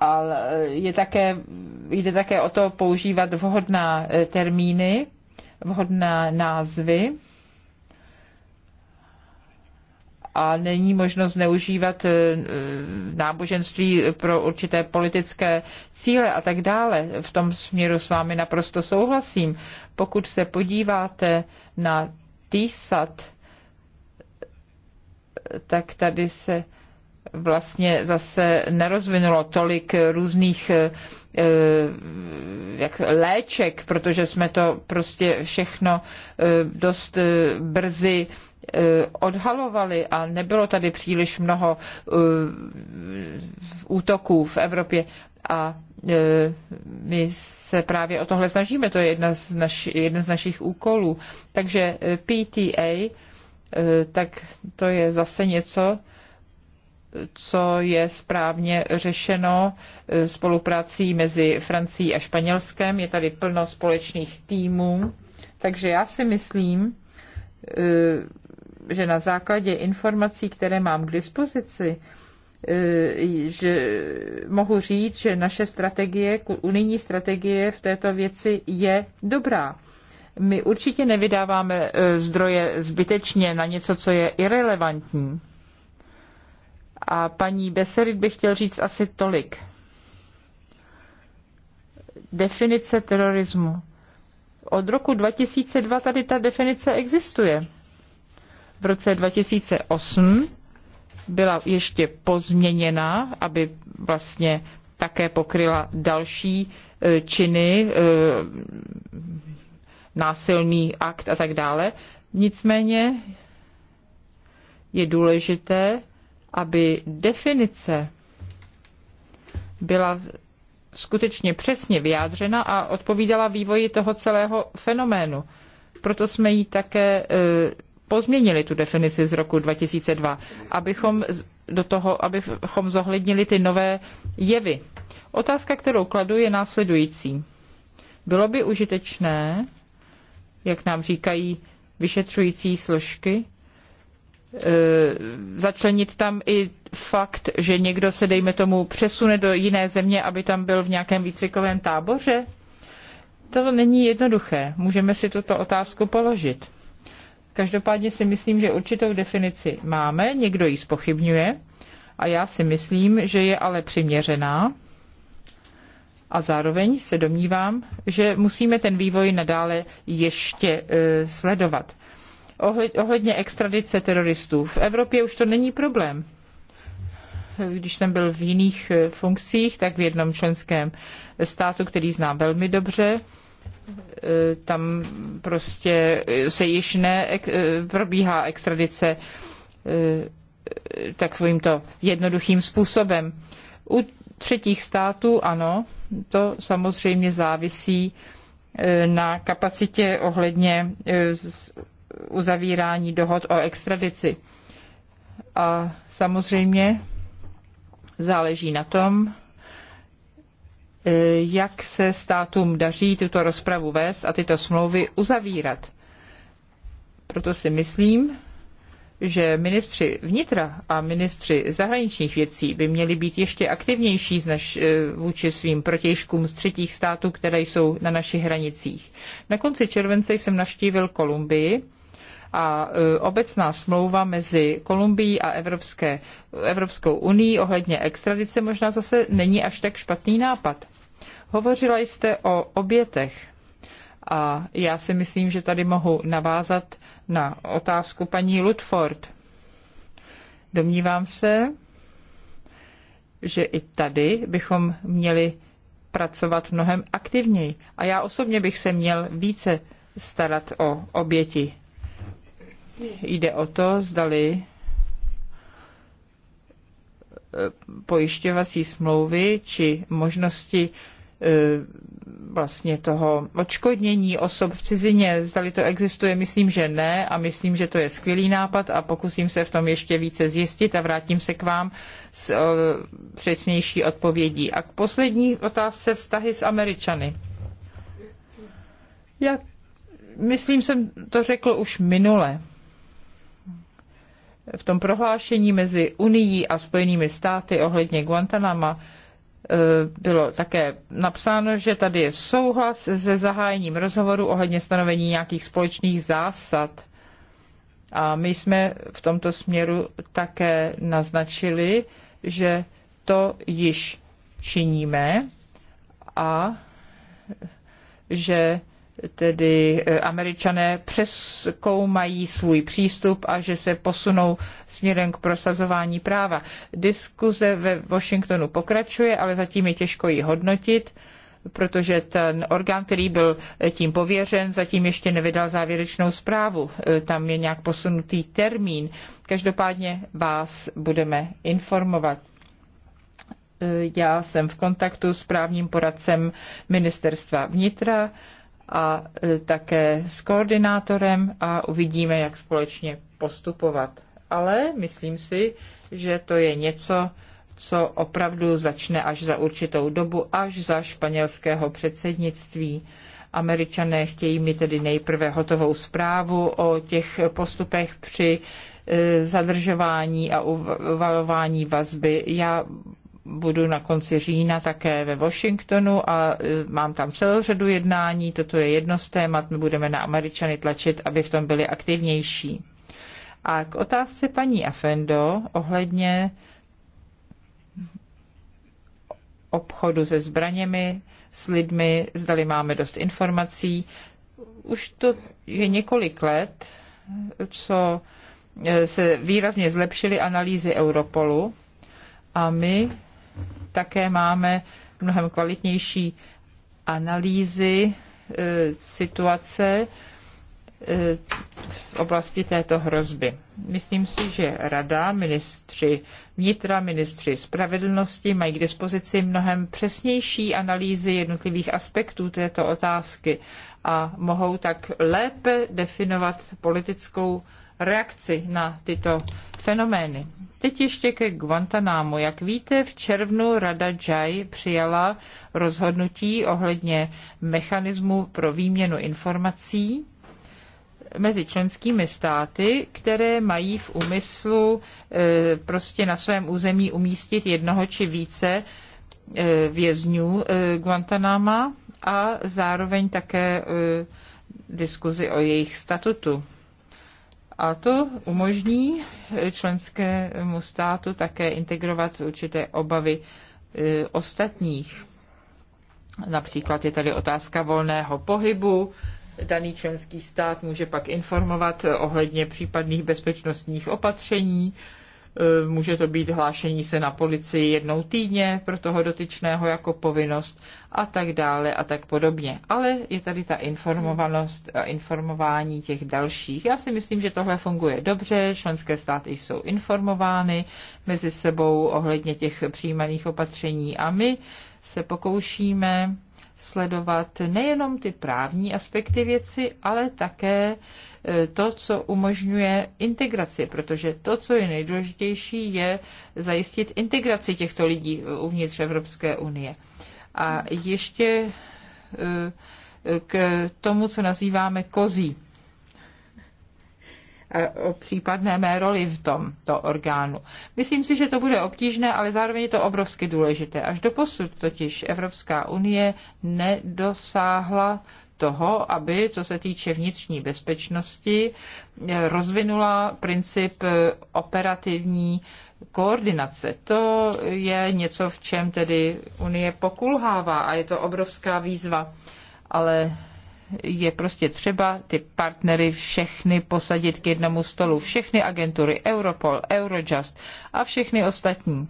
ale eh, je také, jde také o to používat vhodná eh, termíny, vhodná názvy a není možno zneužívat eh, náboženství pro určité politické cíle a tak dále. V tom směru s vámi naprosto souhlasím. Pokud se podíváte na TISAT, tak tady se vlastně zase nerozvinulo tolik různých eh, jak léček, protože jsme to prostě všechno eh, dost eh, brzy odhalovali a nebylo tady příliš mnoho útoků v Evropě a my se právě o tohle snažíme, to je jedna z naši, jeden z našich úkolů. Takže PTA, tak to je zase něco, co je správně řešeno eh, spoluprací mezi Francií a Španělskem. Je tady plno společných týmů. Takže já si myslím, eh, že na základě informací, které mám k dispozici, eh, že mohu říct, že naše strategie, unijní strategie v této věci je dobrá. My určitě nevydáváme zdroje zbytečně na něco, co je irrelevantní. A paní Beserit bych chtěl říct asi tolik. Definice terorismu. Od roku 2002 tady ta definice existuje. V roce 2008 byla ještě pozměněna, aby vlastně také pokryla další e, činy, e, násilný akt a tak dále. Nicméně je důležité, aby definice byla skutečně přesně vyjádřena a odpovídala vývoji toho celého fenoménu. Proto jsme ji také e, pozměnili tu definici z roku 2002, abychom do toho, abychom zohlednili ty nové jevy. Otázka, kterou kladu, je následující. Bylo by užitečné, jak nám říkají vyšetřující složky, Eh, začlenit tam i fakt, že někdo se, dejme tomu, přesune do jiné země, aby tam byl v nějakém výcvikovém táboře? To není jednoduché. Můžeme si tuto otázku položit. Každopádně si myslím, že určitou definici máme, někdo ji spochybňuje a já si myslím, že je ale přiměřená a zároveň se domnívám, že musíme ten vývoj nadále ještě eh, sledovat ohledně extradice teroristů. V Evropě už to není problém. Když jsem byl v jiných eh, funkcích, tak v jednom členském státu, který znám velmi dobře, eh, tam prostě se již ne eh, probíhá extradice takovýmto jednoduchým způsobem. U třetích států ano, to samozřejmě závisí na kapacitě ohledně uzavírání dohod o extradici. A samozřejmě záleží na tom, jak se státům daří tuto rozpravu vést a tyto smlouvy uzavírat. Proto si myslím, že ministři vnitra a ministři zahraničních věcí by měli být ještě aktivnější než eh, vůči svým protějškům z třetích států, které jsou na našich hranicích. Na konci července jsem navštívil Kolumbii a e, obecná smlouva mezi Kolumbií a Evropské, Evropskou unii ohledně extradice možná zase není až tak špatný nápad. Hovořila jste o obětech a já si myslím, že tady mohu navázat na otázku paní Ludford. Domnívám se, že i tady bychom měli pracovat mnohem aktivněji. A já osobně bych se měl více starat o oběti Jde o to, zdali e, pojišťovací smlouvy či možnosti e, vlastně toho odškodnění osob v cizině. Zdali to existuje, myslím, že ne a myslím, že to je skvělý nápad a pokusím se v tom ještě více zjistit a vrátím se k vám s e, přesnější odpovědí. A k poslední otázce vztahy s Američany. Já myslím, jsem to řekl už minule v tom prohlášení mezi Unií a Spojenými státy ohledně Guantanama e, bylo také napsáno, že tady je souhlas se zahájením rozhovoru ohledně stanovení nějakých společných zásad. A my jsme v tomto směru také naznačili, že to již činíme a že tedy eh, američané přeskoumají svůj přístup a že se posunou směrem k prosazování práva. Diskuze ve Washingtonu pokračuje, ale zatím je těžko ji hodnotit protože ten orgán, který byl tím pověřen, zatím ještě nevydal závěrečnou zprávu. Eh, tam je nějak posunutý termín. Každopádně vás budeme informovat. Eh, já jsem v kontaktu s právním poradcem ministerstva vnitra a e, také s koordinátorem a uvidíme, jak společně postupovat. Ale myslím si, že to je něco, co opravdu začne až za určitou dobu, až za španělského předsednictví. Američané chtějí mi tedy nejprve hotovou zprávu o těch postupech při e, zadržování a uvalování vazby. Já budu na konci října také ve Washingtonu a e, mám tam celou řadu jednání. Toto je jedno z témat. My budeme na Američany tlačit, aby v tom byli aktivnější. A k otázce paní Afendo ohledně obchodu se zbraněmi, s lidmi, zdali máme dost informací. Už to je několik let, co e, se výrazně zlepšily analýzy Europolu a my také máme mnohem kvalitnější analýzy e, situace e, v oblasti této hrozby. Myslím si, že rada, ministři vnitra, ministři spravedlnosti mají k dispozici mnohem přesnější analýzy jednotlivých aspektů této otázky a mohou tak lépe definovat politickou reakci na tyto fenomény. Teď ještě ke Guantanámu. Jak víte, v červnu Rada JAI přijala rozhodnutí ohledně mechanismu pro výměnu informací mezi členskými státy, které mají v úmyslu e, prostě na svém území umístit jednoho či více e, vězňů e, Guantanáma a zároveň také diskuzi o jejich statutu. A to umožní členskému státu také integrovat určité obavy e, ostatních. Například je tady otázka volného pohybu. Daný členský stát může pak informovat ohledně případných bezpečnostních opatření Eh, může to být hlášení se na policii jednou týdně pro toho dotyčného jako povinnost a tak dále a tak podobně. Ale je tady ta informovanost a informování těch dalších. Já si myslím, že tohle funguje dobře, členské státy jsou informovány mezi sebou ohledně těch přijímaných opatření a my se pokoušíme sledovat nejenom ty právní aspekty věci, ale také to, co umožňuje integraci, protože to, co je nejdůležitější, je zajistit integraci těchto lidí uvnitř Evropské unie. A ještě e, k tomu, co nazýváme kozí o případné mé roli v tomto orgánu. Myslím si, že to bude obtížné, ale zároveň je to obrovsky důležité. Až do posud totiž Evropská unie nedosáhla toho, aby, co se týče vnitřní bezpečnosti, eh, rozvinula princip eh, operativní koordinace. To je něco, v čem tedy Unie pokulhává a je to obrovská výzva. Ale je prostě třeba ty partnery všechny posadit k jednomu stolu, všechny agentury Europol, Eurojust a všechny ostatní.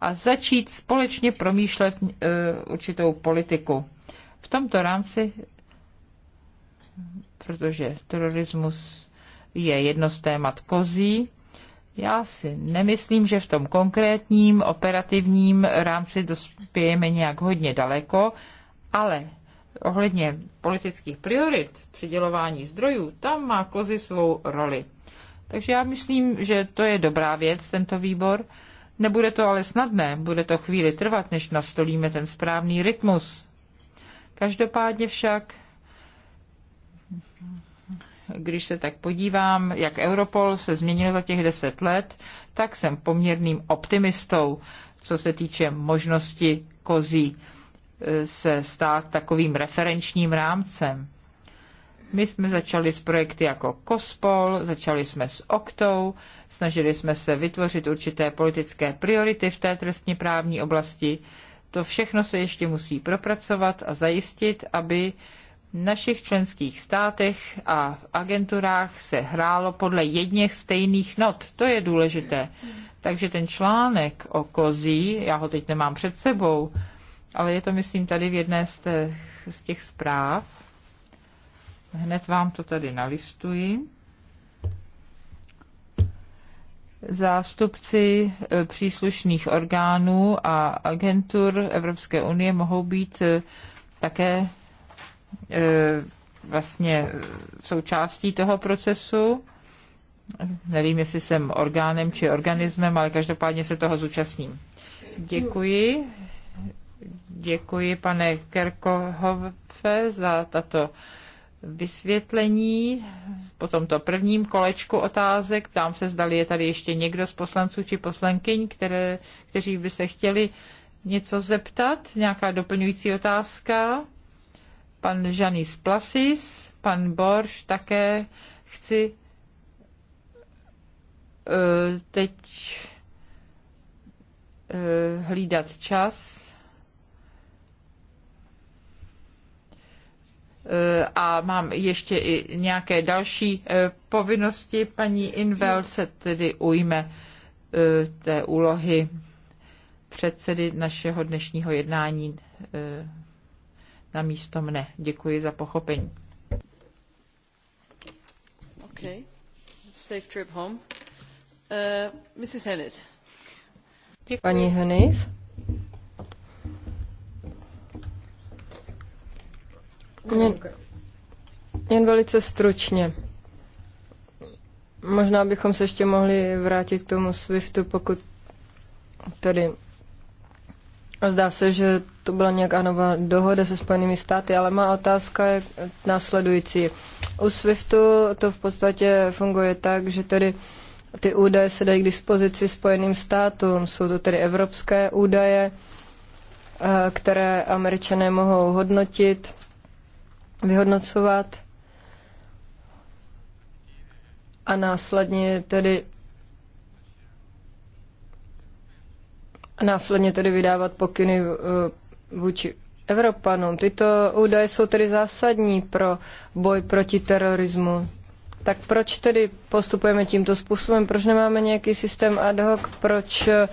A začít společně promýšlet e, určitou politiku. V tomto rámci protože terorismus je jedno z témat kozí. Já si nemyslím, že v tom konkrétním operativním rámci dospějeme nějak hodně daleko, ale ohledně politických priorit, přidělování zdrojů, tam má kozy svou roli. Takže já myslím, že to je dobrá věc, tento výbor. Nebude to ale snadné, bude to chvíli trvat, než nastolíme ten správný rytmus. Každopádně však když se tak podívám, jak Europol se změnil za těch deset let, tak jsem poměrným optimistou, co se týče možnosti kozí e, se stát takovým referenčním rámcem. My jsme začali s projekty jako COSPOL, začali jsme s OKTou, snažili jsme se vytvořit určité politické priority v té trestně právní oblasti. To všechno se ještě musí propracovat a zajistit, aby našich členských státech a v agenturách se hrálo podle jedněch stejných not. To je důležité. Takže ten článek o kozí, já ho teď nemám před sebou, ale je to, myslím, tady v jedné z těch, z těch zpráv. Hned vám to tady nalistuji. Zástupci e, příslušných orgánů a agentur Evropské unie mohou být e, také E, vlastně e, součástí toho procesu. Nevím, jestli jsem orgánem či organismem, ale každopádně se toho zúčastním. Děkuji. Děkuji, pane Kerkohofe, za tato vysvětlení po tomto prvním kolečku otázek. Ptám se, zdali je tady ještě někdo z poslanců či poslankyň, které, kteří by se chtěli něco zeptat, nějaká doplňující otázka pan Janis Plasis, pan Borš také chci eh, teď eh, hlídat čas. Eh, a mám ještě i nějaké další povinnosti. Paní Invel se tedy ujme té úlohy předsedy našeho dnešního jednání na místo mne. Děkuji za pochopení. Okay. Safe trip home. Uh, Mrs. Hennis. Děkuji. Paní Hennis. Jen, jen velice stručně. Možná bychom se ještě mohli vrátit k tomu SWIFTu, pokud tedy Zdá se, že to byla nějaká nová dohoda se Spojenými státy, ale má otázka je následující. U SWIFTu to v podstatě funguje tak, že tedy ty údaje se dají k dispozici Spojeným státům. Jsou to tedy evropské údaje, eh, které američané mohou hodnotit, vyhodnocovat a následně tedy A následně tedy vydávat pokyny eh, vůči Evropanům. Tyto údaje jsou tedy zásadní pro boj proti terorismu. Tak proč tedy postupujeme tímto způsobem? Proč nemáme nějaký systém ad hoc? Proč eh,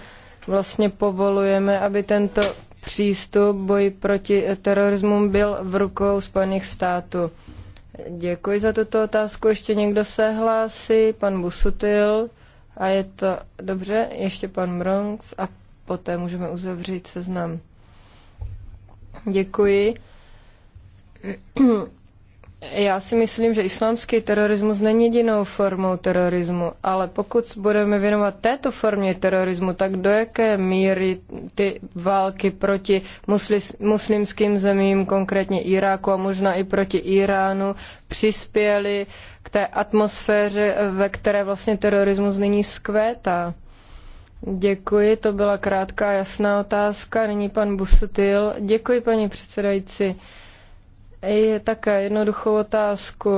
vlastně povolujeme, aby tento přístup boji proti terorismu byl v rukou Spojených států? Děkuji za tuto otázku. Ještě někdo se hlásí? Pan Busutil. A je to dobře, ještě pan Bronx a poté můžeme uzavřít seznam. Děkuji. Já si myslím, že islámský terorismus není jedinou formou terorismu, ale pokud budeme věnovat této formě terorismu, tak do jaké míry ty války proti muslimským zemím, konkrétně Iráku a možná i proti Iránu, přispěly k té atmosféře, ve které vlastně terorismus nyní skvétá? Děkuji, to byla krátká jasná otázka. Nyní pan Busutil. Děkuji, paní předsedající. Je také jednoduchou otázku.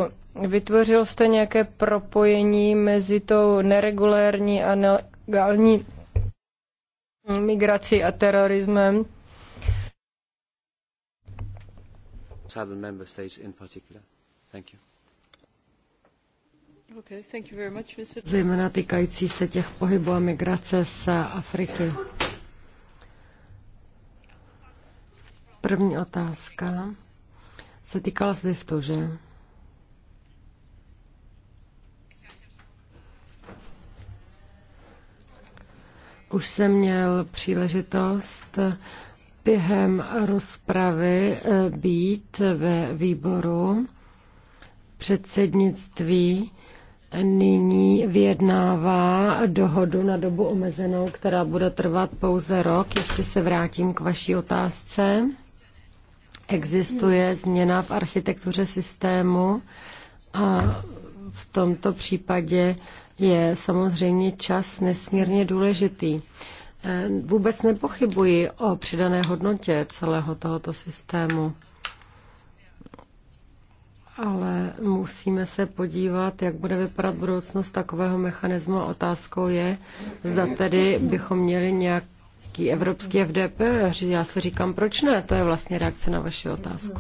Vytvořil jste nějaké propojení mezi tou neregulérní a nelegální migrací a terorismem? Southern member states in particular. Thank you. Zejména týkající se těch pohybů a migrace z Afriky. První otázka se týkala SWIFTu, že? Už jsem měl příležitost během rozpravy eh, být ve výboru předsednictví nyní vyjednává dohodu na dobu omezenou, která bude trvat pouze rok. Ještě se vrátím k vaší otázce. Existuje změna v architektuře systému a v tomto případě je samozřejmě čas nesmírně důležitý. Eh, vůbec nepochybuji o přidané hodnotě celého tohoto systému. Ale musíme se podívat, jak bude vypadat budoucnost takového mechanismu. Otázkou je, zda tedy bychom měli nějaký evropský FDP. Já si říkám, proč ne? To je vlastně reakce na vaši otázku.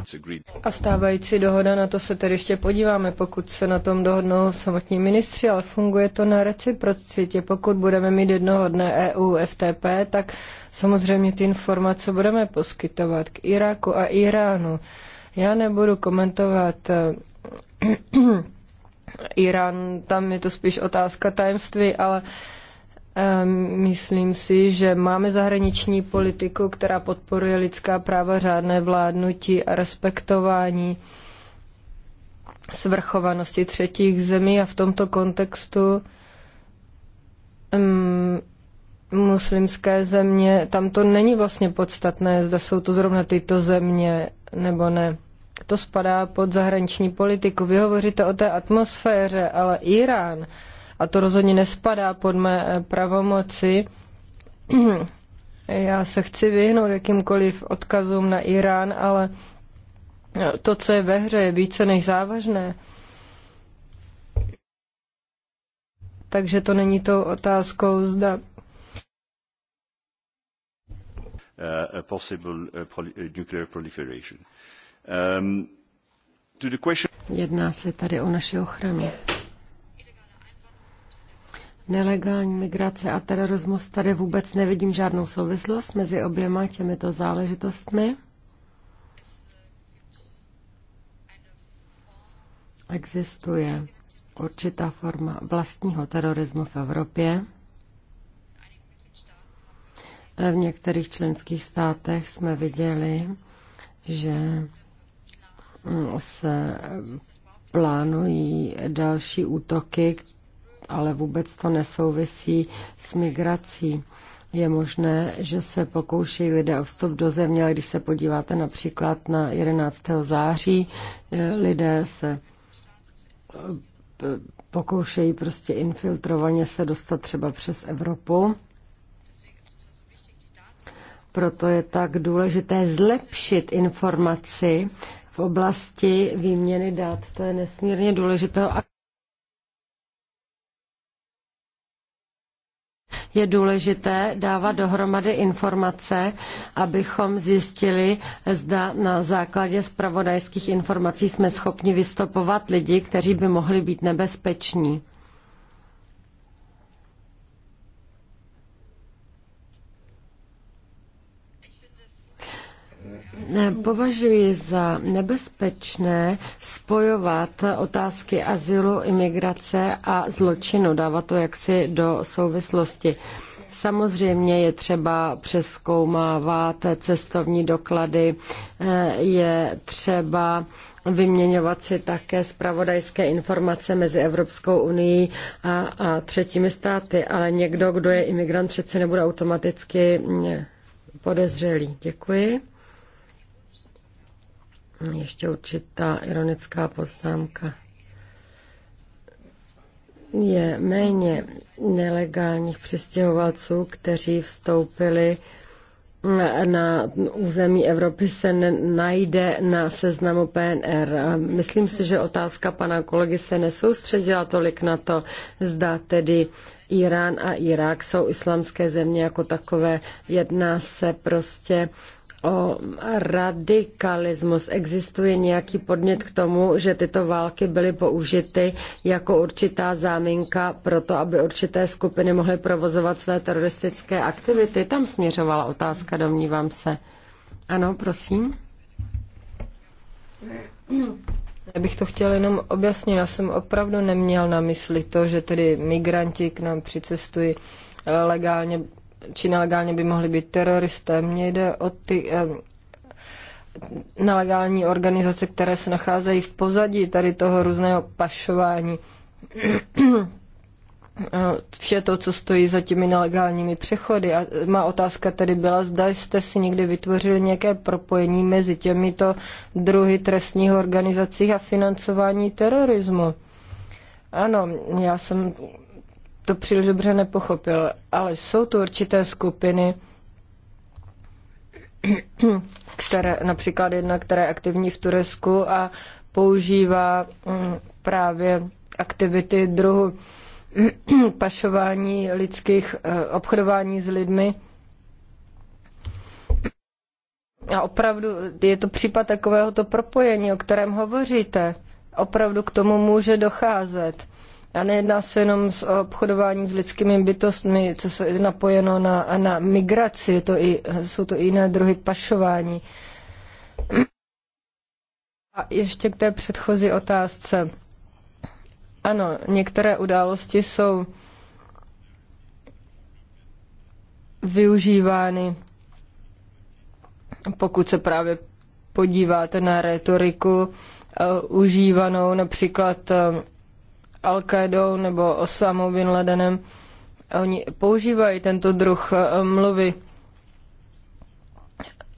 A stávající dohoda, na to se tedy ještě podíváme, pokud se na tom dohodnou samotní ministři, ale funguje to na reciprocitě. Pokud budeme mít jednoho dne EU FTP, tak samozřejmě ty informace budeme poskytovat k Iráku a Iránu. Já nebudu komentovat eh, (clears throat) Irán, tam je to spíš otázka tajemství, ale eh, Myslím si, že máme zahraniční politiku, která podporuje lidská práva, řádné vládnutí a respektování svrchovanosti třetích zemí a v tomto kontextu mm, muslimské země, tam to není vlastně podstatné, zda jsou to zrovna tyto země nebo ne. To spadá pod zahraniční politiku. Vy hovoříte o té atmosféře, ale Irán, a to rozhodně nespadá pod mé eh, pravomoci, (clears throat) já se chci vyhnout jakýmkoliv odkazům na Irán, ale eh, to, co je ve hře, je více než závažné. Takže to není tou otázkou, zda uh, a possible uh, poly uh, nuclear proliferation. Um, to the question Jedná se tady o naši ochranu. Nelegální migrace a terorismus tady vůbec nevidím žádnou souvislost mezi oběma těmito záležitostmi. Existuje určitá forma vlastního terorismu v Evropě. V některých členských státech jsme viděli, že mm, se plánují další útoky, ale vůbec to nesouvisí s migrací. Je možné, že se pokouší lidé o vstup do země, ale když se podíváte například na 11. září, eh, lidé se eh, pokoušejí prostě infiltrovaně se dostat třeba přes Evropu proto je tak důležité zlepšit informaci v oblasti výměny dat. To je nesmírně důležité. je důležité dávat dohromady informace, abychom zjistili, zda na základě zpravodajských informací jsme schopni vystopovat lidi, kteří by mohli být nebezpeční. Považuji za nebezpečné spojovat otázky azylu, imigrace a zločinu, dávat to jaksi do souvislosti. Samozřejmě je třeba přeskoumávat cestovní doklady, eh, je třeba vyměňovat si také zpravodajské informace mezi Evropskou unii a, a třetími státy, ale někdo, kdo je imigrant, přece nebude automaticky mm, podezřelý. Děkuji. Ještě určitá ironická poznámka. Je méně nelegálních přistěhovalců, kteří vstoupili na území Evropy se najde na seznamu PNR. Myslím si, že otázka pana kolegy se nesoustředila tolik na to, zda tedy Irán a Irák jsou islamské země jako takové. Jedná se prostě o radikalismus. Existuje nějaký podnět k tomu, že tyto války byly použity jako určitá záminka pro to, aby určité skupiny mohly provozovat své teroristické aktivity? Tam směřovala otázka, domnívám se. Ano, prosím. Já bych to chtěl jenom objasnit. Já jsem opravdu neměl na mysli to, že tedy migranti k nám přicestují legálně či nelegálně by mohli být teroristé. Mně jde o ty nelegální organizace, které se nacházejí v pozadí tady toho různého pašování. (clears throat) Eh, vše to, co stojí za těmi nelegálními přechody. A má otázka tedy byla, zda jste si někdy vytvořili nějaké propojení mezi těmito druhy trestních organizací a financování terorismu. Ano, já jsem to příliš dobře nepochopil, ale jsou tu určité skupiny, (clears throat) které, například jedna, která je aktivní v Turecku a používá mm, právě aktivity druhu (clears throat) pašování lidských, eh, obchodování s lidmi. A opravdu je to případ takovéhoto propojení, o kterém hovoříte. Opravdu k tomu může docházet. A nejedná se jenom s obchodováním s lidskými bytostmi, co se je napojeno na, na migraci, to i, jsou to i jiné druhy pašování. A ještě k té předchozí otázce. Ano, některé události jsou využívány, pokud se právě podíváte na retoriku uh, eh, užívanou například uh, al qaidou nebo Osamu Bin Ladenem. Oni používají tento druh eh, mluvy.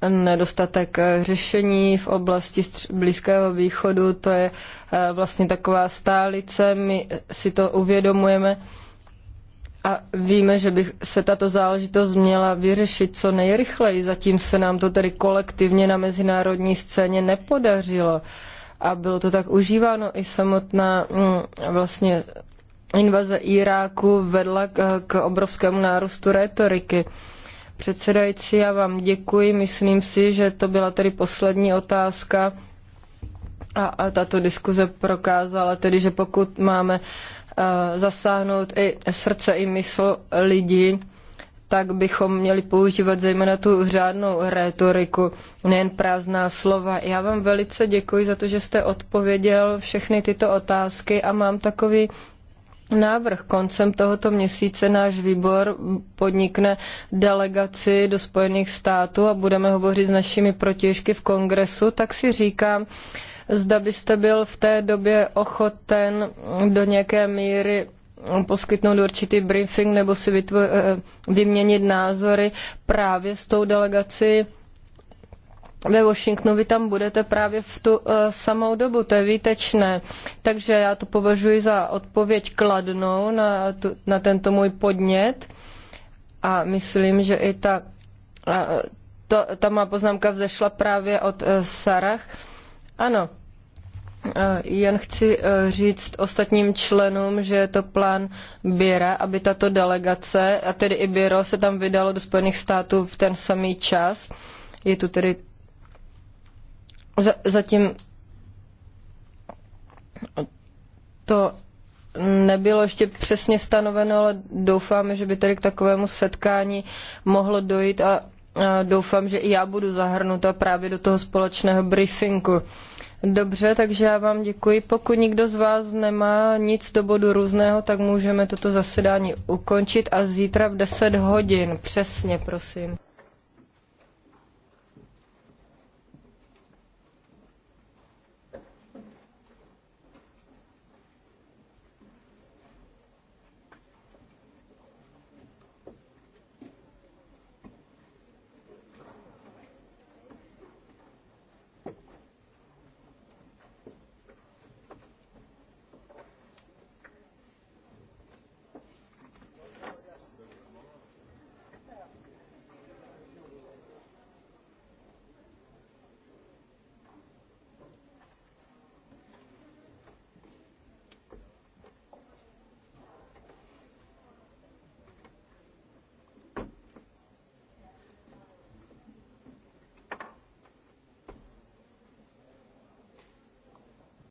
Nedostatek eh, řešení v oblasti Blízkého východu, to je eh, vlastně taková stálice, my si to uvědomujeme a víme, že by se tato záležitost měla vyřešit co nejrychleji. Zatím se nám to tedy kolektivně na mezinárodní scéně nepodařilo a bylo to tak užíváno. I samotná mm, vlastně invaze Iráku vedla k obrovskému nárůstu retoriky. Předsedající, já vám děkuji. Myslím si, že to byla tedy poslední otázka. A, a tato diskuze prokázala tedy, že pokud máme eh, zasáhnout i srdce, i mysl lidí, tak bychom měli používat zejména tu řádnou rétoriku, nejen prázdná slova. Já vám velice děkuji za to, že jste odpověděl všechny tyto otázky a mám takový návrh. Koncem tohoto měsíce náš výbor podnikne delegaci do Spojených států a budeme hovořit s našimi protěžky v kongresu, tak si říkám, zda byste byl v té době ochoten do nějaké míry poskytnout určitý briefing nebo si vytvo- eh, vyměnit názory právě s tou delegací ve Washingtonu vy tam budete právě v tu eh, samou dobu, to je výtečné. Takže já to považuji za odpověď kladnou na, tu, na tento můj podnět a myslím, že i ta, eh, to, ta má poznámka vzešla právě od Sarah. Ano, Eh, jen chci eh, říct ostatním členům, že je to plán Běra, aby tato delegace, a tedy i Běro, se tam vydalo do Spojených států v ten samý čas. Je tu tedy zatím to nebylo ještě přesně stanoveno, ale doufáme, že by tedy k takovému setkání mohlo dojít a doufám, že i já budu zahrnuta právě do toho společného briefingu. Dobře, takže já vám děkuji. Pokud nikdo z vás nemá nic do bodu různého, tak můžeme toto zasedání ukončit a zítra v 10 hodin. Přesně, prosím.